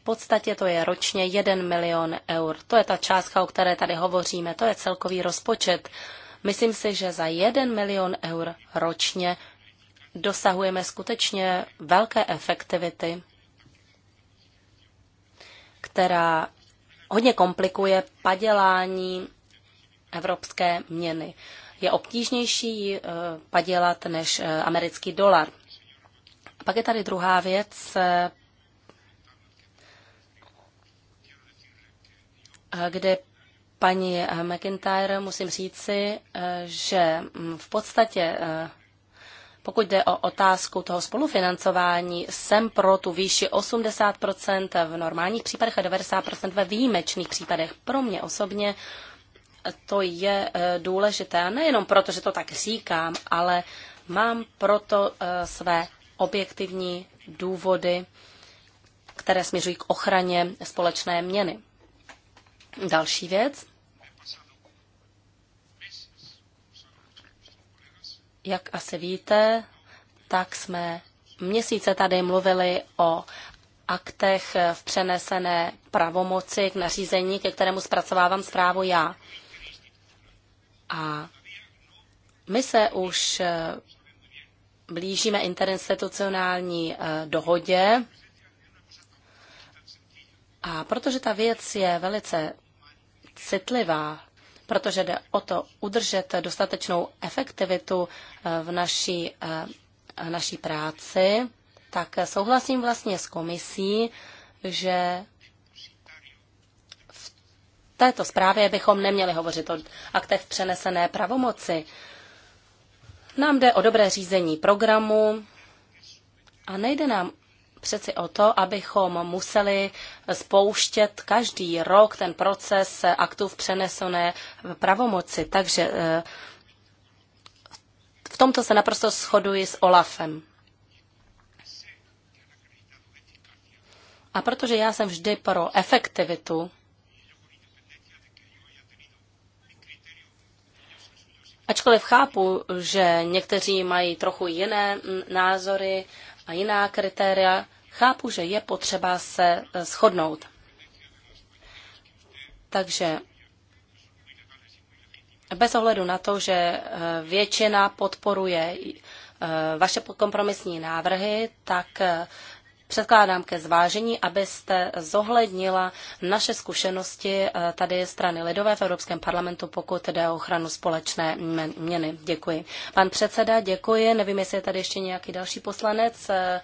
V podstatě to je ročně 1 milion eur. To je ta částka, o které tady hovoříme, to je celkový rozpočet. Myslím si, že za 1 milion eur ročně dosahujeme skutečně velké efektivity, která hodně komplikuje padělání evropské měny. Je obtížnější ji eh, padělat než eh, americký dolar. A pak je tady druhá věc, eh, kde paní McIntyre musím říci, že mm, v podstatě pokud jde o otázku toho spolufinancování, jsem pro tu výši 80% v normálních případech a 90% ve výjimečných případech. Pro mě osobně to je eh, důležité, nejenom proto, že to tak říkám, ale mám proto eh, své objektivní důvody, které směřují k ochraně společné měny. Další věc. Jak asi víte, tak jsme měsíce tady mluvili o aktech v přenesené pravomoci k nařízení, ke kterému zpracovávám zprávu já. A my se už eh, blížíme interinstitucionální eh, dohodě. A protože ta věc je velice citlivá, protože jde o to udržet dostatečnou efektivitu eh, v naší, naší práci, tak souhlasím vlastně s komisí, že této zprávě bychom neměli hovořit o aktech přenesené pravomoci. Nám jde o dobré řízení programu a nejde nám přeci o to, abychom museli spouštět každý rok ten proces aktů v přenesené pravomoci. Takže eh, v tomto se naprosto shoduji s Olafem. A protože já jsem vždy pro efektivitu, Ačkoliv chápu, že někteří mají trochu jiné mm, názory a jiná kritéria, chápu, že je potřeba se eh, shodnout. Takže bez ohledu na to, že eh, většina podporuje eh, vaše kompromisní návrhy, tak předkládám ke zvážení, abyste zohlednila naše zkušenosti eh, tady strany Lidové v Evropském parlamentu, pokud jde o ochranu společné měny. Děkuji. Pan předseda, děkuji. Nevím, jestli je tady ještě nějaký další poslanec eh,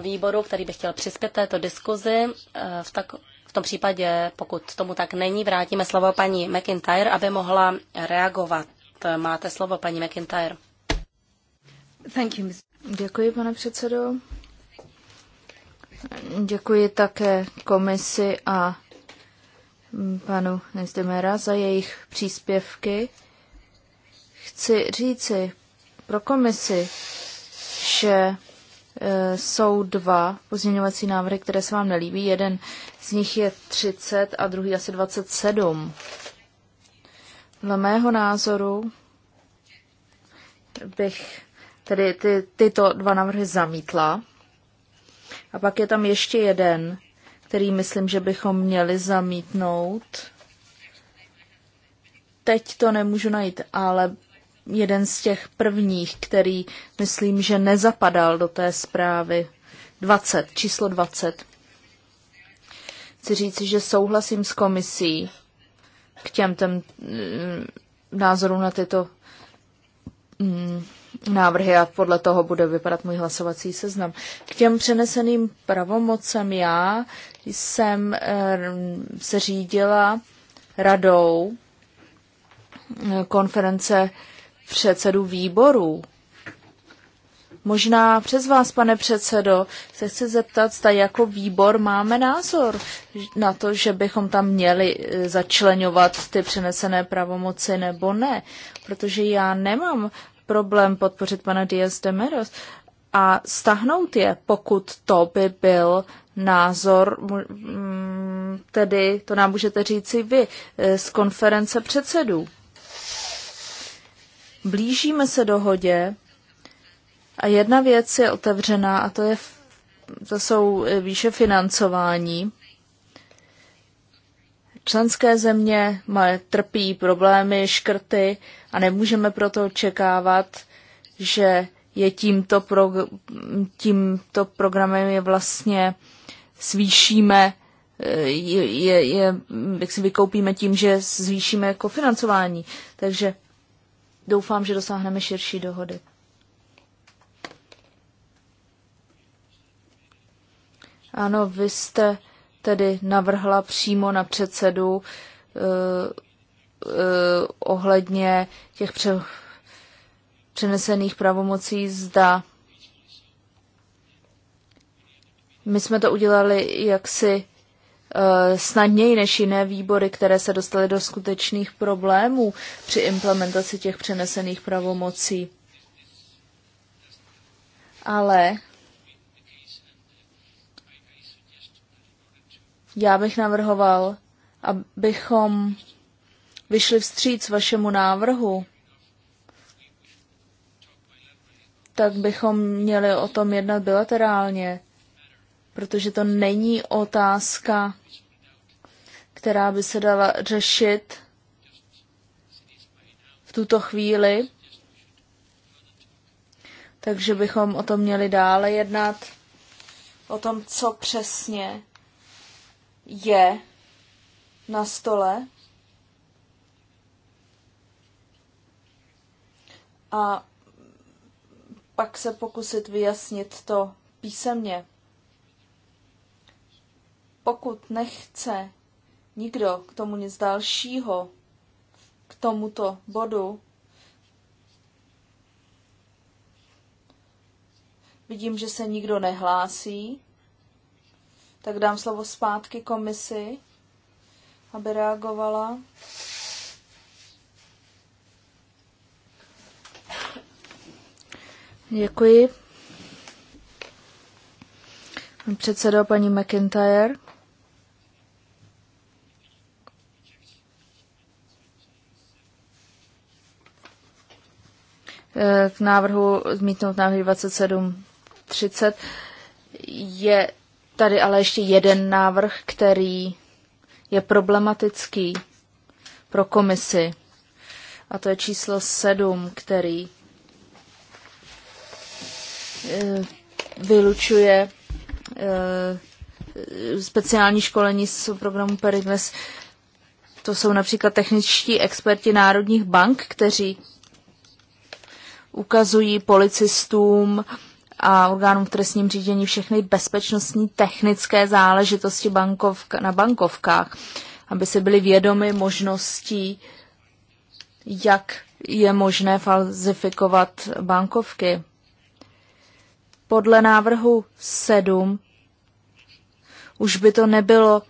výboru, který by chtěl přispět této diskuzi. Eh, v, tak, v tom případě, pokud tomu tak není, vrátíme slovo paní McIntyre, aby mohla reagovat. Máte slovo, paní McIntyre. Thank you, Děkuji, pane předsedo. Děkuji také komisi a panu Nezdemera za jejich příspěvky. Chci říci pro komisi, že e, jsou dva pozměňovací návrhy, které se vám nelíbí. Jeden z nich je 30 a druhý asi 27. Dle mého názoru bych tedy ty, tyto dva návrhy zamítla. A pak je tam ještě jeden, který myslím, že bychom měli zamítnout. Teď to nemůžu najít, ale jeden z těch prvních, který myslím, že nezapadal do té zprávy. 20, číslo 20. Chci říct, že souhlasím s komisí k těm, těm mm, názorům na tyto mm, návrhy a podle toho bude vypadat můj hlasovací seznam. K těm přeneseným pravomocem já jsem eh, se řídila radou eh, konference předsedů výborů. Možná přes vás, pane předsedo, se chci zeptat, zda jako výbor máme názor na to, že bychom tam měli eh, začlenovat ty přenesené pravomoci nebo ne. Protože já nemám problém podpořit pana Díaz de Meros a stahnout je, pokud to by byl názor, mm, tedy to nám můžete říci vy, eh, z konference předsedů. Blížíme se dohodě a jedna věc je otevřená a to, je, to jsou eh, výše financování. Členské země trpí problémy, škrty, a nemůžeme proto očekávat, že je tímto, pro, tímto programem je vlastně svýšíme, je, je, je, jak si vykoupíme tím, že zvýšíme kofinancování. Jako Takže doufám, že dosáhneme širší dohody. Ano, vy jste tedy navrhla přímo na předsedu uh, Eh, ohledně těch pře- přenesených pravomocí, zda my jsme to udělali jaksi eh, snadněji než jiné výbory, které se dostaly do skutečných problémů při implementaci těch přenesených pravomocí. Ale já bych navrhoval, abychom vyšli vstříc vašemu návrhu, tak bychom měli o tom jednat bilaterálně, protože to není otázka, která by se dala řešit v tuto chvíli. Takže bychom o tom měli dále jednat, o tom, co přesně je na stole. a pak se pokusit vyjasnit to písemně. Pokud nechce nikdo k tomu nic dalšího, k tomuto bodu, vidím, že se nikdo nehlásí, tak dám slovo zpátky komisi, aby reagovala. Děkuji. Předsedo paní McIntyre. Eh, k návrhu zmítnout návrhy 2730 je tady ale ještě jeden návrh, který je problematický pro komisi. A to je číslo 7, který Eh, vylučuje eh, speciální školení z programu Perignes. To jsou například techničtí experti národních bank, kteří ukazují policistům a orgánům v trestním řízení všechny bezpečnostní technické záležitosti bankovka, na bankovkách, aby se byli vědomi možností, jak je možné falzifikovat bankovky podle návrhu 7 už by to nebylo,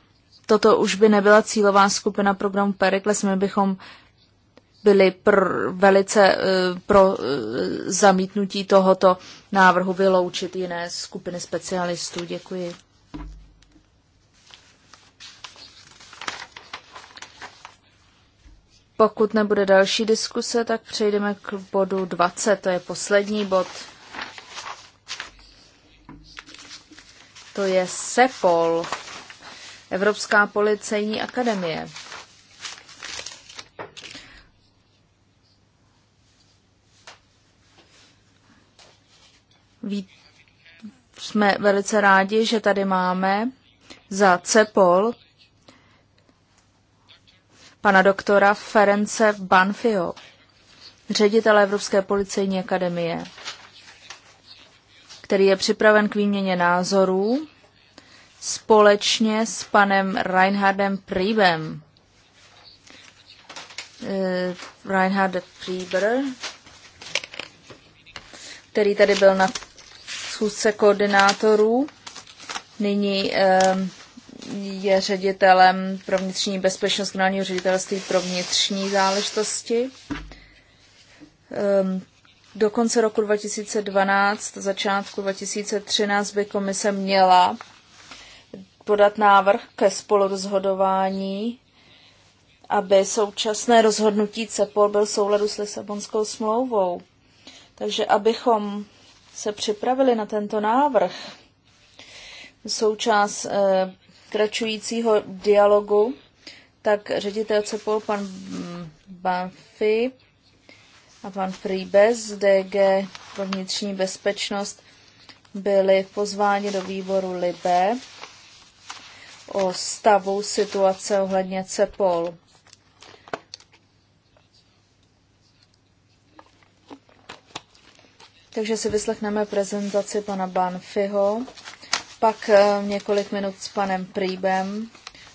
toto už by nebyla cílová skupina programu Perikles, my bychom byli pr- velice uh, pro uh, zamítnutí tohoto návrhu vyloučit jiné skupiny specialistů. Děkuji. Pokud nebude další diskuse, tak přejdeme k bodu 20, to je poslední bod to je SEPOL, Evropská policejní akademie. Ví, jsme velice rádi, že tady máme za CEPOL pana doktora Ference Banfio, ředitele Evropské policejní akademie který je připraven k výměně názorů společně s panem Reinhardem Príbem. E, Reinhard Prieber, který tady byl na schůzce koordinátorů, nyní e, je ředitelem pro vnitřní bezpečnost generálního ředitelství pro vnitřní záležitosti. Ehm, do konce roku 2012, začátku 2013 by komise měla podat návrh ke spolurozhodování, aby současné rozhodnutí CEPOL byl souladu s Lisabonskou smlouvou. Takže abychom se připravili na tento návrh, součást eh, kračujícího dialogu, tak ředitel CEPOL pan Banfi a pan Freebes z DG pro vnitřní bezpečnost byli pozváni do výboru Libe o stavu situace ohledně CEPOL. Takže si vyslechneme prezentaci pana Banfiho, pak eh, několik minut s panem Príbem,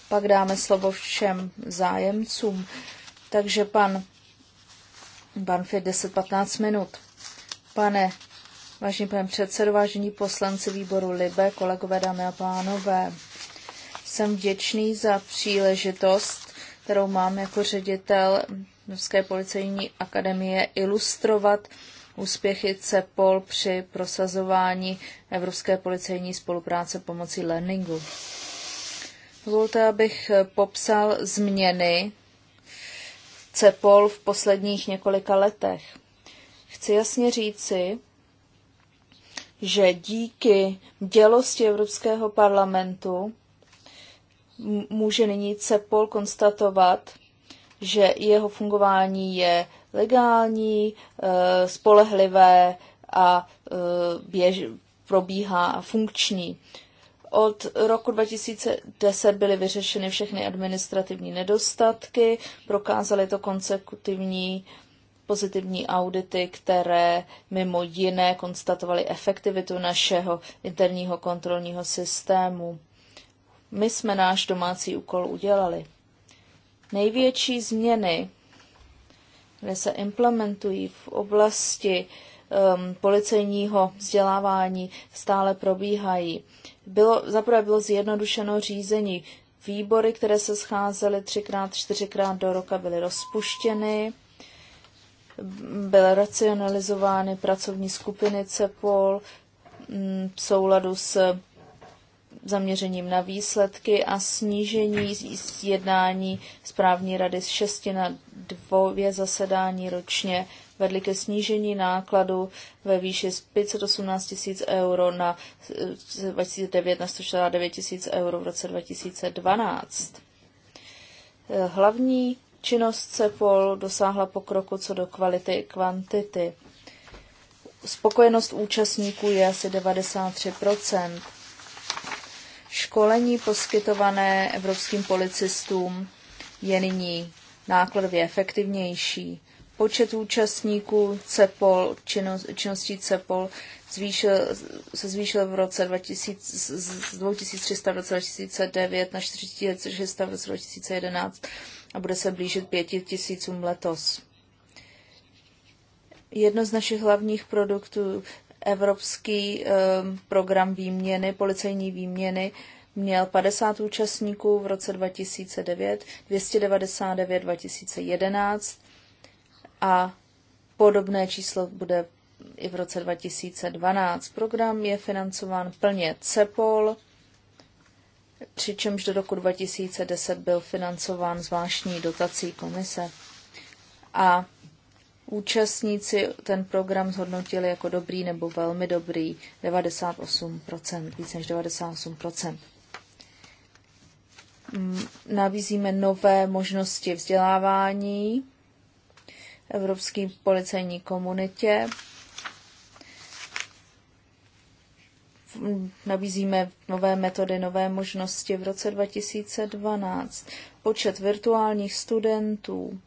pak dáme slovo všem zájemcům. Takže pan Banfi 10-15 minut. Pane, vážený pane předsedo, vážení poslanci výboru Libe, kolegové, dámy a pánové, jsem vděčný za příležitost, kterou mám jako ředitel Novské policejní akademie ilustrovat úspěchy CEPOL při prosazování Evropské policejní spolupráce pomocí learningu. Dovolte, abych popsal změny, CEPOL v posledních několika letech. Chci jasně říci, že díky dělosti Evropského parlamentu může nyní CEPOL konstatovat, že jeho fungování je legální, eh, spolehlivé a eh, běž, probíhá funkční. Od roku 2010 byly vyřešeny všechny administrativní nedostatky, prokázaly to konsekutivní pozitivní audity, které mimo jiné konstatovaly efektivitu našeho interního kontrolního systému. My jsme náš domácí úkol udělali. Největší změny, které se implementují v oblasti um, policejního vzdělávání, stále probíhají bylo, zaprvé bylo zjednodušeno řízení. Výbory, které se scházely třikrát, čtyřikrát do roka, byly rozpuštěny, byly racionalizovány pracovní skupiny CEPOL mm, v souladu s zaměřením na výsledky a snížení jednání správní rady z šesti na dvou zasedání ročně vedly ke snížení nákladu ve výši z 518 000 euro na 2009 na 149 000 euro v roce 2012. Hlavní činnost CEPOL dosáhla pokroku co do kvality i kvantity. Spokojenost účastníků je asi 93 Školení poskytované evropským policistům je nyní nákladově efektivnější. Počet účastníků CEPOL, činnost, činností CEPOL zvýšil, se zvýšil v roce 2000, z 2300 v roce 2009 na 4600 v roce 2011 a bude se blížit 5000 letos. Jedno z našich hlavních produktů, evropský um, program výměny, policejní výměny, měl 50 účastníků v roce 2009, 299 2011 a podobné číslo bude i v roce 2012. Program je financován plně CEPOL, přičemž do roku 2010 byl financován zvláštní dotací komise. A účastníci ten program zhodnotili jako dobrý nebo velmi dobrý 98%, více než 98%. Nabízíme nové možnosti vzdělávání evropské policejní komunitě. Nabízíme nové metody, nové možnosti. V roce 2012 počet virtuálních studentů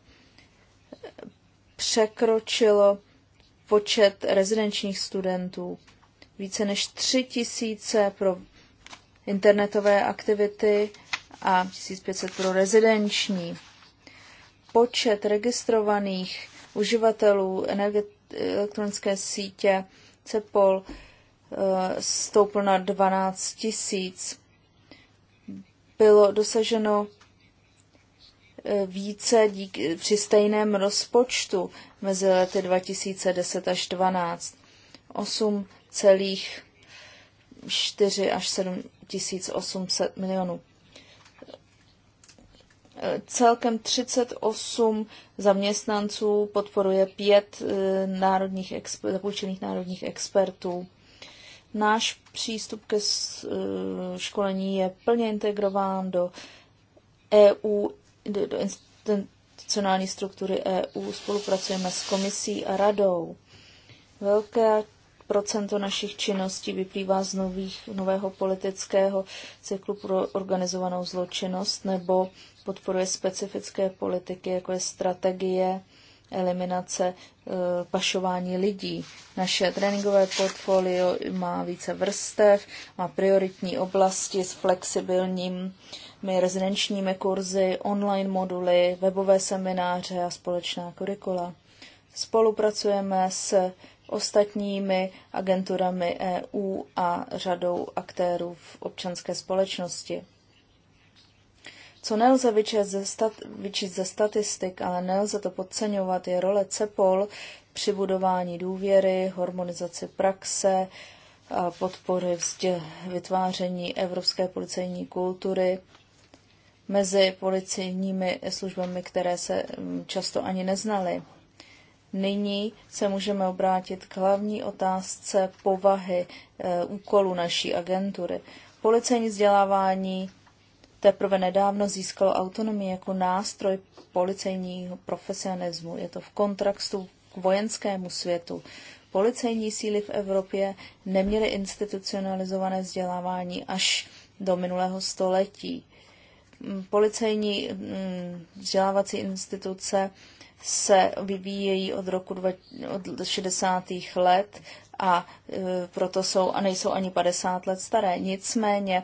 překročilo počet rezidenčních studentů. Více než tři tisíce pro internetové aktivity a 1500 pro rezidenční počet registrovaných uživatelů elektronické sítě CEPOL eh, stoupl na 12 tisíc. Bylo dosaženo eh, více díky, při stejném rozpočtu mezi lety 2010 až 2012. 8,4 až 7 800 milionů. Celkem 38 zaměstnanců podporuje pět eh, národních exper- zapůjčených národních expertů. Náš přístup ke eh, školení je plně integrován do EU, do institucionální struktury EU. Spolupracujeme s komisí a radou. Velká procento našich činností vyplývá z nových, nového politického cyklu pro organizovanou zločinnost nebo podporuje specifické politiky, jako je strategie eliminace e, pašování lidí. Naše tréninkové portfolio má více vrstev, má prioritní oblasti s flexibilními rezidenčními kurzy, online moduly, webové semináře a společná kurikula. Spolupracujeme s ostatními agenturami EU a řadou aktérů v občanské společnosti. Co nelze vyčíst ze, stat, vyčíst ze statistik, ale nelze to podceňovat, je role CEPOL při budování důvěry, harmonizaci praxe, a podpory vzdě, vytváření evropské policejní kultury mezi policejními službami, které se mm, často ani neznaly. Nyní se můžeme obrátit k hlavní otázce povahy e, úkolu naší agentury. Policejní vzdělávání teprve nedávno získalo autonomii jako nástroj policejního profesionismu. Je to v kontrastu k vojenskému světu. Policejní síly v Evropě neměly institucionalizované vzdělávání až do minulého století. Mm, policejní mm, vzdělávací instituce se vyvíjejí od roku dva, od 60. let a e, proto jsou a nejsou ani 50 let staré. Nicméně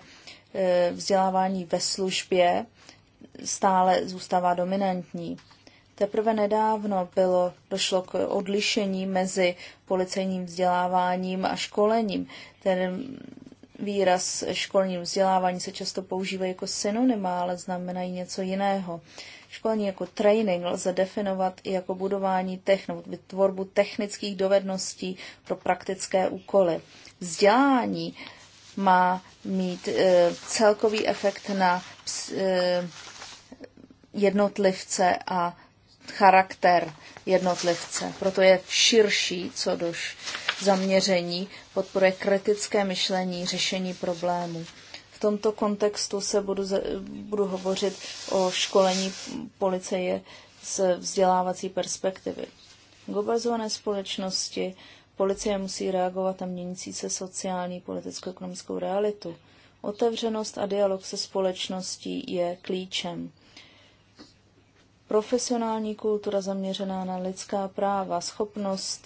e, vzdělávání ve službě stále zůstává dominantní. Teprve nedávno bylo, došlo k odlišení mezi policejním vzděláváním a školením. Ten Výraz školní vzdělávání se často používá jako synonyma, ale znamenají něco jiného. Školní jako training lze definovat i jako budování techno, tvorbu technických dovedností pro praktické úkoly. Vzdělání má mít e, celkový efekt na e, jednotlivce a charakter jednotlivce. Proto je širší co do zaměření podporuje kritické myšlení, řešení problémů. V tomto kontextu se budu, budu hovořit o školení policie z vzdělávací perspektivy. Globalizované společnosti policie musí reagovat na měnící se sociální, politicko-ekonomickou realitu. Otevřenost a dialog se společností je klíčem. Profesionální kultura zaměřená na lidská práva, schopnost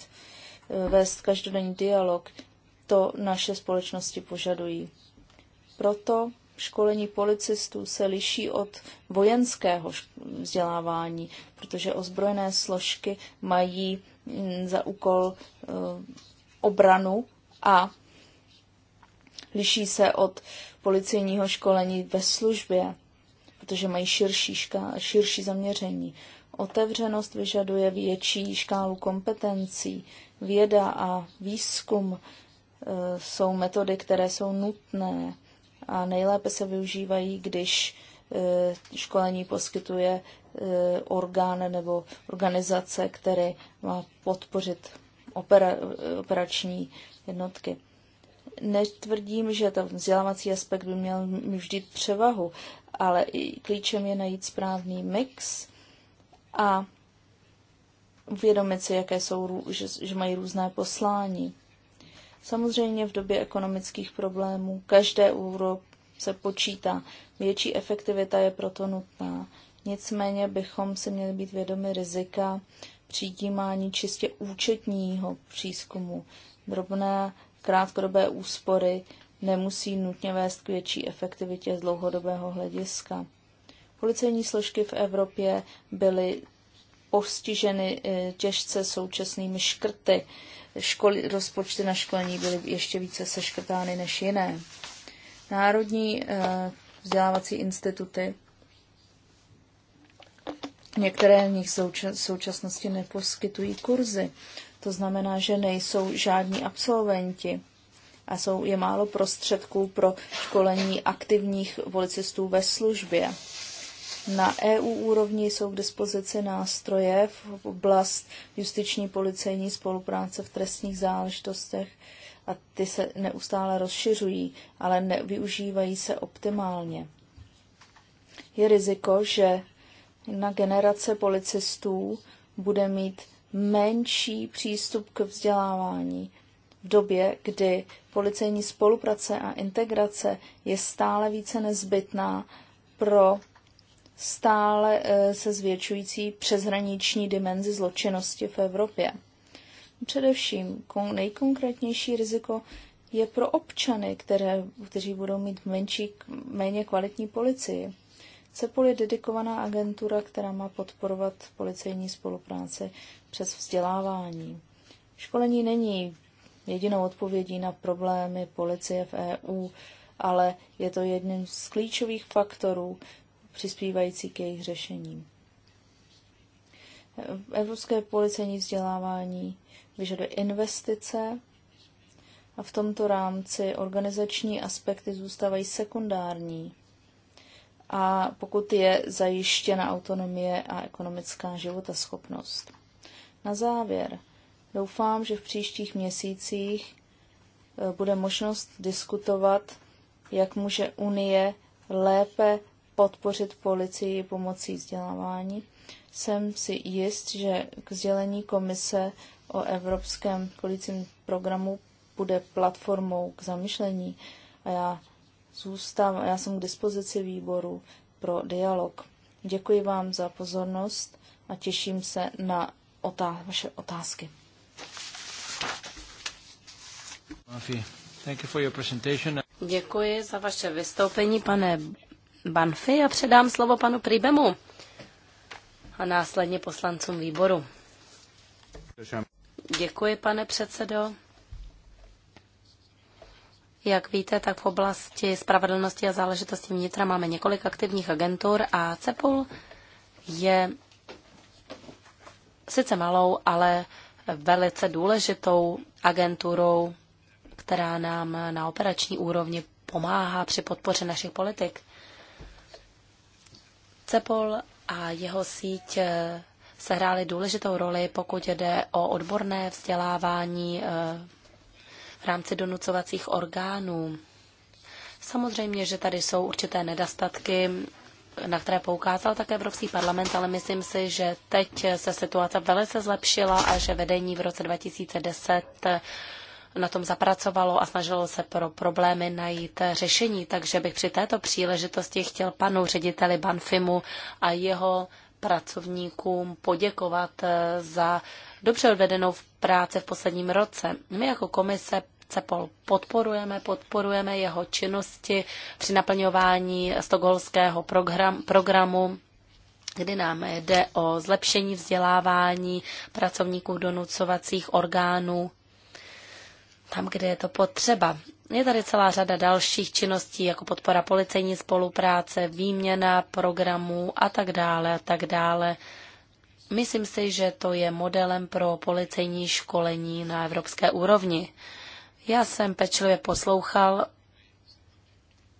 Eh, vést každodenní dialog. To naše společnosti požadují. Proto školení policistů se liší od vojenského vzdělávání, protože ozbrojené složky mají mm, za úkol eh, obranu a liší se od policejního školení ve službě, protože mají širší, ška, širší zaměření. Otevřenost vyžaduje větší škálu kompetencí. Věda a výzkum e, jsou metody, které jsou nutné a nejlépe se využívají, když e, školení poskytuje e, orgán nebo organizace, které má podpořit opera, operační jednotky. Netvrdím, že ten vzdělávací aspekt by měl vždy převahu, ale klíčem je najít správný mix a uvědomit si, jaké jsou, že, že mají různé poslání. Samozřejmě v době ekonomických problémů každé euro se počítá. Větší efektivita je proto nutná. Nicméně bychom si měli být vědomi rizika přijímání čistě účetního přízkumu. Drobné krátkodobé úspory nemusí nutně vést k větší efektivitě z dlouhodobého hlediska. Policejní složky v Evropě byly postiženy eh, těžce současnými škrty. Školy, rozpočty na školení byly ještě více seškrtány než jiné. Národní eh, vzdělávací instituty, některé z nich v současnosti neposkytují kurzy. To znamená, že nejsou žádní absolventi a jsou, je málo prostředků pro školení aktivních policistů ve službě. Na EU úrovni jsou k dispozici nástroje v oblast justiční policejní spolupráce v trestních záležitostech a ty se neustále rozšiřují, ale nevyužívají se optimálně. Je riziko, že na generace policistů bude mít menší přístup k vzdělávání v době, kdy policejní spolupráce a integrace je stále více nezbytná pro stále eh, se zvětšující přeshraniční dimenzi zločinnosti v Evropě. Především nejkonkrétnější riziko je pro občany, které, kteří budou mít menší, méně kvalitní policii. CEPOL je dedikovaná agentura, která má podporovat policejní spolupráci přes vzdělávání. Školení není jedinou odpovědí na problémy policie v EU, ale je to jedním z klíčových faktorů přispívající k jejich řešením. Evropské policejní vzdělávání vyžaduje investice a v tomto rámci organizační aspekty zůstávají sekundární. A pokud je zajištěna autonomie a ekonomická životaschopnost. Na závěr, doufám, že v příštích měsících eh, bude možnost diskutovat, jak může Unie lépe podpořit policii pomocí vzdělávání. Jsem si jist, že k sdělení komise o evropském policím programu bude platformou k zamyšlení a já zůstám, já jsem k dispozici výboru pro dialog. Děkuji vám za pozornost a těším se na otá- vaše otázky. Děkuji za vaše vystoupení, pane Banfi a předám slovo panu Pribemu a následně poslancům výboru. Děkuji, pane předsedo. Jak víte, tak v oblasti spravedlnosti a záležitosti vnitra máme několik aktivních agentur a Cepul je sice malou, ale velice důležitou agenturou, která nám na operační úrovni pomáhá při podpoře našich politik. CEPOL a jeho síť eh, sehrály důležitou roli, pokud jde o odborné vzdělávání eh, v rámci donucovacích orgánů. Samozřejmě, že tady jsou určité nedostatky, na které poukázal také Evropský parlament, ale myslím si, že teď se situace velice zlepšila a že vedení v roce 2010 na tom zapracovalo a snažilo se pro problémy najít řešení. Takže bych při této příležitosti chtěl panu řediteli Banfimu a jeho pracovníkům poděkovat eh, za dobře odvedenou práci v posledním roce. My jako komise CEPOL podporujeme, podporujeme jeho činnosti při naplňování stokholského program, programu kdy nám jde o zlepšení vzdělávání pracovníků donucovacích orgánů tam, kde je to potřeba. Je tady celá řada dalších činností, jako podpora policejní spolupráce, výměna programů a tak dále a tak dále. Myslím si, že to je modelem pro policejní školení na evropské úrovni. Já jsem pečlivě poslouchal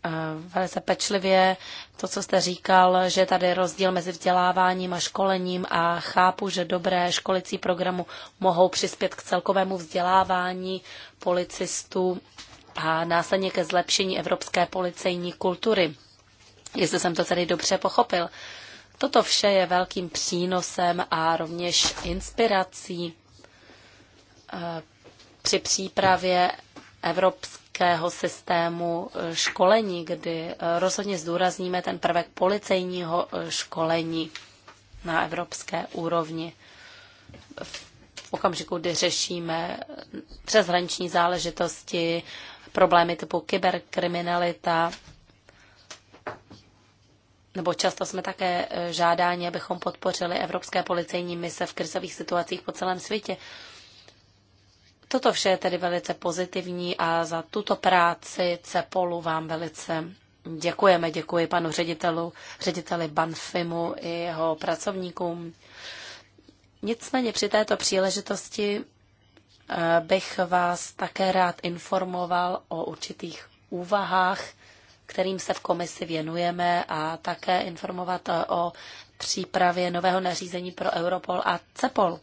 Eh, velice pečlivě to, co jste říkal, že tady je rozdíl mezi vzděláváním a školením a chápu, že dobré školicí programu mohou přispět k celkovému vzdělávání policistů a následně ke zlepšení evropské policejní kultury. Jestli jsem to tedy dobře pochopil. Toto vše je velkým přínosem a rovněž inspirací eh, při přípravě evropské školského systému eh, školení, kdy eh, rozhodně zdůrazníme ten prvek policejního eh, školení na evropské úrovni. V okamžiku, kdy řešíme přeshraniční záležitosti, problémy typu kyberkriminalita, nebo často jsme také žádáni, abychom podpořili evropské policejní mise v krizových situacích po celém světě. Toto vše je tedy velice pozitivní a za tuto práci CEPOLu vám velice děkujeme. Děkuji panu ředitelu, řediteli Banfimu i jeho pracovníkům. Nicméně při této příležitosti eh, bych vás také rád informoval o určitých úvahách, kterým se v komisi věnujeme a také informovat eh, o přípravě nového nařízení pro Europol a CEPOL.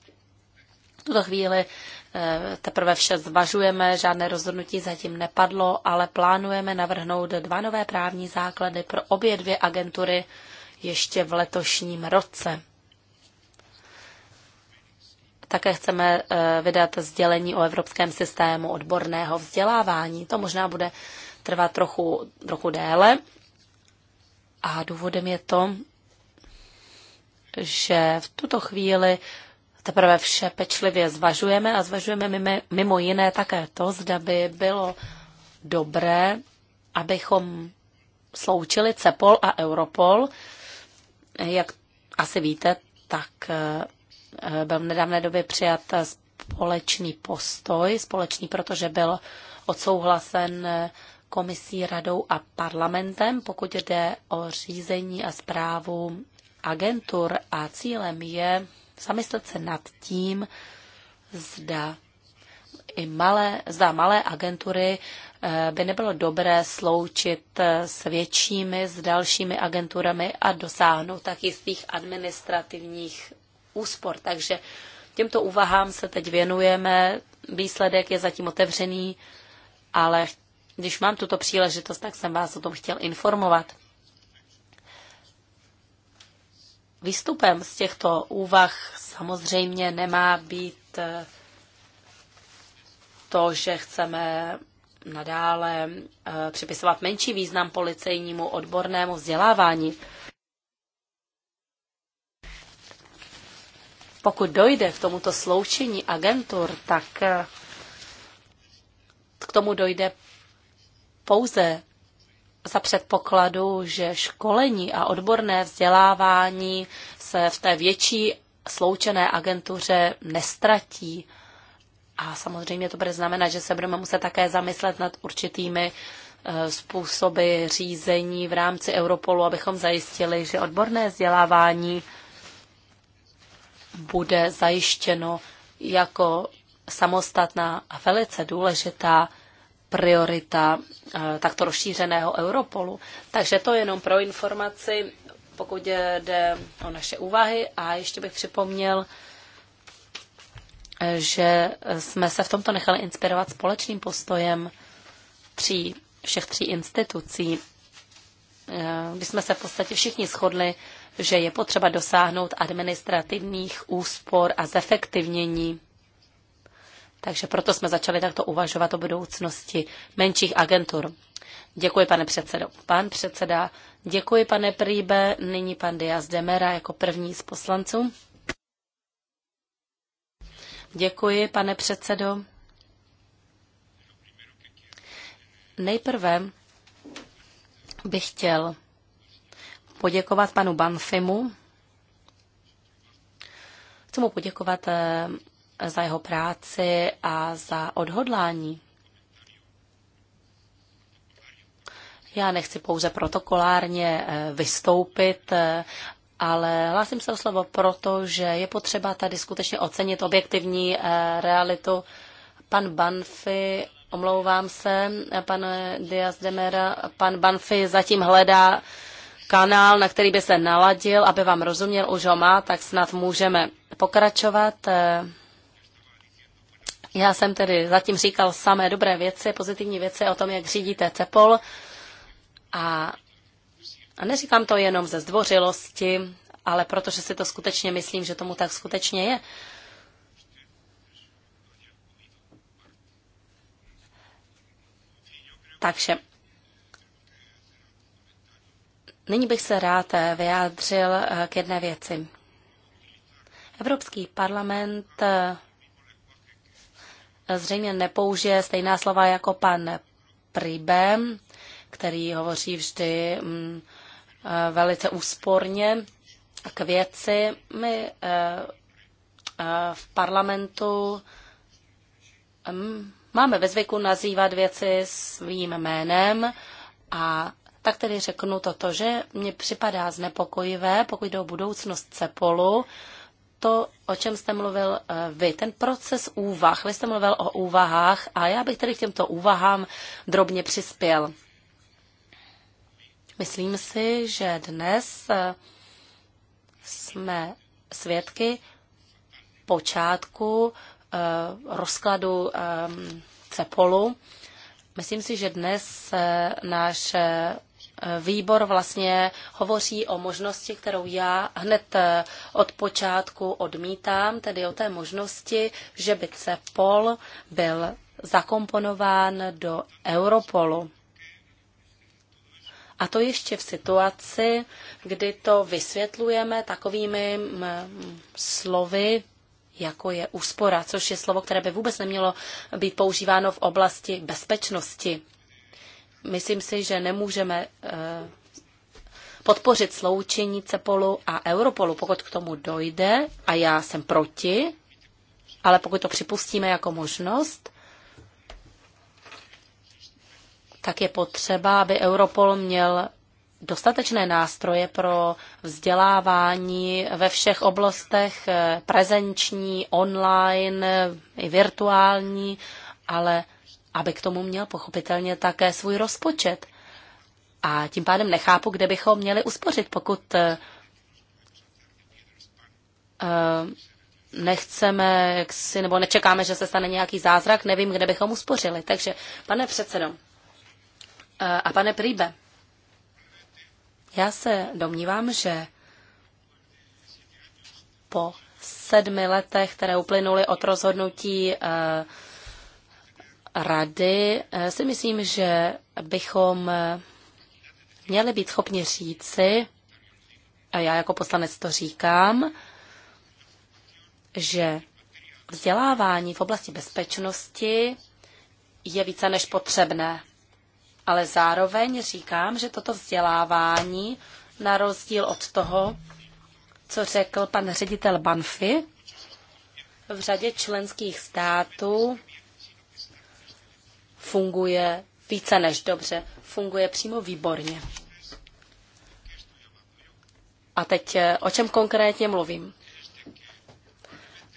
V tuto chvíli Eh, teprve vše zvažujeme, žádné rozhodnutí zatím nepadlo, ale plánujeme navrhnout dva nové právní základy pro obě dvě agentury ještě v letošním roce. Také chceme eh, vydat sdělení o evropském systému odborného vzdělávání. To možná bude trvat trochu, trochu déle. A důvodem je to, že v tuto chvíli teprve vše pečlivě zvažujeme a zvažujeme mimo jiné také to, zda by bylo dobré, abychom sloučili CEPOL a Europol. Jak asi víte, tak eh, byl v nedávné době přijat společný postoj, společný, protože byl odsouhlasen eh, komisí, radou a parlamentem, pokud jde o řízení a zprávu agentur a cílem je zamyslet se nad tím, zda i malé, zda malé agentury eh, by nebylo dobré sloučit eh, s většími, s dalšími agenturami a dosáhnout tak jistých administrativních úspor. Takže těmto úvahám se teď věnujeme. Výsledek je zatím otevřený, ale když mám tuto příležitost, tak jsem vás o tom chtěl informovat. Výstupem z těchto úvah samozřejmě nemá být eh, to, že chceme nadále eh, připisovat menší význam policejnímu odbornému vzdělávání. Pokud dojde k tomuto sloučení agentur, tak eh, k tomu dojde pouze za předpokladu, že školení a odborné vzdělávání se v té větší sloučené agentuře nestratí. A samozřejmě to bude znamenat, že se budeme muset také zamyslet nad určitými eh, způsoby řízení v rámci Europolu, abychom zajistili, že odborné vzdělávání bude zajištěno jako samostatná a velice důležitá priorita eh, takto rozšířeného Europolu. Takže to jenom pro informaci, pokud jde o naše úvahy. A ještě bych připomněl, eh, že jsme se v tomto nechali inspirovat společným postojem tří, všech tří institucí. My eh, jsme se v podstatě všichni shodli, že je potřeba dosáhnout administrativních úspor a zefektivnění takže proto jsme začali takto uvažovat o budoucnosti menších agentur. Děkuji, pane předsedo. Pan předseda, děkuji, pane Príbe. Nyní pan Diaz Demera jako první z poslanců. Děkuji, pane předsedo. Nejprve bych chtěl poděkovat panu Banfimu. Chci mu poděkovat eh, za jeho práci a za odhodlání. Já nechci pouze protokolárně eh, vystoupit, eh, ale hlásím se o slovo proto, že je potřeba tady skutečně ocenit objektivní eh, realitu. Pan Banfi, omlouvám se, pan Diaz Mera, pan Banfi zatím hledá kanál, na který by se naladil, aby vám rozuměl, už ho má, tak snad můžeme pokračovat. Já jsem tedy zatím říkal samé dobré věci, pozitivní věci o tom, jak řídíte CEPOL. A, a neříkám to jenom ze zdvořilosti, ale protože si to skutečně myslím, že tomu tak skutečně je. Takže nyní bych se rád vyjádřil eh, k jedné věci. Evropský parlament eh, zřejmě nepoužije stejná slova jako pan Prýbem, který hovoří vždy mm, eh, velice úsporně k věci. My eh, eh, v parlamentu mm, máme ve zvyku nazývat věci svým jménem a tak tedy řeknu toto, že mě připadá znepokojivé, pokud jde o budoucnost Cepolu, to, o čem jste mluvil eh, vy, ten proces úvah. Vy jste mluvil o úvahách a já bych tedy k těmto úvahám drobně přispěl. Myslím si, že dnes eh, jsme svědky počátku eh, rozkladu cepolu. Myslím si, že dnes náš výbor vlastně hovoří o možnosti, kterou já hned eh, od počátku odmítám, tedy o té možnosti, že by CEPOL byl zakomponován do Europolu. A to ještě v situaci, kdy to vysvětlujeme takovými mm, slovy, jako je úspora, což je slovo, které by vůbec nemělo být používáno v oblasti bezpečnosti myslím si, že nemůžeme eh, podpořit sloučení CEPOLu a Europolu, pokud k tomu dojde, a já jsem proti, ale pokud to připustíme jako možnost, tak je potřeba, aby Europol měl dostatečné nástroje pro vzdělávání ve všech oblastech, eh, prezenční, online i virtuální, ale aby k tomu měl pochopitelně také svůj rozpočet. A tím pádem nechápu, kde bychom měli uspořit, pokud eh, eh, nechceme, jak si, nebo nečekáme, že se stane nějaký zázrak, nevím, kde bychom uspořili. Takže, pane předsedo eh, a pane Príbe, já se domnívám, že po sedmi letech, které uplynuly od rozhodnutí rady eh, si myslím, že bychom eh, měli být schopni říci, a já jako poslanec to říkám, že vzdělávání v oblasti bezpečnosti je více než potřebné. Ale zároveň říkám, že toto vzdělávání, na rozdíl od toho, co řekl pan ředitel Banfi, v řadě členských států funguje více než dobře, funguje přímo výborně. A teď eh, o čem konkrétně mluvím?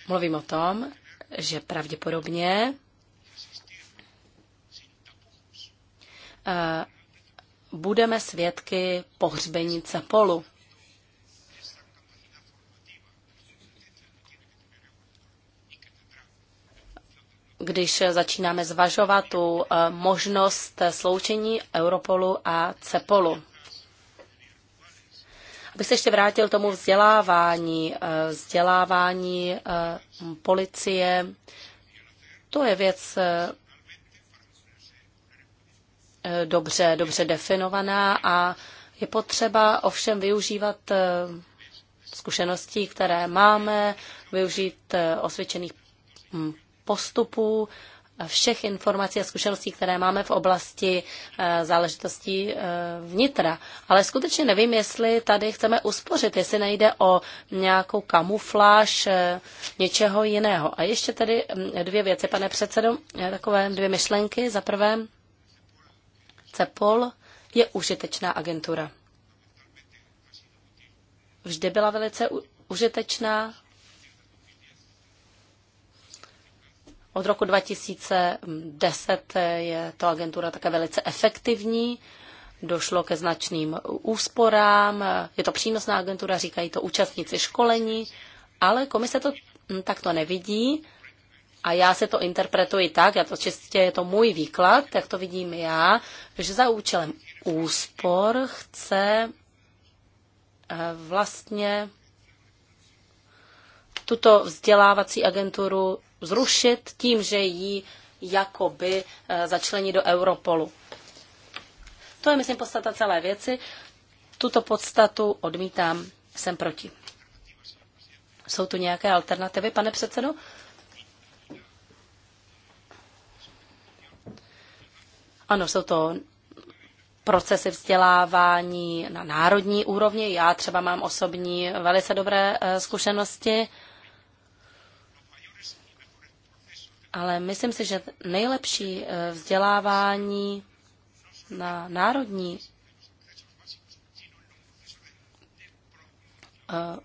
Mluvím o tom, že pravděpodobně eh, budeme svědky pohřbení cepolu. když začínáme zvažovat tu eh, možnost sloučení Europolu a CEPOLu. Abych se ještě vrátil tomu vzdělávání, eh, vzdělávání eh, policie, to je věc dobře, dobře definovaná a je potřeba ovšem využívat zkušeností, které máme, využít osvědčených hm, postupů, všech informací a zkušeností, které máme v oblasti eh, záležitostí eh, vnitra. Ale skutečně nevím, jestli tady chceme uspořit, jestli nejde o nějakou kamufláž eh, něčeho jiného. A ještě tedy mm, dvě věci, pane předsedo, takové dvě myšlenky. Za prvé, CEPOL je užitečná agentura. Vždy byla velice užitečná, Od roku 2010 je to agentura také velice efektivní, došlo ke značným úsporám, je to přínosná agentura, říkají to účastníci školení, ale komise to hm, takto nevidí a já se to interpretuji tak, já to čistě je to můj výklad, jak to vidím já, že za účelem úspor chce eh, vlastně tuto vzdělávací agenturu zrušit tím, že ji jakoby eh, začlení do Europolu. To je, myslím, podstata celé věci. Tuto podstatu odmítám, jsem proti. Jsou tu nějaké alternativy, pane předsedo? Ano, jsou to procesy vzdělávání na národní úrovni. Já třeba mám osobní velice dobré eh, zkušenosti. ale myslím si, že nejlepší eh, vzdělávání na národní eh,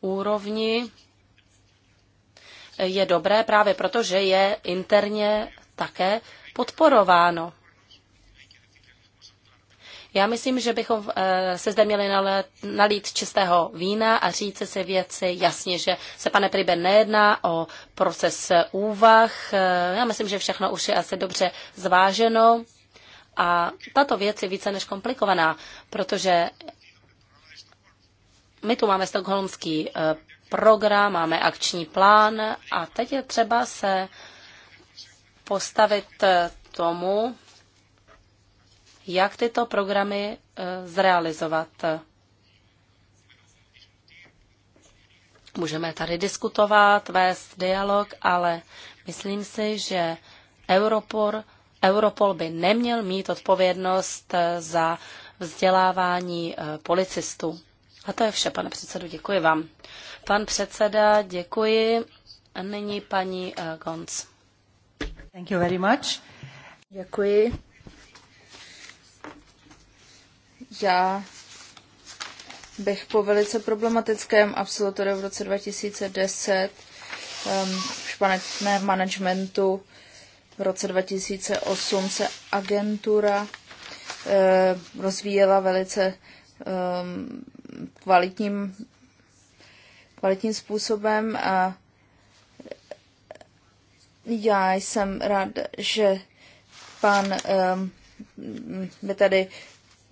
úrovni eh, je dobré právě proto, že je interně také podporováno. Já myslím, že bychom eh, se zde měli nalít čistého vína a říct si věci jasně, že se, pane Pribe, nejedná o proces úvah. Eh, já myslím, že všechno už je asi dobře zváženo. A tato věc je více než komplikovaná, protože my tu máme stokholmský eh, program, máme akční plán a teď je třeba se postavit tomu, jak tyto programy e, zrealizovat. Můžeme tady diskutovat, vést dialog, ale myslím si, že Europol, Europol by neměl mít odpovědnost e, za vzdělávání e, policistů. A to je vše, pane předsedu, děkuji vám. Pan předseda, děkuji. A nyní paní Gons. Thank you very much. Děkuji. Já bych po velice problematickém absolutoriu v roce 2010 um, managementu v roce 2008 se agentura uh, rozvíjela velice um, kvalitním, kvalitním způsobem a já jsem rád, že pan um, mi tady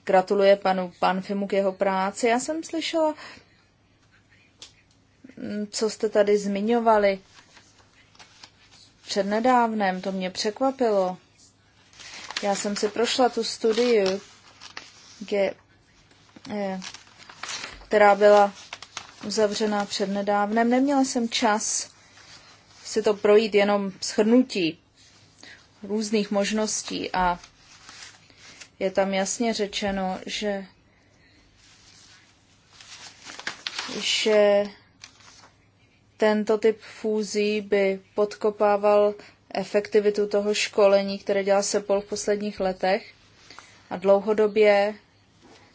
gratuluje panu Panfimu k jeho práci. Já jsem slyšela, mm, co jste tady zmiňovali přednedávnem, to mě překvapilo. Já jsem si prošla tu studii, kde, eh, která byla uzavřena přednedávnem. Neměla jsem čas si to projít jenom shrnutí různých možností a je tam jasně řečeno, že že tento typ fúzí by podkopával efektivitu toho školení, které dělá Sepol v posledních letech. A dlouhodobě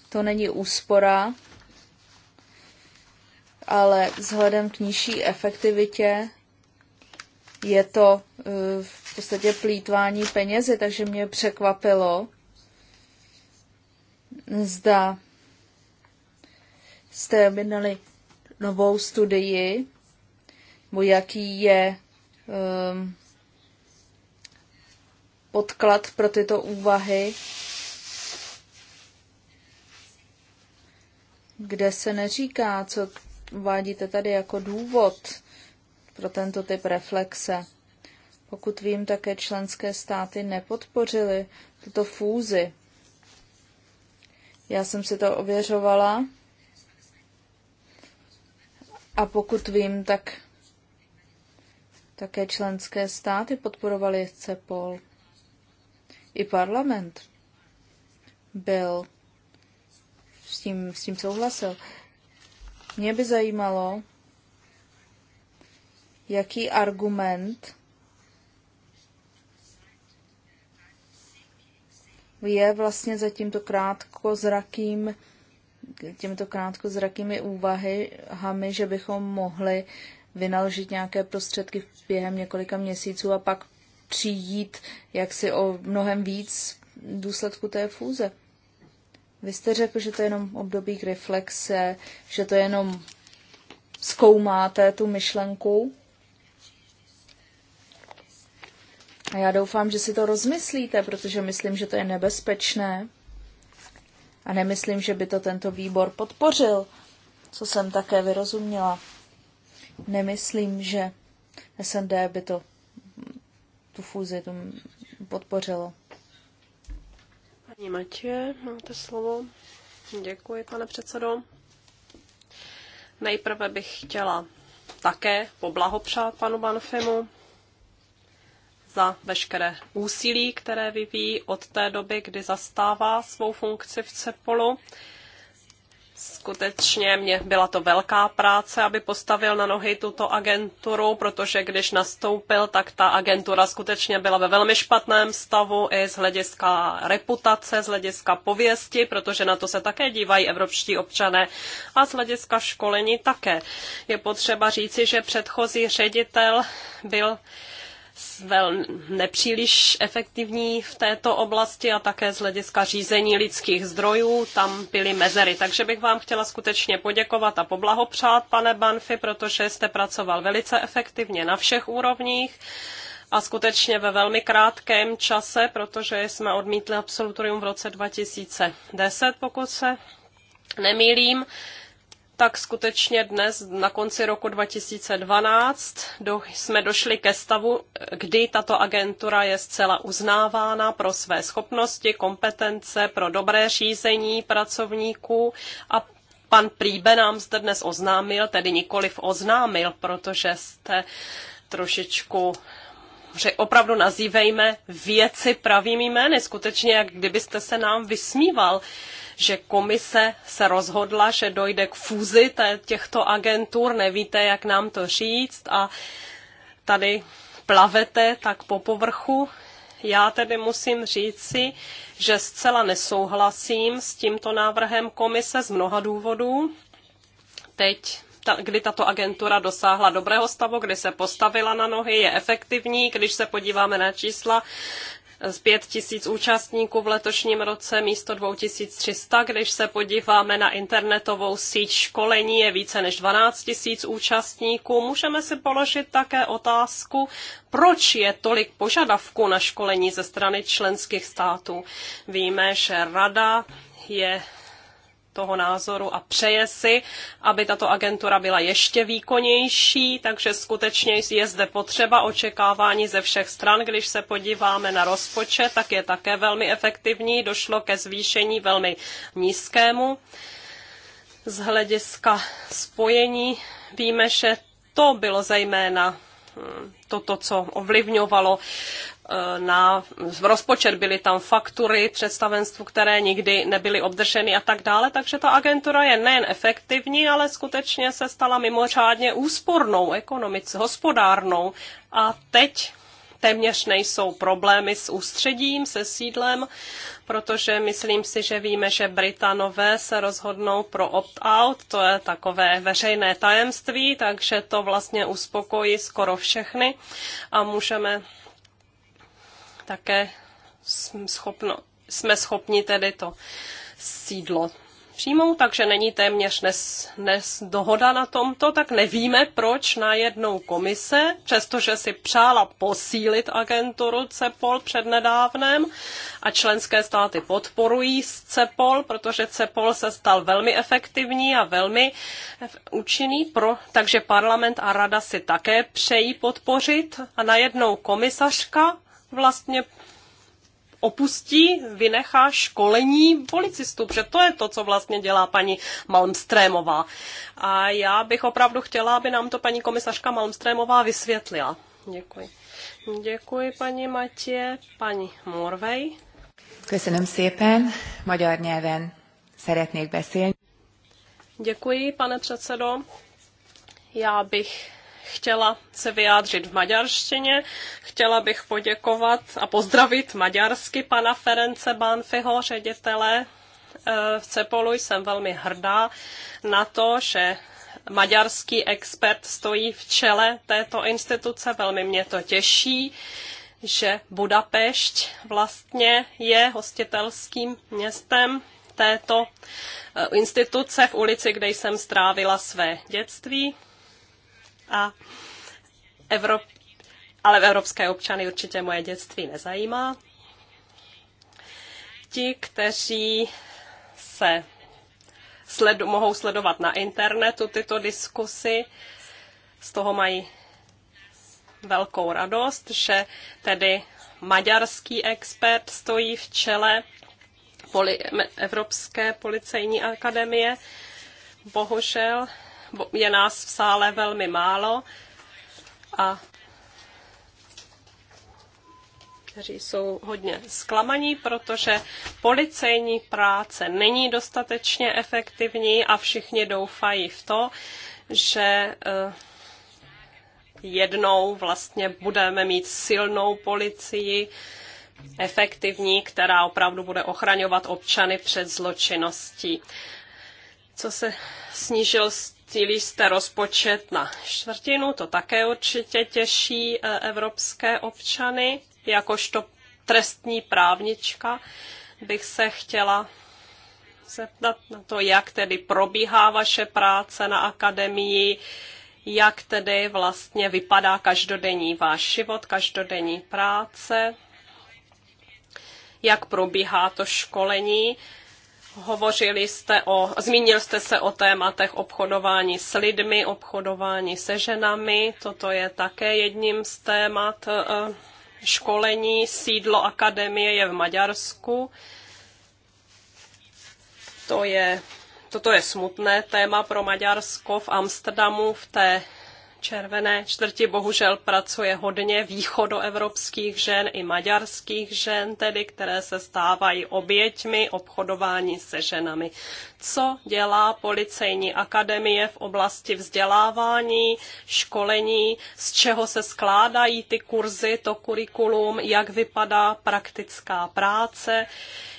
to není úspora, ale vzhledem k nižší efektivitě je to eh, v podstatě plítvání penězi, takže mě překvapilo, zda jste objednali novou studii, nebo jaký je um, podklad pro tyto úvahy, kde se neříká, co vádíte tady jako důvod pro tento typ reflexe. Pokud vím, také členské státy nepodpořily tuto fúzi. Já jsem si to ověřovala. A pokud vím, tak také členské státy podporovaly CEPOL. I parlament byl s tím, s tím souhlasil. Mě by zajímalo, jaký argument je vlastně za tímto krátkozrakým těmito krátkozrakými úvahami, že bychom mohli vynaložit nějaké prostředky během několika měsíců a pak přijít jaksi o mnohem víc důsledku té fůze. Vy jste řekl, že to je jenom období k reflexe, že to jenom zkoumáte tu myšlenku A já doufám, že si to rozmyslíte, protože myslím, že to je nebezpečné. A nemyslím, že by to tento výbor podpořil, co jsem také vyrozuměla. Nemyslím, že SND by to tu fúzi tu podpořilo. Paní Matě, máte slovo. Děkuji, pane předsedo. Nejprve bych chtěla také poblahopřát panu Banfemu za veškeré úsilí, které vyvíjí od té doby, kdy zastává svou funkci v Cepolu. Skutečně mě byla to velká práce, aby postavil na nohy tuto agenturu, protože když nastoupil, tak ta agentura skutečně byla ve velmi špatném stavu i z hlediska reputace, z hlediska pověsti, protože na to se také dívají evropští občané a z hlediska školení také. Je potřeba říci, že předchozí ředitel byl vel, nepříliš efektivní v této oblasti a také z hlediska řízení lidských zdrojů tam byly mezery. Takže bych vám chtěla skutečně poděkovat a poblahopřát, pane Banfi, protože jste pracoval velice efektivně na všech úrovních a skutečně ve velmi krátkém čase, protože jsme odmítli absolutorium v roce 2010, pokud se nemýlím tak skutečně dnes na konci roku 2012 do, jsme došli ke stavu, kdy tato agentura je zcela uznávána pro své schopnosti, kompetence, pro dobré řízení pracovníků a pan Príbe nám zde dnes oznámil, tedy nikoliv oznámil, protože jste trošičku že opravdu nazývejme věci pravými jmény, skutečně jak kdybyste se nám vysmíval. Uh, že komise se rozhodla, že dojde k fúzi těchto agentur, nevíte, jak nám to říct a tady plavete tak po povrchu. Já tedy musím říci, že zcela nesouhlasím s tímto návrhem komise z mnoha důvodů. Teď ta, kdy tato agentura dosáhla dobrého stavu, kdy se postavila na nohy, je efektivní. Když se podíváme na čísla, z 5 000 účastníků v letošním roce místo 2300. Když se podíváme na internetovou síť školení, je více než 12 000 účastníků. Můžeme si položit také otázku, proč je tolik požadavků na školení ze strany členských států. Víme, že rada je toho názoru a přeje si, aby tato agentura byla ještě výkonnější, takže skutečně je zde potřeba očekávání ze všech stran. Když se podíváme na rozpočet, tak je také velmi efektivní, došlo ke zvýšení velmi nízkému. Z hlediska spojení víme, že to bylo zejména hm, toto, co ovlivňovalo E, na rozpočet, byly tam faktury představenstvu, které nikdy nebyly obdrženy a tak dále, takže ta agentura je nejen efektivní, ale skutečně se stala mimořádně úspornou, ekonomice, hospodárnou a teď téměř nejsou problémy s ústředím, se sídlem, protože myslím si, že víme, že Britanové se rozhodnou pro opt-out, to je takové veřejné tajemství, takže to vlastně uspokojí skoro všechny a můžeme také schopno, jsme schopni tedy to sídlo přijmout, takže není téměř nes, nes dohoda na tomto, tak nevíme, proč na jednou komise, přestože si přála posílit agenturu CEPOL nedávnem a členské státy podporují CEPOL, protože CEPOL se stal velmi efektivní a velmi účinný, pro, takže parlament a rada si také přejí podpořit a najednou komisařka vlastně opustí, vynechá školení policistů, protože to je to, co vlastně dělá paní Malmstrémová. A já bych opravdu chtěla, aby nám to paní komisařka Malmstrémová vysvětlila. Děkuji. Děkuji paní Matě, paní Morvej. Köszönöm szépen, magyar nyelven szeretnék beszélni. Děkuji, pane předsedo. Já bych chtěla se vyjádřit v maďarštině. Chtěla bych poděkovat a pozdravit maďarsky pana Ference Banfiho, ředitele eh, v Cepolu. Jsem velmi hrdá na to, že maďarský expert stojí v čele této instituce. Velmi mě to těší že Budapešť vlastně je hostitelským městem této eh, instituce v ulici, kde jsem strávila své dětství a Evrop... ale v evropské občany určitě moje dětství nezajímá. Ti, kteří se sled... mohou sledovat na internetu tyto diskusy, z toho mají velkou radost, že tedy maďarský expert stojí v čele poli- Evropské policejní akademie. Bohužel je nás v sále velmi málo a kteří jsou hodně zklamaní, protože policejní práce není dostatečně efektivní a všichni doufají v to, že eh, jednou vlastně budeme mít silnou policii, efektivní, která opravdu bude ochraňovat občany před zločinností. Co se snížil Cílí jste rozpočet na čtvrtinu, to také určitě těší eh, evropské občany. Jakožto trestní právnička bych se chtěla zeptat na to, jak tedy probíhá vaše práce na akademii, jak tedy vlastně vypadá každodenní váš život, každodenní práce, jak probíhá to školení Hovořili jste o, zmínil jste se o tématech obchodování s lidmi, obchodování se ženami. Toto je také jedním z témat e, školení. Sídlo akademie je v Maďarsku. To je, toto je smutné téma pro Maďarsko v Amsterdamu v té červené čtvrti bohužel pracuje hodně východoevropských žen i maďarských žen, tedy které se stávají oběťmi obchodování se ženami. Co dělá policejní akademie v oblasti vzdělávání, školení, z čeho se skládají ty kurzy, to kurikulum, jak vypadá praktická práce,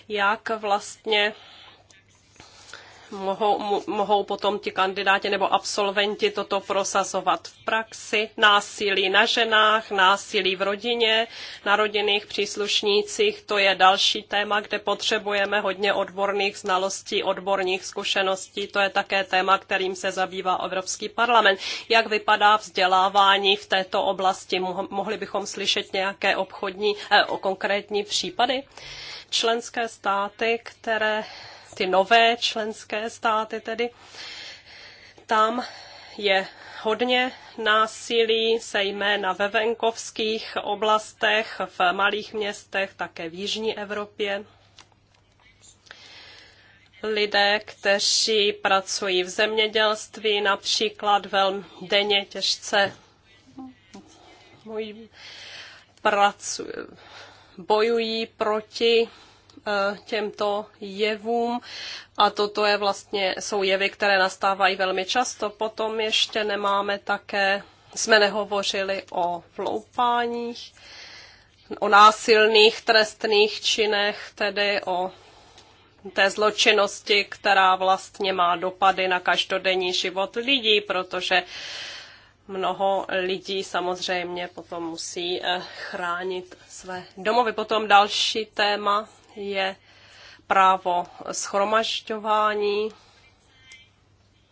jak vlastně mohou, mohou potom ti kandidáti nebo absolventi toto prosazovat v praxi. Násilí na ženách, násilí v rodině, na rodinných příslušnících, to je další téma, kde potřebujeme hodně odborných znalostí, odborných zkušeností. To je také téma, kterým se zabývá Evropský parlament. Jak vypadá vzdělávání v této oblasti? Mohli bychom slyšet nějaké obchodní, eh, konkrétní případy? Členské státy, které ty nové členské státy tedy, tam je hodně násilí, zejména ve venkovských oblastech, v malých městech, také v Jižní Evropě. Lidé, kteří pracují v zemědělství, například velmi denně těžce pracují, bojují proti Eh, těmto jevům a toto je vlastně, jsou jevy, které nastávají velmi často. Potom ještě nemáme také, jsme nehovořili o vloupáních, o násilných trestných činech, tedy o té zločinnosti, která vlastně má dopady na každodenní život lidí, protože mnoho lidí samozřejmě potom musí eh, chránit své domovy. Potom další téma je právo schromažďování,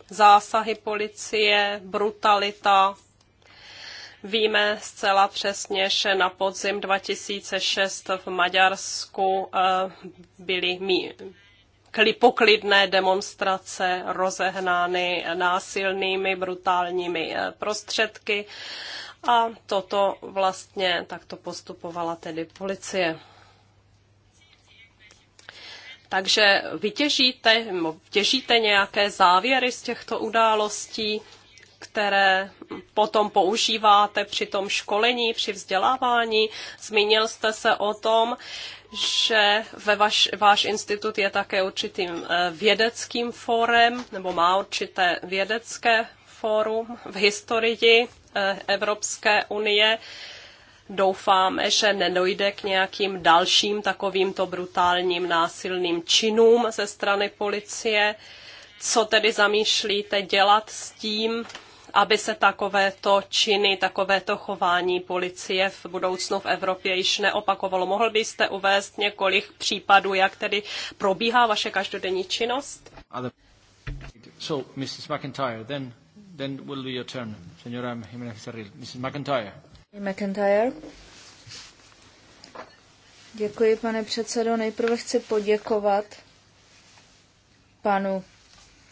zásahy policie, brutalita. Víme zcela přesně, že na podzim 2006 v Maďarsku eh, byly klipoklidné demonstrace rozehnány násilnými, brutálními eh, prostředky. A toto vlastně takto postupovala tedy policie. Takže vytěžíte, těžíte nějaké závěry z těchto událostí, které potom používáte při tom školení, při vzdělávání. Zmínil jste se o tom, že ve vaš, váš institut je také určitým eh, vědeckým fórem, nebo má určité vědecké fórum v historii eh, Evropské unie doufáme, že nedojde k nějakým dalším takovýmto brutálním násilným činům ze strany policie. Co tedy zamýšlíte dělat s tím, aby se takovéto činy, takovéto chování policie v budoucnu v Evropě již neopakovalo. Mohl byste uvést několik případů, jak tedy probíhá vaše každodenní činnost? So, Mrs. McIntyre, then, then will be your turn. Senora Jiménez Mrs. McIntyre. McIntyre. Děkuji, pane předsedo. Nejprve chci poděkovat panu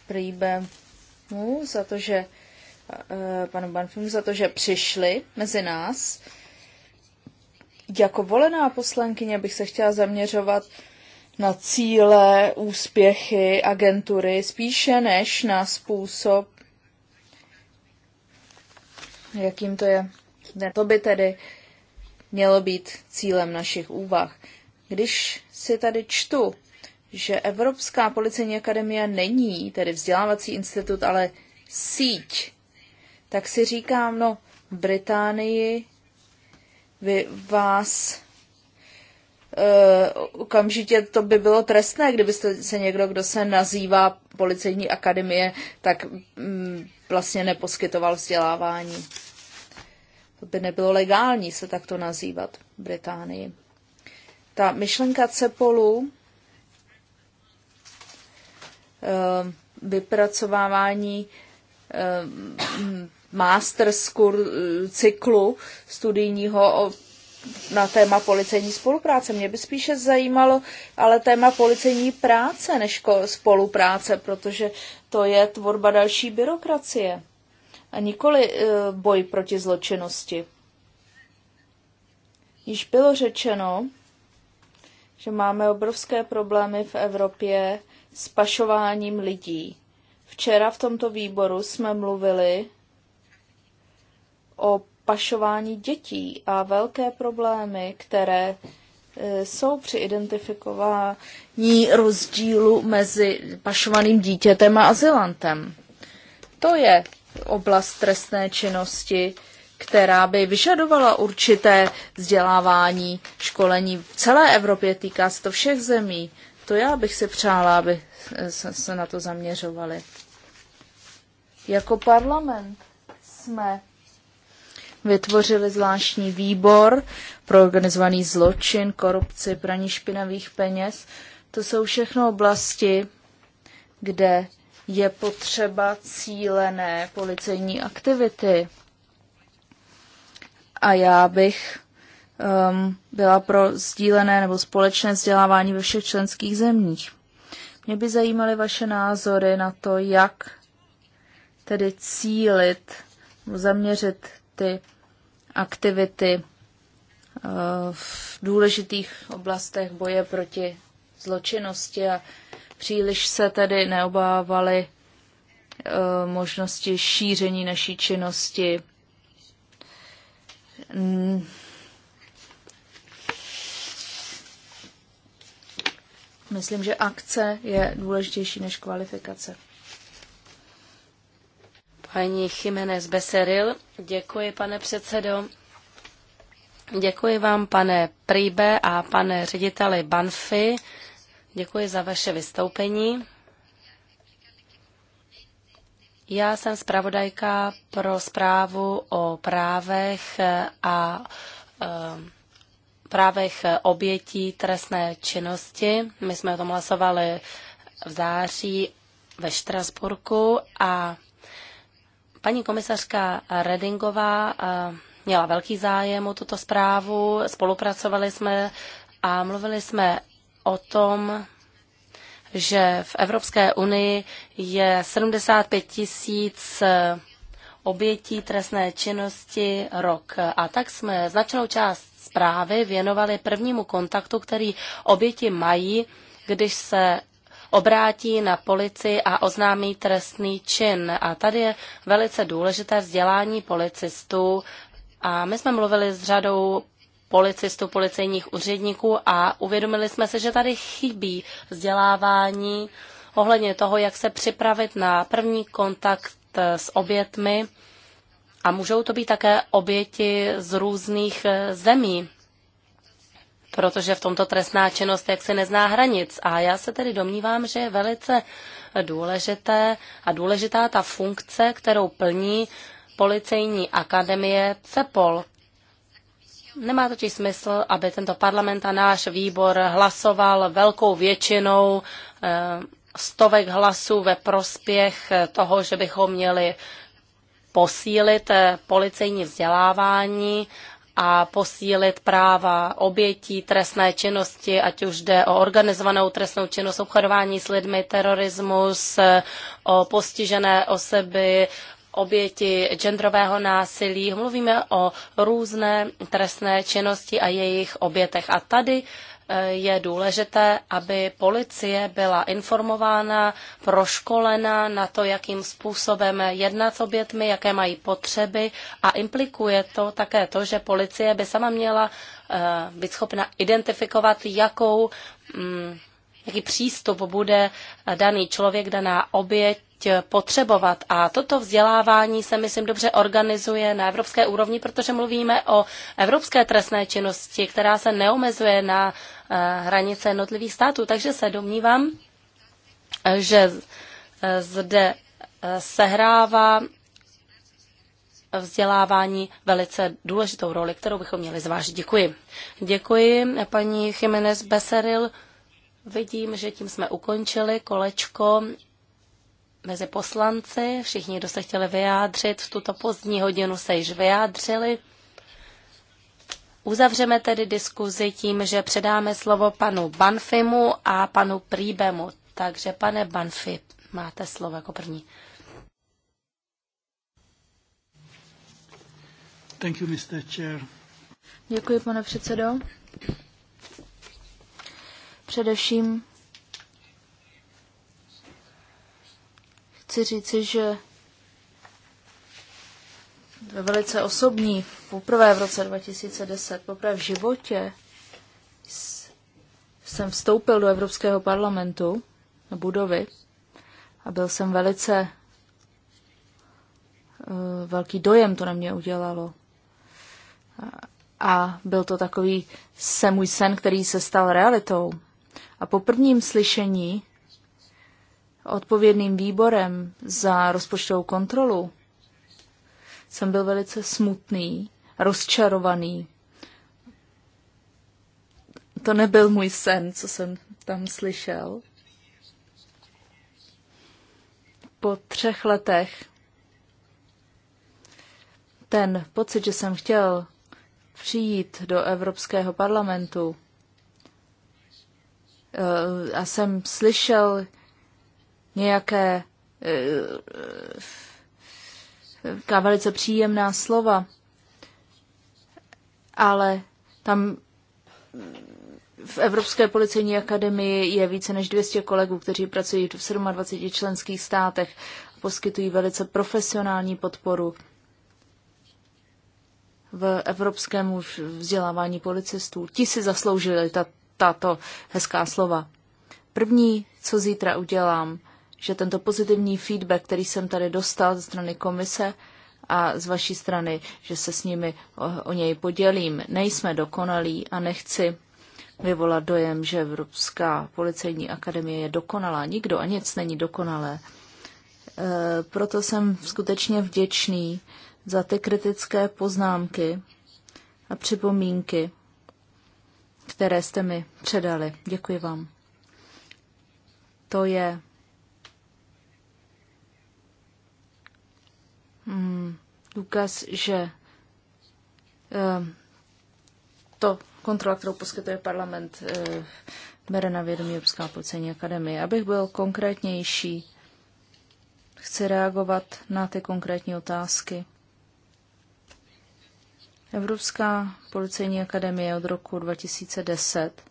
Prýbemu za to, že eh, panu Banfimu za to, že přišli mezi nás. Jako volená poslankyně bych se chtěla zaměřovat na cíle, úspěchy agentury spíše než na způsob, jakým to je ne, to by tedy mělo být cílem našich úvah. Když si tady čtu, že Evropská policejní akademie není tedy vzdělávací institut, ale síť, tak si říkám, no, v Británii vy vás uh, okamžitě to by bylo trestné, kdybyste se někdo, kdo se nazývá policejní akademie, tak um, vlastně neposkytoval vzdělávání by nebylo legální se takto nazývat v Británii. Ta myšlenka cepolu, eh, vypracovávání eh, masters cyklu studijního na téma policejní spolupráce. Mě by spíše zajímalo ale téma policejní práce než spolupráce, protože to je tvorba další byrokracie a nikoli eh, boj proti zločinnosti. Již bylo řečeno, že máme obrovské problémy v Evropě s pašováním lidí. Včera v tomto výboru jsme mluvili o pašování dětí a velké problémy, které eh, jsou při identifikování rozdílu mezi pašovaným dítětem a azylantem. To je oblast trestné činnosti, která by vyžadovala určité vzdělávání, školení v celé Evropě, týká se to všech zemí. To já bych si přála, aby se na to zaměřovali. Jako parlament jsme vytvořili zvláštní výbor pro organizovaný zločin, korupci, praní špinavých peněz. To jsou všechno oblasti, kde je potřeba cílené policejní aktivity. A já bych um, byla pro sdílené nebo společné vzdělávání ve všech členských zemích. Mě by zajímaly vaše názory na to, jak tedy cílit, zaměřit ty aktivity uh, v důležitých oblastech boje proti zločinnosti a Příliš se tedy neobávali e, možnosti šíření naší činnosti. Myslím, že akce je důležitější než kvalifikace. Paní Jiménez Beseril, děkuji, pane předsedo. Děkuji vám, pane Príbe a pane řediteli Banfi, Děkuji za vaše vystoupení. Já jsem zpravodajka pro zprávu o právech a eh, právech obětí trestné činnosti. My jsme o tom hlasovali v září ve Štrasburku a paní komisařka Redingová eh, měla velký zájem o tuto zprávu, spolupracovali jsme a mluvili jsme o tom, že v Evropské unii je 75 tisíc eh, obětí trestné činnosti rok. A tak jsme značnou část zprávy věnovali prvnímu kontaktu, který oběti mají, když se obrátí na policii a oznámí trestný čin. A tady je velice důležité vzdělání policistů. A my jsme mluvili s řadou policistů, policejních úředníků a uvědomili jsme se, že tady chybí vzdělávání ohledně toho, jak se připravit na první kontakt eh, s obětmi a můžou to být také oběti z různých eh, zemí, protože v tomto trestná činnost jak se nezná hranic. A já se tedy domnívám, že je velice eh, důležité a důležitá ta funkce, kterou plní policejní akademie CEPOL. Nemá totiž smysl, aby tento parlament a náš výbor hlasoval velkou většinou eh, stovek hlasů ve prospěch toho, že bychom měli posílit eh, policejní vzdělávání a posílit práva obětí trestné činnosti, ať už jde o organizovanou trestnou činnost, obchodování s lidmi, terorismus, eh, o postižené osoby, oběti genderového násilí, mluvíme o různé trestné činnosti a jejich obětech. A tady eh, je důležité, aby policie byla informována, proškolena na to, jakým způsobem jednat s obětmi, jaké mají potřeby a implikuje to také to, že policie by sama měla eh, být schopna identifikovat, jakou, mm, jaký přístup bude daný člověk, daná oběť potřebovat. A toto vzdělávání se, myslím, dobře organizuje na evropské úrovni, protože mluvíme o evropské trestné činnosti, která se neomezuje na eh, hranice jednotlivých států. Takže se domnívám, že zde eh, sehrává vzdělávání velice důležitou roli, kterou bychom měli zvážit. Děkuji. Děkuji, paní Jiménez Beseril. Vidím, že tím jsme ukončili kolečko mezi poslanci. Všichni, kdo se chtěli vyjádřit v tuto pozdní hodinu, se již vyjádřili. Uzavřeme tedy diskuzi tím, že předáme slovo panu Banfimu a panu Príbemu. Takže pane Banfi, máte slovo jako první. Thank you, Mr. Chair. Děkuji, pane předsedo. Především chci říci, že to je velice osobní. Poprvé v roce 2010, poprvé v životě jsem vstoupil do Evropského parlamentu na budovy a byl jsem velice eh, velký dojem to na mě udělalo. A byl to takový se můj sen, který se stal realitou. A po prvním slyšení odpovědným výborem za rozpočtovou kontrolu jsem byl velice smutný, rozčarovaný. To nebyl můj sen, co jsem tam slyšel. Po třech letech ten pocit, že jsem chtěl přijít do Evropského parlamentu eh, a jsem slyšel nějaké e, e, e, velice příjemná slova, ale tam v Evropské policejní akademii je více než 200 kolegů, kteří pracují v 27 členských státech a poskytují velice profesionální podporu v evropskému vzdělávání policistů. Ti si zasloužili ta, tato hezká slova. První, co zítra udělám, že tento pozitivní feedback, který jsem tady dostal ze strany komise a z vaší strany, že se s nimi o, o něj podělím. Nejsme dokonalí a nechci vyvolat dojem, že Evropská policejní akademie je dokonalá. Nikdo a nic není dokonalé. E, proto jsem skutečně vděčný za ty kritické poznámky a připomínky, které jste mi předali. Děkuji vám. To je mm, důkaz, že um, to kontrola, kterou poskytuje parlament, um, bere na vědomí Evropská policejní akademie. Abych byl konkrétnější, chci reagovat na ty konkrétní otázky. Evropská policejní akademie od roku 2010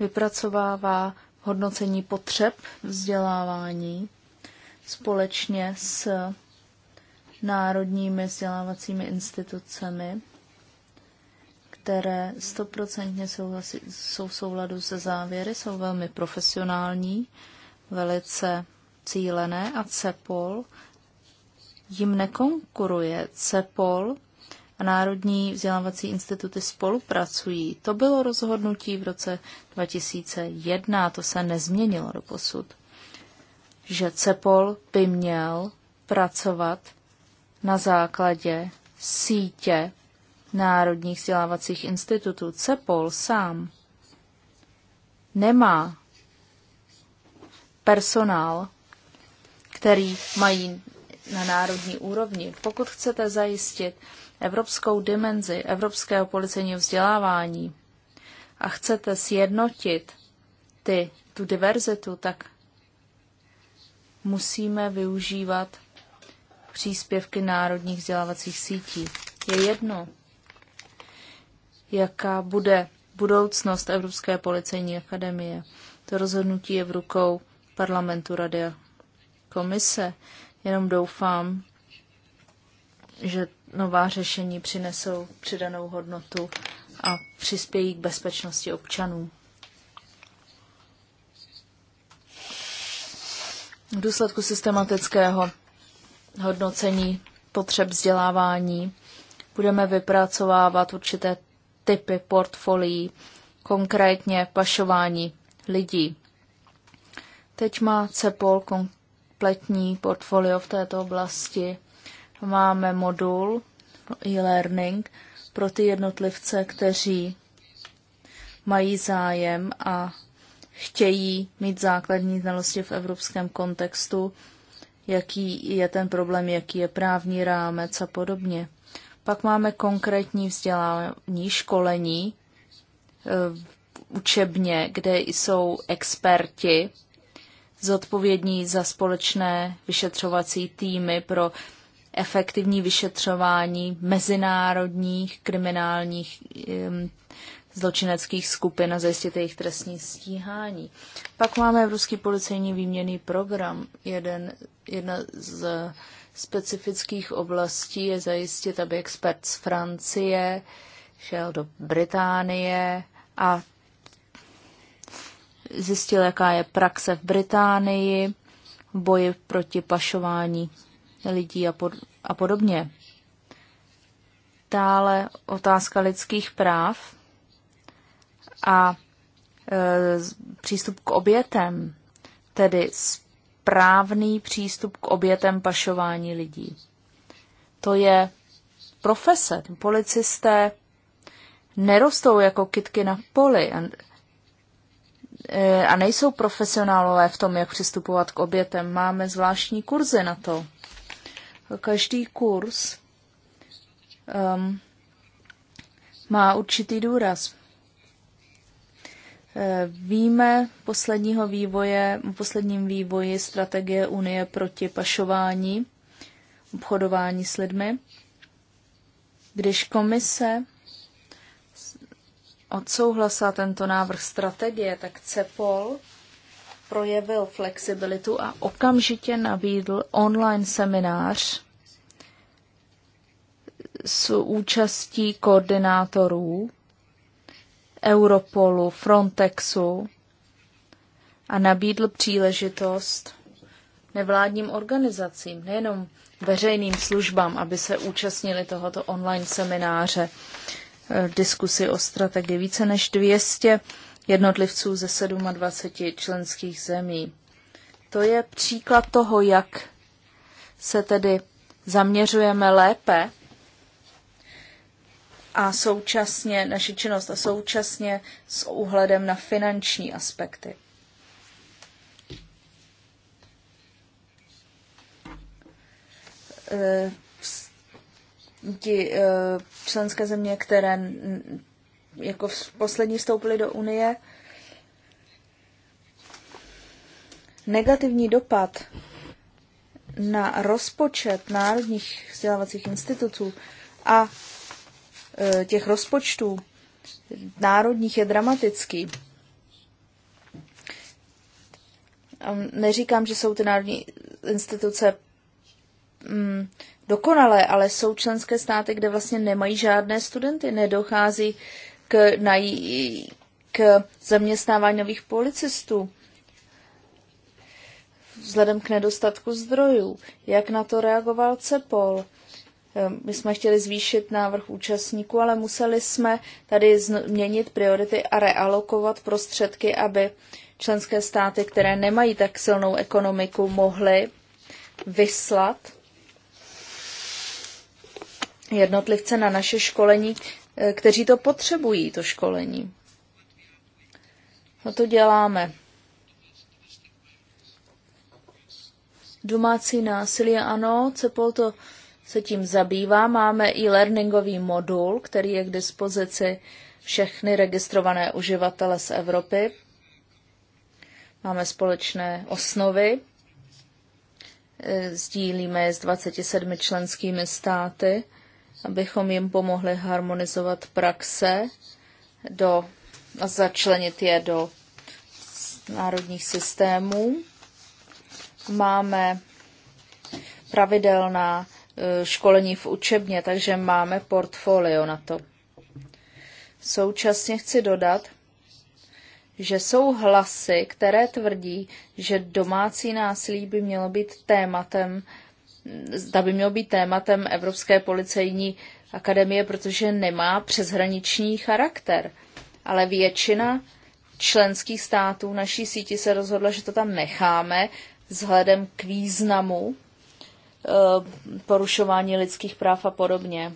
vypracovává hodnocení potřeb vzdělávání společně s národními vzdělávacími institucemi, které stoprocentně jsou v souladu se závěry, jsou velmi profesionální, velice cílené a CEPOL jim nekonkuruje. CEPOL a Národní vzdělávací instituty spolupracují. To bylo rozhodnutí v roce 2001, a to se nezměnilo do posud že CEPOL by měl pracovat na základě sítě národních vzdělávacích institutů. CEPOL sám nemá personál, který mají na národní úrovni. Pokud chcete zajistit evropskou dimenzi evropského policejního vzdělávání a chcete sjednotit ty, tu diverzitu, tak musíme využívat příspěvky národních vzdělávacích sítí. Je jedno, jaká bude budoucnost Evropské policejní akademie. To rozhodnutí je v rukou parlamentu Rady a komise. Jenom doufám, že nová řešení přinesou přidanou hodnotu a přispějí k bezpečnosti občanů. v důsledku systematického hodnocení potřeb vzdělávání budeme vypracovávat určité typy portfolií, konkrétně pašování lidí. Teď má CEPOL kompletní portfolio v této oblasti. Máme modul e-learning pro ty jednotlivce, kteří mají zájem a chtějí mít základní znalosti v evropském kontextu, jaký je ten problém, jaký je právní rámec a podobně. Pak máme konkrétní vzdělání, školení, eh, učebně, kde jsou experti zodpovědní za společné vyšetřovací týmy pro efektivní vyšetřování mezinárodních kriminálních zločineckých skupin a zajistit jejich trestní stíhání. Pak máme Evropský policejní výměný program. Jeden, jedna z specifických oblastí je zajistit, aby expert z Francie šel do Británie a zjistil, jaká je praxe v Británii v boji proti pašování lidí a, pod, a podobně. Dále otázka lidských práv a e, přístup k obětem, tedy správný přístup k obětem pašování lidí. To je profese. Policisté nerostou jako kytky na poli e, a nejsou profesionálové v tom, jak přistupovat k obětem. Máme zvláštní kurzy na to. Každý kurz um, má určitý důraz. Eh, víme posledního vývoje, posledním vývoji strategie Unie proti pašování, obchodování s lidmi. Když komise odsouhlasila tento návrh strategie, tak CEPOL projevil flexibilitu a okamžitě nabídl online seminář s účastí koordinátorů Europolu, Frontexu a nabídl příležitost nevládním organizacím, nejenom veřejným službám, aby se účastnili tohoto online semináře eh, diskusy o strategii. Více než 200 jednotlivců ze 27 členských zemí. To je příklad toho, jak se tedy zaměřujeme lépe a současně naši činnost a současně s ohledem na finanční aspekty. E, ti e, členské země, které jako poslední vstoupily do Unie, negativní dopad na rozpočet národních vzdělávacích institutů a Eh, těch rozpočtů národních je dramatický. Neříkám, že jsou ty národní instituce mm, dokonalé, ale jsou členské státy, kde vlastně nemají žádné studenty, nedochází k, na, k zaměstnávání nových policistů vzhledem k nedostatku zdrojů. Jak na to reagoval CEPOL? Ehm, my jsme chtěli zvýšit návrh účastníků, ale museli jsme tady změnit priority a realokovat prostředky, aby členské státy, které nemají tak silnou ekonomiku, mohly vyslat jednotlivce na naše školení, eh, kteří to potřebují, to školení. No to děláme. Domácí násilí, ano, Cepol to se tím zabývá. Máme i learningový modul, který je k dispozici všechny registrované uživatele z Evropy. Máme společné osnovy, e, sdílíme je s 27 členskými státy, abychom jim pomohli harmonizovat praxe do, a začlenit je do národních systémů. Máme pravidelná Eh, školení v učebně, takže máme portfolio na to. Současně chci dodat, že jsou hlasy, které tvrdí, že domácí násilí by mělo být tématem, zda by mělo být tématem Evropské policejní akademie, protože nemá přeshraniční charakter. Ale většina členských států naší síti se rozhodla, že to tam necháme vzhledem k významu Eh, porušování lidských práv a podobně.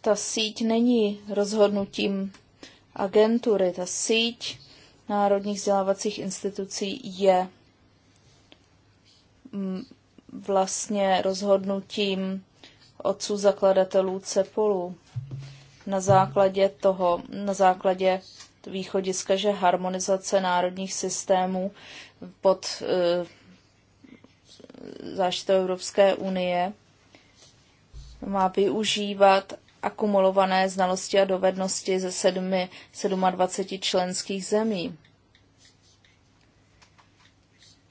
ta síť není rozhodnutím agentury, ta síť národních vzdělávacích institucí je mm, vlastně rozhodnutím otců zakladatelů Cepolu. Na základě toho, na základě východiska, že harmonizace národních systémů pod e, záštitou Evropské unie má využívat akumulované znalosti a dovednosti ze 7, 27 členských zemí.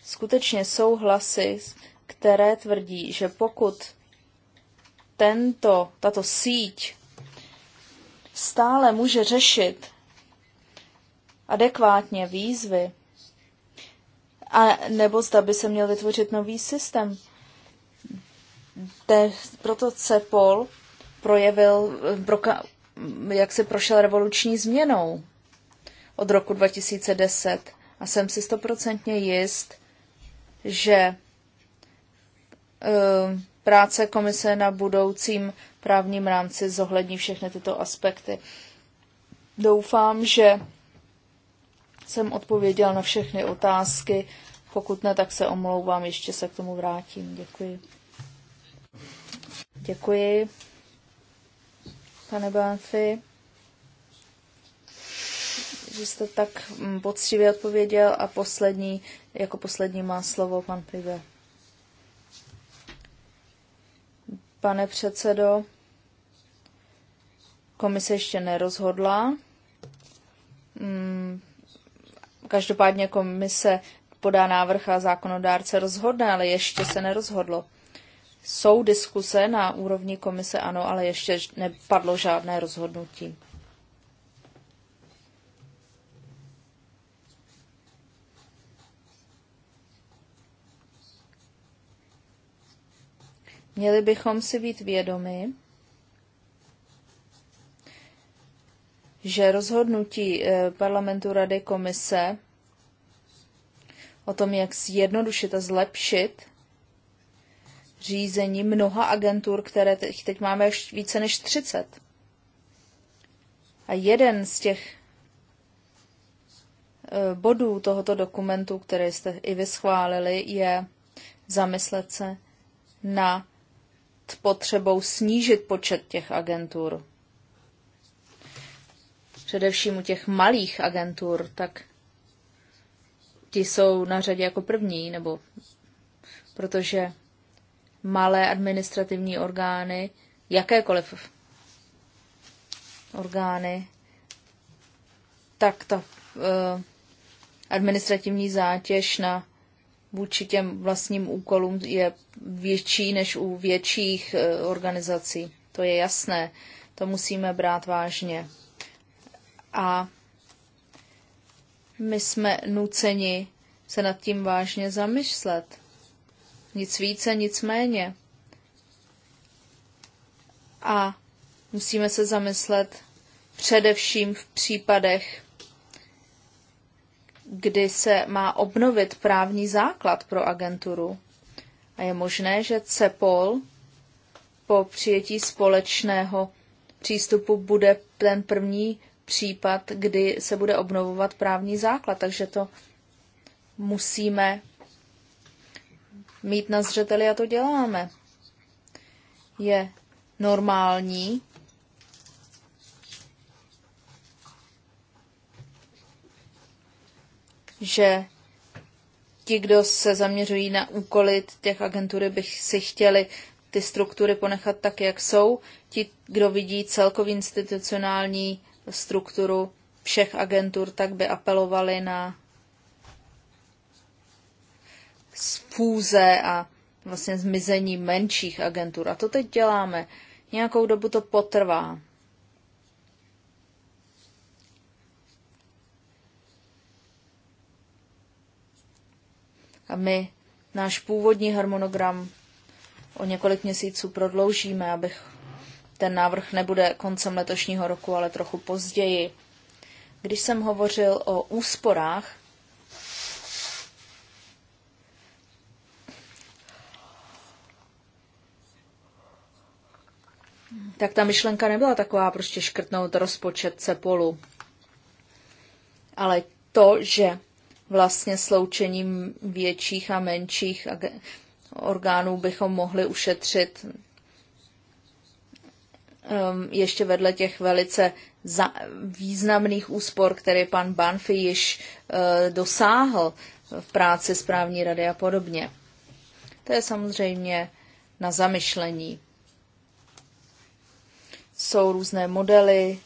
Skutečně jsou hlasy, které tvrdí, že pokud tento, tato síť stále může řešit adekvátně výzvy, a nebo zda by se měl vytvořit nový systém. De, proto CEPOL projevil, broka, jak se prošel revoluční změnou od roku 2010. A jsem si stoprocentně jist, že eh, práce komise na budoucím právním rámci zohlední všechny tyto aspekty. Doufám, že jsem odpověděl na všechny otázky. Pokud ne, tak se omlouvám, ještě se k tomu vrátím. Děkuji. Děkuji, pane Banfi, že jste tak mm, poctivě odpověděl a poslední, jako poslední má slovo pan Pive. Pane předsedo, komise ještě nerozhodla. Hmm, každopádně komise podá návrh a zákonodárce rozhodne, ale ještě se nerozhodlo. Jsou diskuse na úrovni komise, ano, ale ještě nepadlo žádné rozhodnutí. Měli bychom si být vědomi, že rozhodnutí eh, parlamentu Rady komise o tom, jak zjednodušit a zlepšit řízení mnoha agentur, které teď, teď máme více než 30. A jeden z těch eh, bodů tohoto dokumentu, který jste i vy schválili, je zamyslet se na potřebou snížit počet těch agentur. Především u těch malých agentur, tak ti jsou na řadě jako první, nebo protože malé administrativní orgány, jakékoliv orgány, tak ta uh, administrativní zátěž na vůči těm vlastním úkolům je větší než u větších eh, organizací. To je jasné. To musíme brát vážně. A my jsme nuceni se nad tím vážně zamyslet. Nic více, nic méně. A musíme se zamyslet především v případech kdy se má obnovit právní základ pro agenturu. A je možné, že CEPOL po přijetí společného přístupu bude ten první případ, kdy se bude obnovovat právní základ. Takže to musíme mít na zřeteli a to děláme. Je normální, že ti, kdo se zaměřují na úkoly těch agentury, bych si chtěli ty struktury ponechat tak, jak jsou. Ti, kdo vidí celkově institucionální strukturu všech agentur, tak by apelovali na spůze a vlastně zmizení menších agentur. A to teď děláme. Nějakou dobu to potrvá. A my náš původní harmonogram o několik měsíců prodloužíme, abych ten návrh nebude koncem letošního roku, ale trochu později. Když jsem hovořil o úsporách, tak ta myšlenka nebyla taková prostě škrtnout rozpočet Cepolu. Ale to, že vlastně sloučením větších a menších orgánů bychom mohli ušetřit um, ještě vedle těch velice významných úspor, které pan Banfi již uh, dosáhl v práci správní rady a podobně. To je samozřejmě na zamyšlení. Jsou různé modely,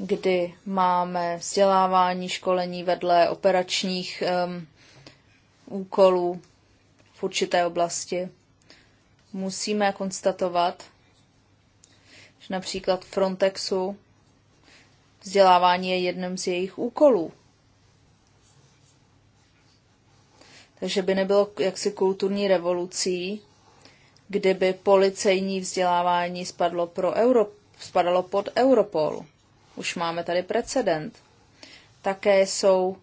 kdy máme vzdělávání, školení vedle operačních um, úkolů v určité oblasti. Musíme konstatovat, že například Frontexu vzdělávání je jedním z jejich úkolů. Takže by nebylo jaksi kulturní revolucí, kdyby policejní vzdělávání spadlo, pro Euro, spadalo pod Europol. Už máme tady precedent. Také jsou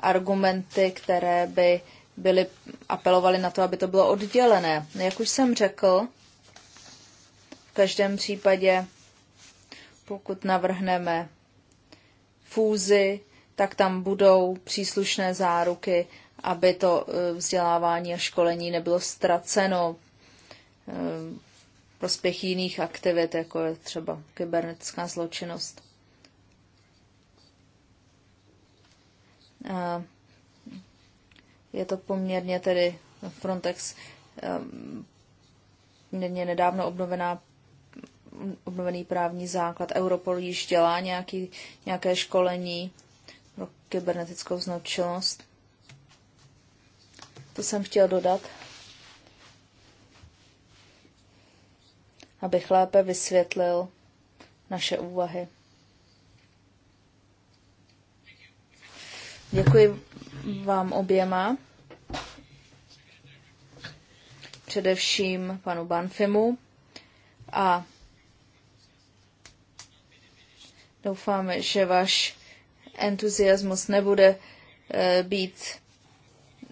argumenty, které by byly, apelovali na to, aby to bylo oddělené. Jak už jsem řekl, v každém případě, pokud navrhneme fúzi, tak tam budou příslušné záruky, aby to eh, vzdělávání a školení nebylo ztraceno eh, prospěch jiných aktivit, jako je třeba kybernetická zločinnost. Je to poměrně tedy Frontex ehm, poměrně nedávno obnovená obnovený právní základ. Europol již dělá nějaký, nějaké školení pro kybernetickou značilnost. To jsem chtěl dodat, abych lépe vysvětlil naše úvahy. Děkuji vám oběma. Především panu Banfimu a doufáme, že váš entuziasmus nebude eh, být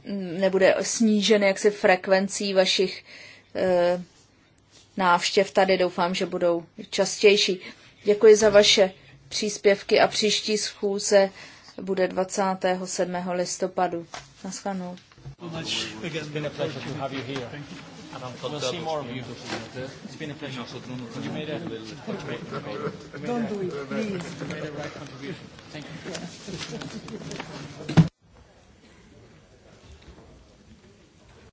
mm, nebude snížen jaksi frekvencí vašich eh, návštěv tady. Doufám, že budou častější. Děkuji za vaše příspěvky a příští schůze bude 27. listopadu. Naschledanou.